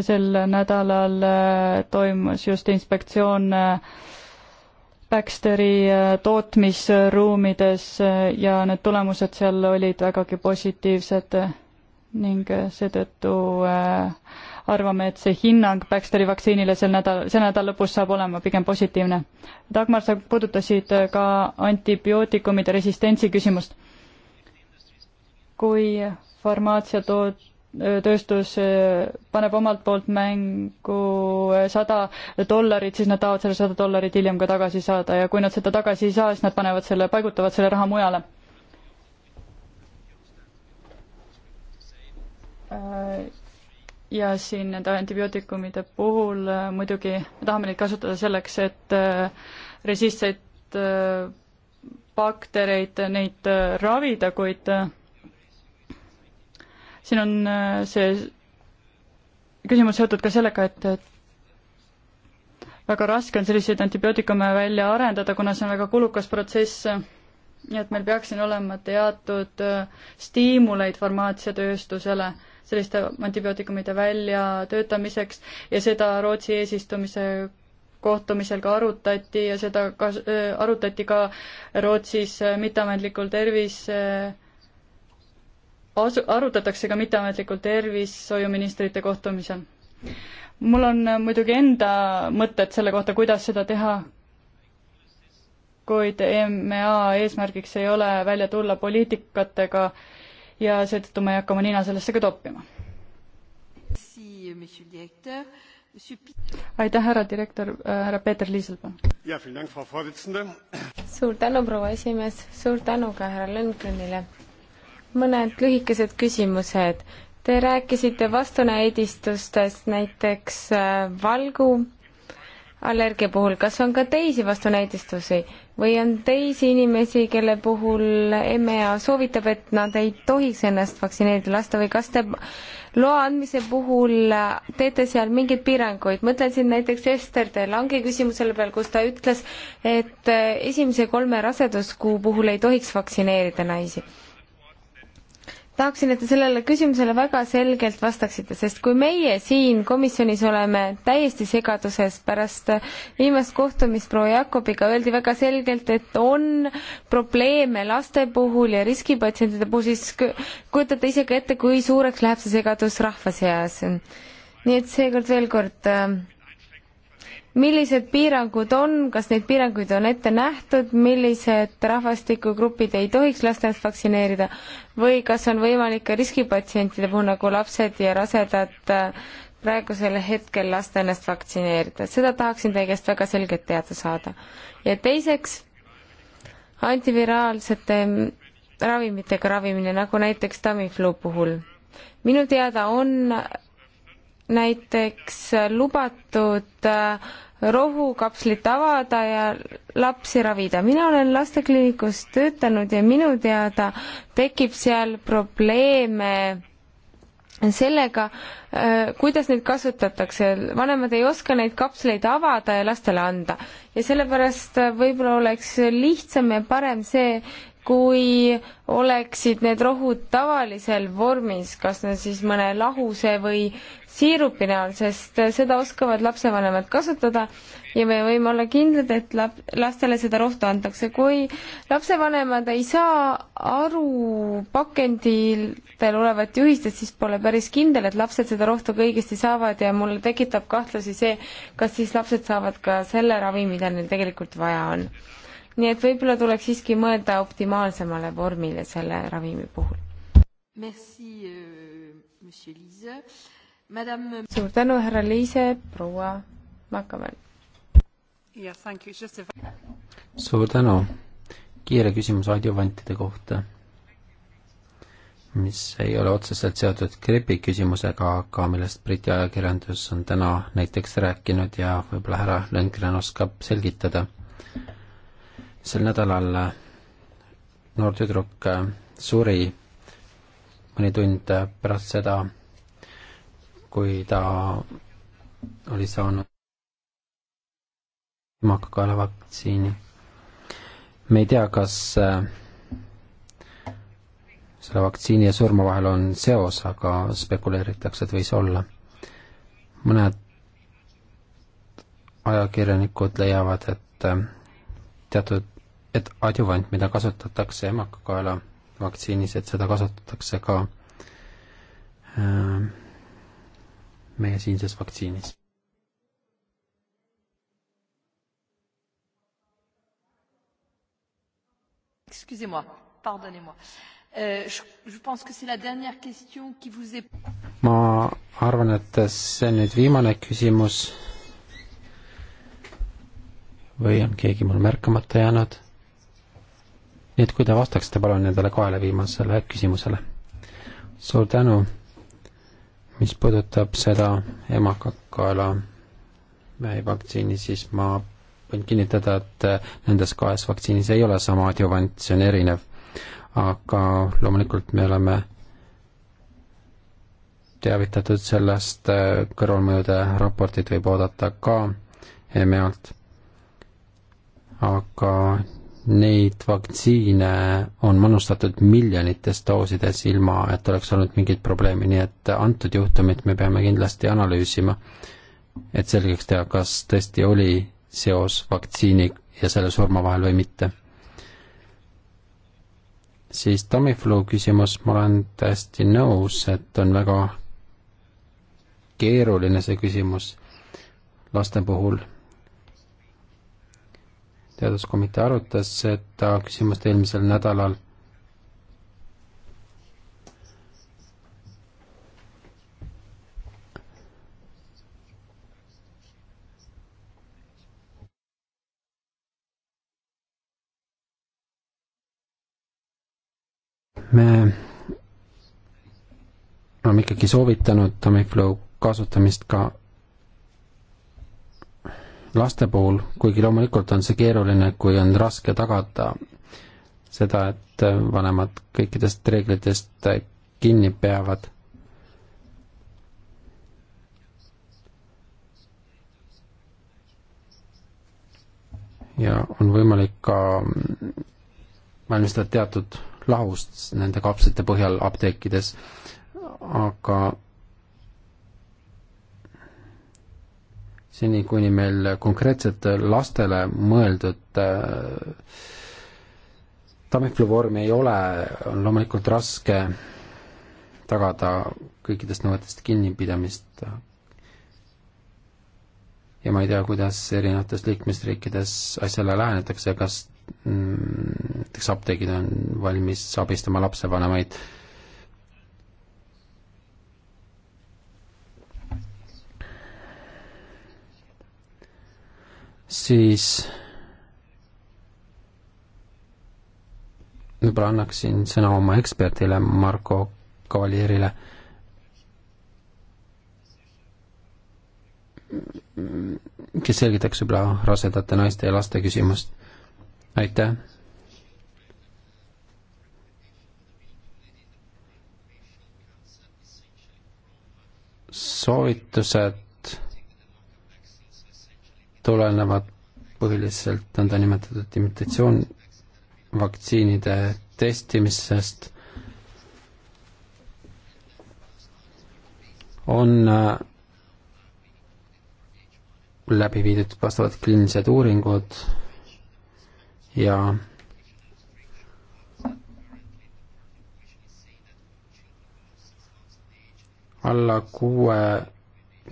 S1: sel nädalal äh, toimus just inspektsioon äh, Baxteri äh, tootmisruumides ja need tulemused seal olid vägagi positiivsed ning seetõttu äh, arvame, et see hinnang Baxteri vaktsiinile sel nädal, see nädal lõpus saab olema pigem positiivne. Dagmar, sa puudutasid ka antibiootikumide resistentsi küsimust. kui farmaatsiatood-, tööstus paneb omalt poolt mängu sada dollarit, siis nad tahavad selle sada dollarit hiljem ka tagasi saada ja kui nad seda tagasi ei saa, siis nad panevad selle, paigutavad selle raha mujale ja siin nende antibiootikumide puhul äh, muidugi me tahame neid kasutada selleks, et äh, resistseid äh, baktereid, neid ravida, kuid siin on see küsimus seotud ka sellega, et, et väga raske on selliseid antibiootikume välja arendada, kuna see on väga kulukas protsess. nii et meil peaks siin olema teatud stiimuleid farmaatsiatööstusele selliste antibiootikumide väljatöötamiseks ja seda Rootsi eesistumise kohtumisel ka arutati ja seda ka äh, arutati ka Rootsis äh, mitteametlikul tervise äh, asu-, arutatakse ka mitteametlikul tervishoiuministrite kohtumisel. mul on äh, muidugi enda mõtted selle kohta, kuidas seda teha, kuid EMEA eesmärgiks ei ole välja tulla poliitikatega äh, ja seetõttu ma ei hakka oma nina sellesse ka toppima. aitäh, härra direktor, äh, härra Peeter Liisel,
S3: palun.
S4: suur tänu, proua esimees, suur tänu ka härra Lundgrenile. mõned lühikesed küsimused. Te rääkisite vastunäidistustest näiteks äh, valgu allergia puhul, kas on ka teisi vastunäidistusi või on teisi inimesi, kelle puhul EMEA soovitab, et nad ei tohiks ennast vaktsineerida lasta või kas te loa andmise puhul teete seal mingeid piiranguid, mõtlen siin näiteks Ester De Lange küsimusele peal, kus ta ütles, et esimese kolme raseduskuu puhul ei tohiks vaktsineerida naisi tahaksin, et te sellele küsimusele väga selgelt vastaksite, sest kui meie siin komisjonis oleme täiesti segaduses pärast viimast kohtumist proua Jakobiga, öeldi väga selgelt, et on probleeme laste puhul ja riskipatsientide puhul, siis kujutate ise ka ette, kui suureks läheb see segadus rahva seas. nii et seekord veel kord äh, millised piirangud on, kas neid piiranguid on ette nähtud, millised rahvastikugrupid ei tohiks lasta ennast vaktsineerida või kas on võimalik ka riskipatsientide puhul nagu lapsed ja rasedad praegusel hetkel lasta ennast vaktsineerida, seda tahaksin teie käest väga selgelt teada saada. ja teiseks, antiviraalsete ravimitega ravimine, nagu näiteks Tamiflu puhul. minu teada on näiteks lubatud äh, rohukapslit avada ja lapsi ravida. mina olen lastekliinikus töötanud ja minu teada tekib seal probleeme sellega, äh, kuidas neid kasutatakse, vanemad ei oska neid kapsleid avada ja lastele anda. ja sellepärast äh, võib-olla oleks lihtsam ja parem see, kui oleksid need rohud tavalisel vormis, kas nad siis mõne lahuse või siirupi näol, sest seda oskavad lapsevanemad kasutada ja me võime olla kindlad, et lap-, lastele seda rohtu antakse. kui lapsevanemad ei saa aru pakenditel olevat juhistest, siis pole päris kindel, et lapsed seda rohtu ka õigesti saavad ja mulle tekitab kahtlusi see, kas siis lapsed saavad ka selle ravi, mida neil tegelikult vaja on. nii et võib-olla tuleks siiski mõelda optimaalsemale vormile selle ravimi puhul.
S3: Merci euh,, monsieur Liise Madame... suur tänu, härra
S4: Liise, proua Makamäel
S3: yeah,. A...
S2: suur tänu. kiire küsimus adjuvantide kohta, mis ei ole otseselt seotud gripi küsimusega, aga millest Briti ajakirjandus on täna näiteks rääkinud ja võib-olla härra Lundgren oskab selgitada. sel nädalal noor tüdruk suri mõni tund pärast seda, kui ta oli saanud emakakaela vaktsiini. me ei tea, kas äh, selle vaktsiini ja surma vahel on seos, aga spekuleeritakse, et võis olla. mõned ajakirjanikud leiavad, et äh, teatud, et adjuvant, mida kasutatakse emakakaela vaktsiinis, et seda kasutatakse ka äh, meie siinses vaktsiinis.
S3: Excusez-moi, pardonnez-moi. Euh, je, je pense que c'est la dernière question qui vous est...
S2: ma arvan, et see on nüüd viimane küsimus või on keegi mul märkamata jäänud. nii et kui te vastaksite palun nendele kahele viimasele küsimusele. suur tänu mis puudutab seda emakakaela vähivaktsiini, siis ma võin kinnitada, et äh, nendes kahes vaktsiinis ei ole sama adjuvant, see on erinev. aga loomulikult me oleme teavitatud sellest, äh, kõrvalmõjude raportit võib oodata ka EMEA-lt. aga neid vaktsiine on manustatud miljonites doosides, ilma et oleks olnud mingit probleemi, nii et antud juhtumit me peame kindlasti analüüsima, et selgeks teha, kas tõesti oli seos vaktsiini ja selle surma vahel või mitte. siis Tamiflu küsimus, ma olen täiesti nõus, et on väga keeruline see küsimus laste puhul teaduskomitee arutas seda küsimust eelmisel nädalal. me oleme ikkagi soovitanud Tamiflu kasutamist ka laste puhul, kuigi loomulikult on see keeruline, kui on raske tagada seda, et vanemad kõikidest reeglitest kinni peavad. ja on võimalik ka valmistada teatud lahust nende kapslite põhjal apteekides, aga seni, kuni meil konkreetselt lastele mõeldud äh, tamifluvormi ei ole, on loomulikult raske tagada kõikidest nõuetest kinnipidamist. ja ma ei tea, kuidas erinevates liikmesriikides asjale lähenetakse, kas mm, näiteks apteegid on valmis abistama lapsevanemaid äh, siis võib-olla annaksin sõna oma eksperdile Marko Kavalierile. kes selgitaks võib-olla rasedate naiste ja laste küsimust. aitäh! soovitused tulenevad põhiliselt nõndanimetatud imitatsioonvaktsiinide testimisest, on äh, läbi viidud vastavad kliinilised uuringud ja alla kuue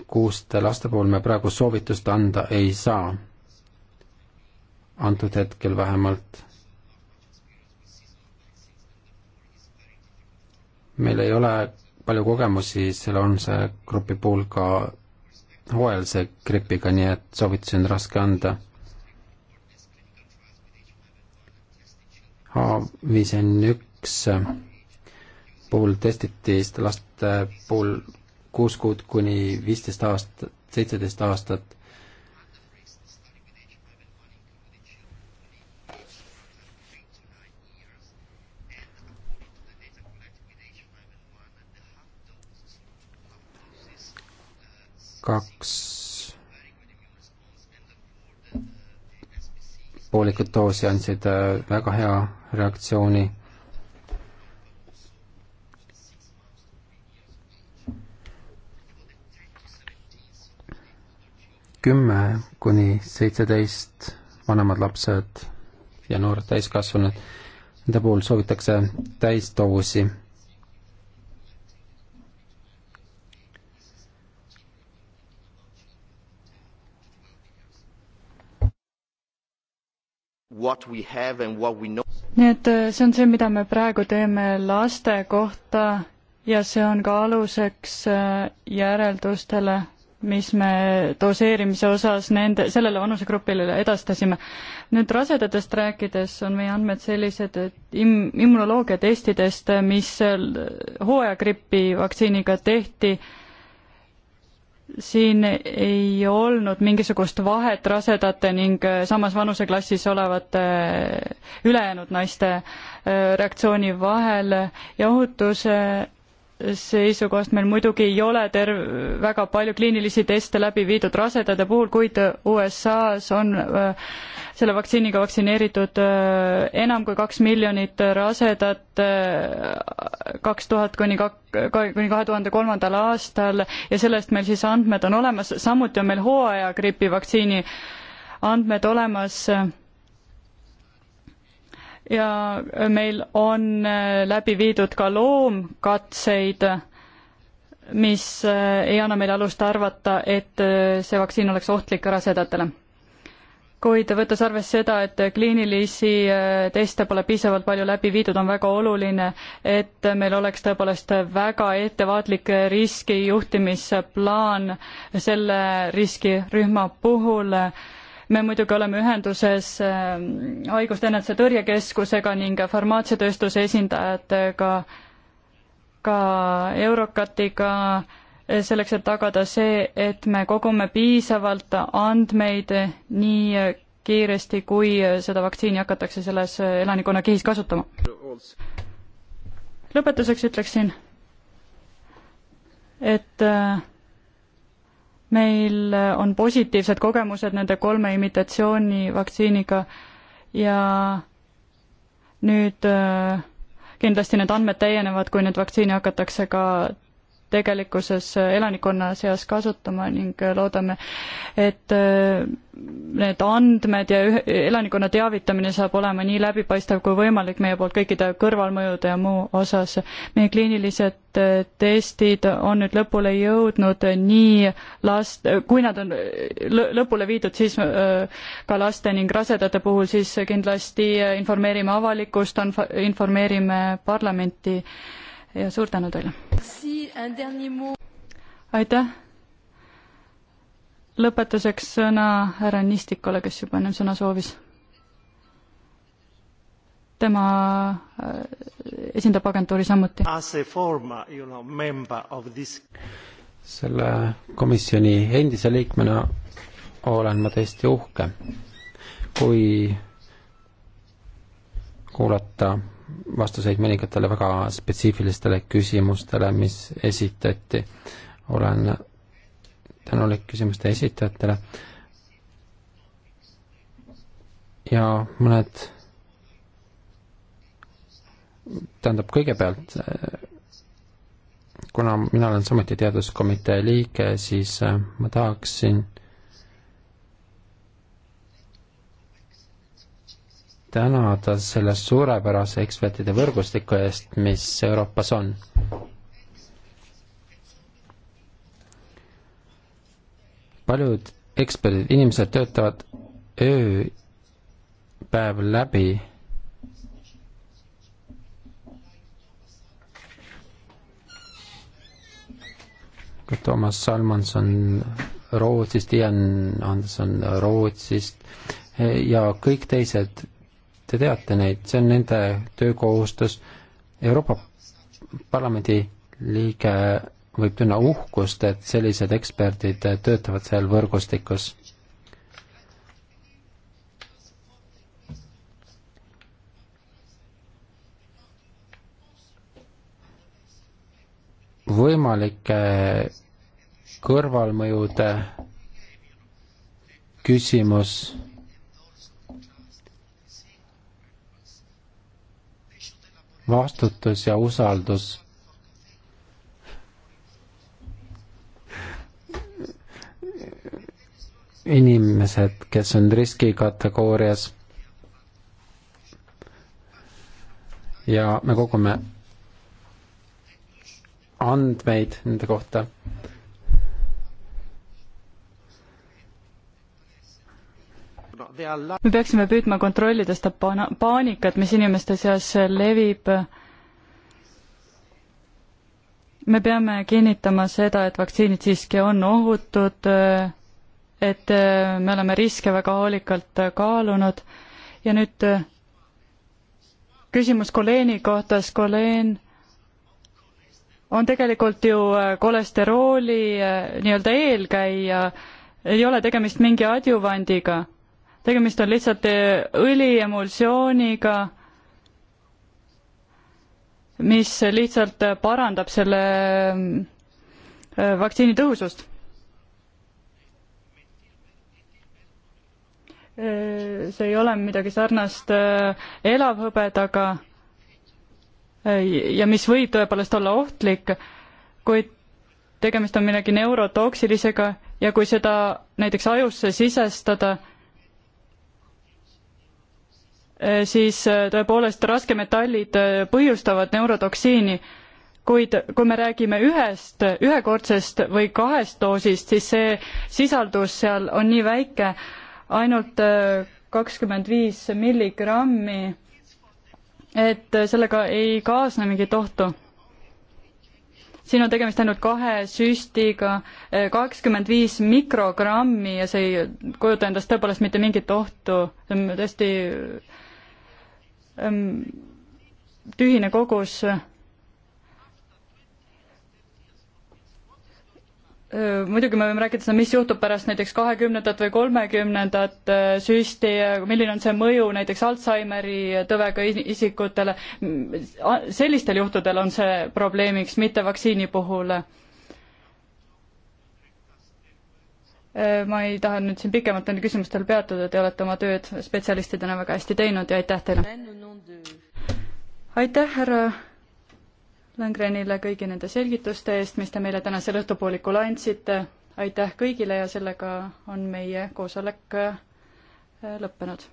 S2: kuuste laste puhul me praegu soovitust anda ei saa. antud hetkel vähemalt. meil ei ole palju kogemusi selle homse grupi puhul ka hooajalise gripiga, nii et soovitusi on raske anda. H5N1 puhul testiti seda laste puhul kuus kuud kuni viisteist aastat, seitseteist aastat. kaks poolikut doosi andsid äh, väga hea reaktsiooni kümme kuni seitseteist vanemad lapsed ja noored täiskasvanud, nende puhul soovitakse täisdoosi.
S1: nii et äh, see on see, mida me praegu teeme laste kohta ja see on ka aluseks äh, järeldustele mis me doseerimise osas nende, sellele vanusegrupile edastasime. nüüd rasedatest rääkides on meie andmed sellised, et im-, immunoloogiatestidest, mis hooajagripi vaktsiiniga tehti, siin ei olnud mingisugust vahet rasedate ning samas vanuseklassis olevate ülejäänud naiste äh, reaktsiooni vahel ja ohutuse seisukohast meil muidugi ei ole terv-, väga palju kliinilisi teste läbi viidud rasedade puhul, kuid USA-s on äh, selle vaktsiiniga vaktsineeritud äh, enam kui kaks miljonit rasedat äh, kaks tuhat kuni kak-, kuni kahe tuhande kolmandal aastal ja selle eest meil siis andmed on olemas, samuti on meil hooajagripi vaktsiini andmed olemas ja meil on äh, läbi viidud ka loomkatseid, mis äh, ei anna meile alust arvata, et äh, see vaktsiin oleks ohtlik rasedatele. kuid võttes arvesse seda, et kliinilisi teste pole piisavalt palju läbi viidud, on väga oluline, et meil oleks tõepoolest väga ettevaatlik riskijuhtimisplaan selle riskirühma puhul me muidugi oleme ühenduses ähm, Haiguste Ennetuse Tõrjekeskusega ning farmaatsiatööstuse esindajatega, ka Eurocatiga, äh, selleks, et tagada see, et me kogume piisavalt andmeid nii kiiresti, kui seda vaktsiini hakatakse selles elanikkonna kihis kasutama. lõpetuseks ütleksin, et äh, meil äh, on positiivsed kogemused nende kolme imitatsioonivaktsiiniga ja nüüd äh, kindlasti need andmed täienevad, kui neid vaktsiine hakatakse ka tegelikkuses elanikkonna seas kasutama ning loodame, et äh, need andmed ja elanikkonna teavitamine saab olema nii läbipaistev kui võimalik meie poolt kõikide kõrvalmõjude ja muu osas. meie kliinilised äh, testid on nüüd lõpule jõudnud nii last, äh, kui nad on lõpule viidud, siis ka laste ning rasedate puhul, siis kindlasti informeerime avalikkust, informeerime parlamenti ja suur tänu teile! aitäh! lõpetuseks sõna härra Nistikule, kes juba ennem sõna soovis. tema äh, esindab agentuuri
S3: samuti. You know,
S2: selle komisjoni endise liikmena olen ma tõesti uhke, kui kuulata vastuseid mõningatele väga spetsiifilistele küsimustele, mis esitati. olen tänulik küsimuste esitajatele ja mõned tähendab, kõigepealt kuna mina olen samuti teaduskomitee liige, siis ma tahaksin tänada selle suurepärase ekspertide võrgustiku eest, mis Euroopas on. paljud eksperdid, inimesed töötavad ööpäev läbi Toomas Salmanson Rootsist, Ian Hanson Rootsist ja kõik teised te teate neid, see on nende töökohustus. Euroopa Parlamendi liige võib tunna uhkust, et sellised eksperdid töötavad seal võrgustikus. võimalike kõrvalmõjude küsimus vastutus ja usaldus. inimesed, kes on riskikategoorias ja me kogume andmeid nende kohta
S1: me peaksime püüdma kontrollida seda paana-, paanikat, mis inimeste seas levib. me peame kinnitama seda, et vaktsiinid siiski on ohutud, et me oleme riske väga hoolikalt kaalunud ja nüüd küsimus koleeni kohta, skoleen on tegelikult ju kolesterooli eh, nii-öelda eelkäija, ei ole tegemist mingi adjuvandiga tegemist on lihtsalt eh, õliemulsiooniga, mis lihtsalt eh, parandab selle eh, vaktsiini tõhusust. see ei ole midagi sarnast elavhõbedaga ja mis võib tõepoolest olla ohtlik, kuid tegemist on millegi neurotoksilisega ja kui seda näiteks ajusse sisestada, Äh, siis äh, tõepoolest raskemetallid äh, põhjustavad neurotoksiini, kuid kui me räägime ühest, ühekordsest või kahest doosist, siis see sisaldus seal on nii väike, ainult kakskümmend viis milligrammi, et sellega ei kaasne mingit ohtu. siin on tegemist ainult kahe süstiga, kakskümmend viis mikrogrammi ja see ei kujuta endast tõepoolest mitte mingit ohtu, see on tõesti tühine kogus muidugi me võime rääkida seda, mis juhtub pärast näiteks kahekümnendat või kolmekümnendat süsti, milline on see mõju näiteks Alžeimeri tõvega isikutele. sellistel juhtudel on see probleemiks, mitte vaktsiini puhul. Äh, ma ei taha nüüd siin pikemalt nende küsimustel peatuda, te olete oma tööd spetsialistidena väga hästi teinud ja aitäh teile! aitäh, härra Langrenile kõigi nende selgituste eest, mis te meile tänasel õhtupoolikul andsite, aitäh kõigile ja sellega on meie koosolek äh, lõppenud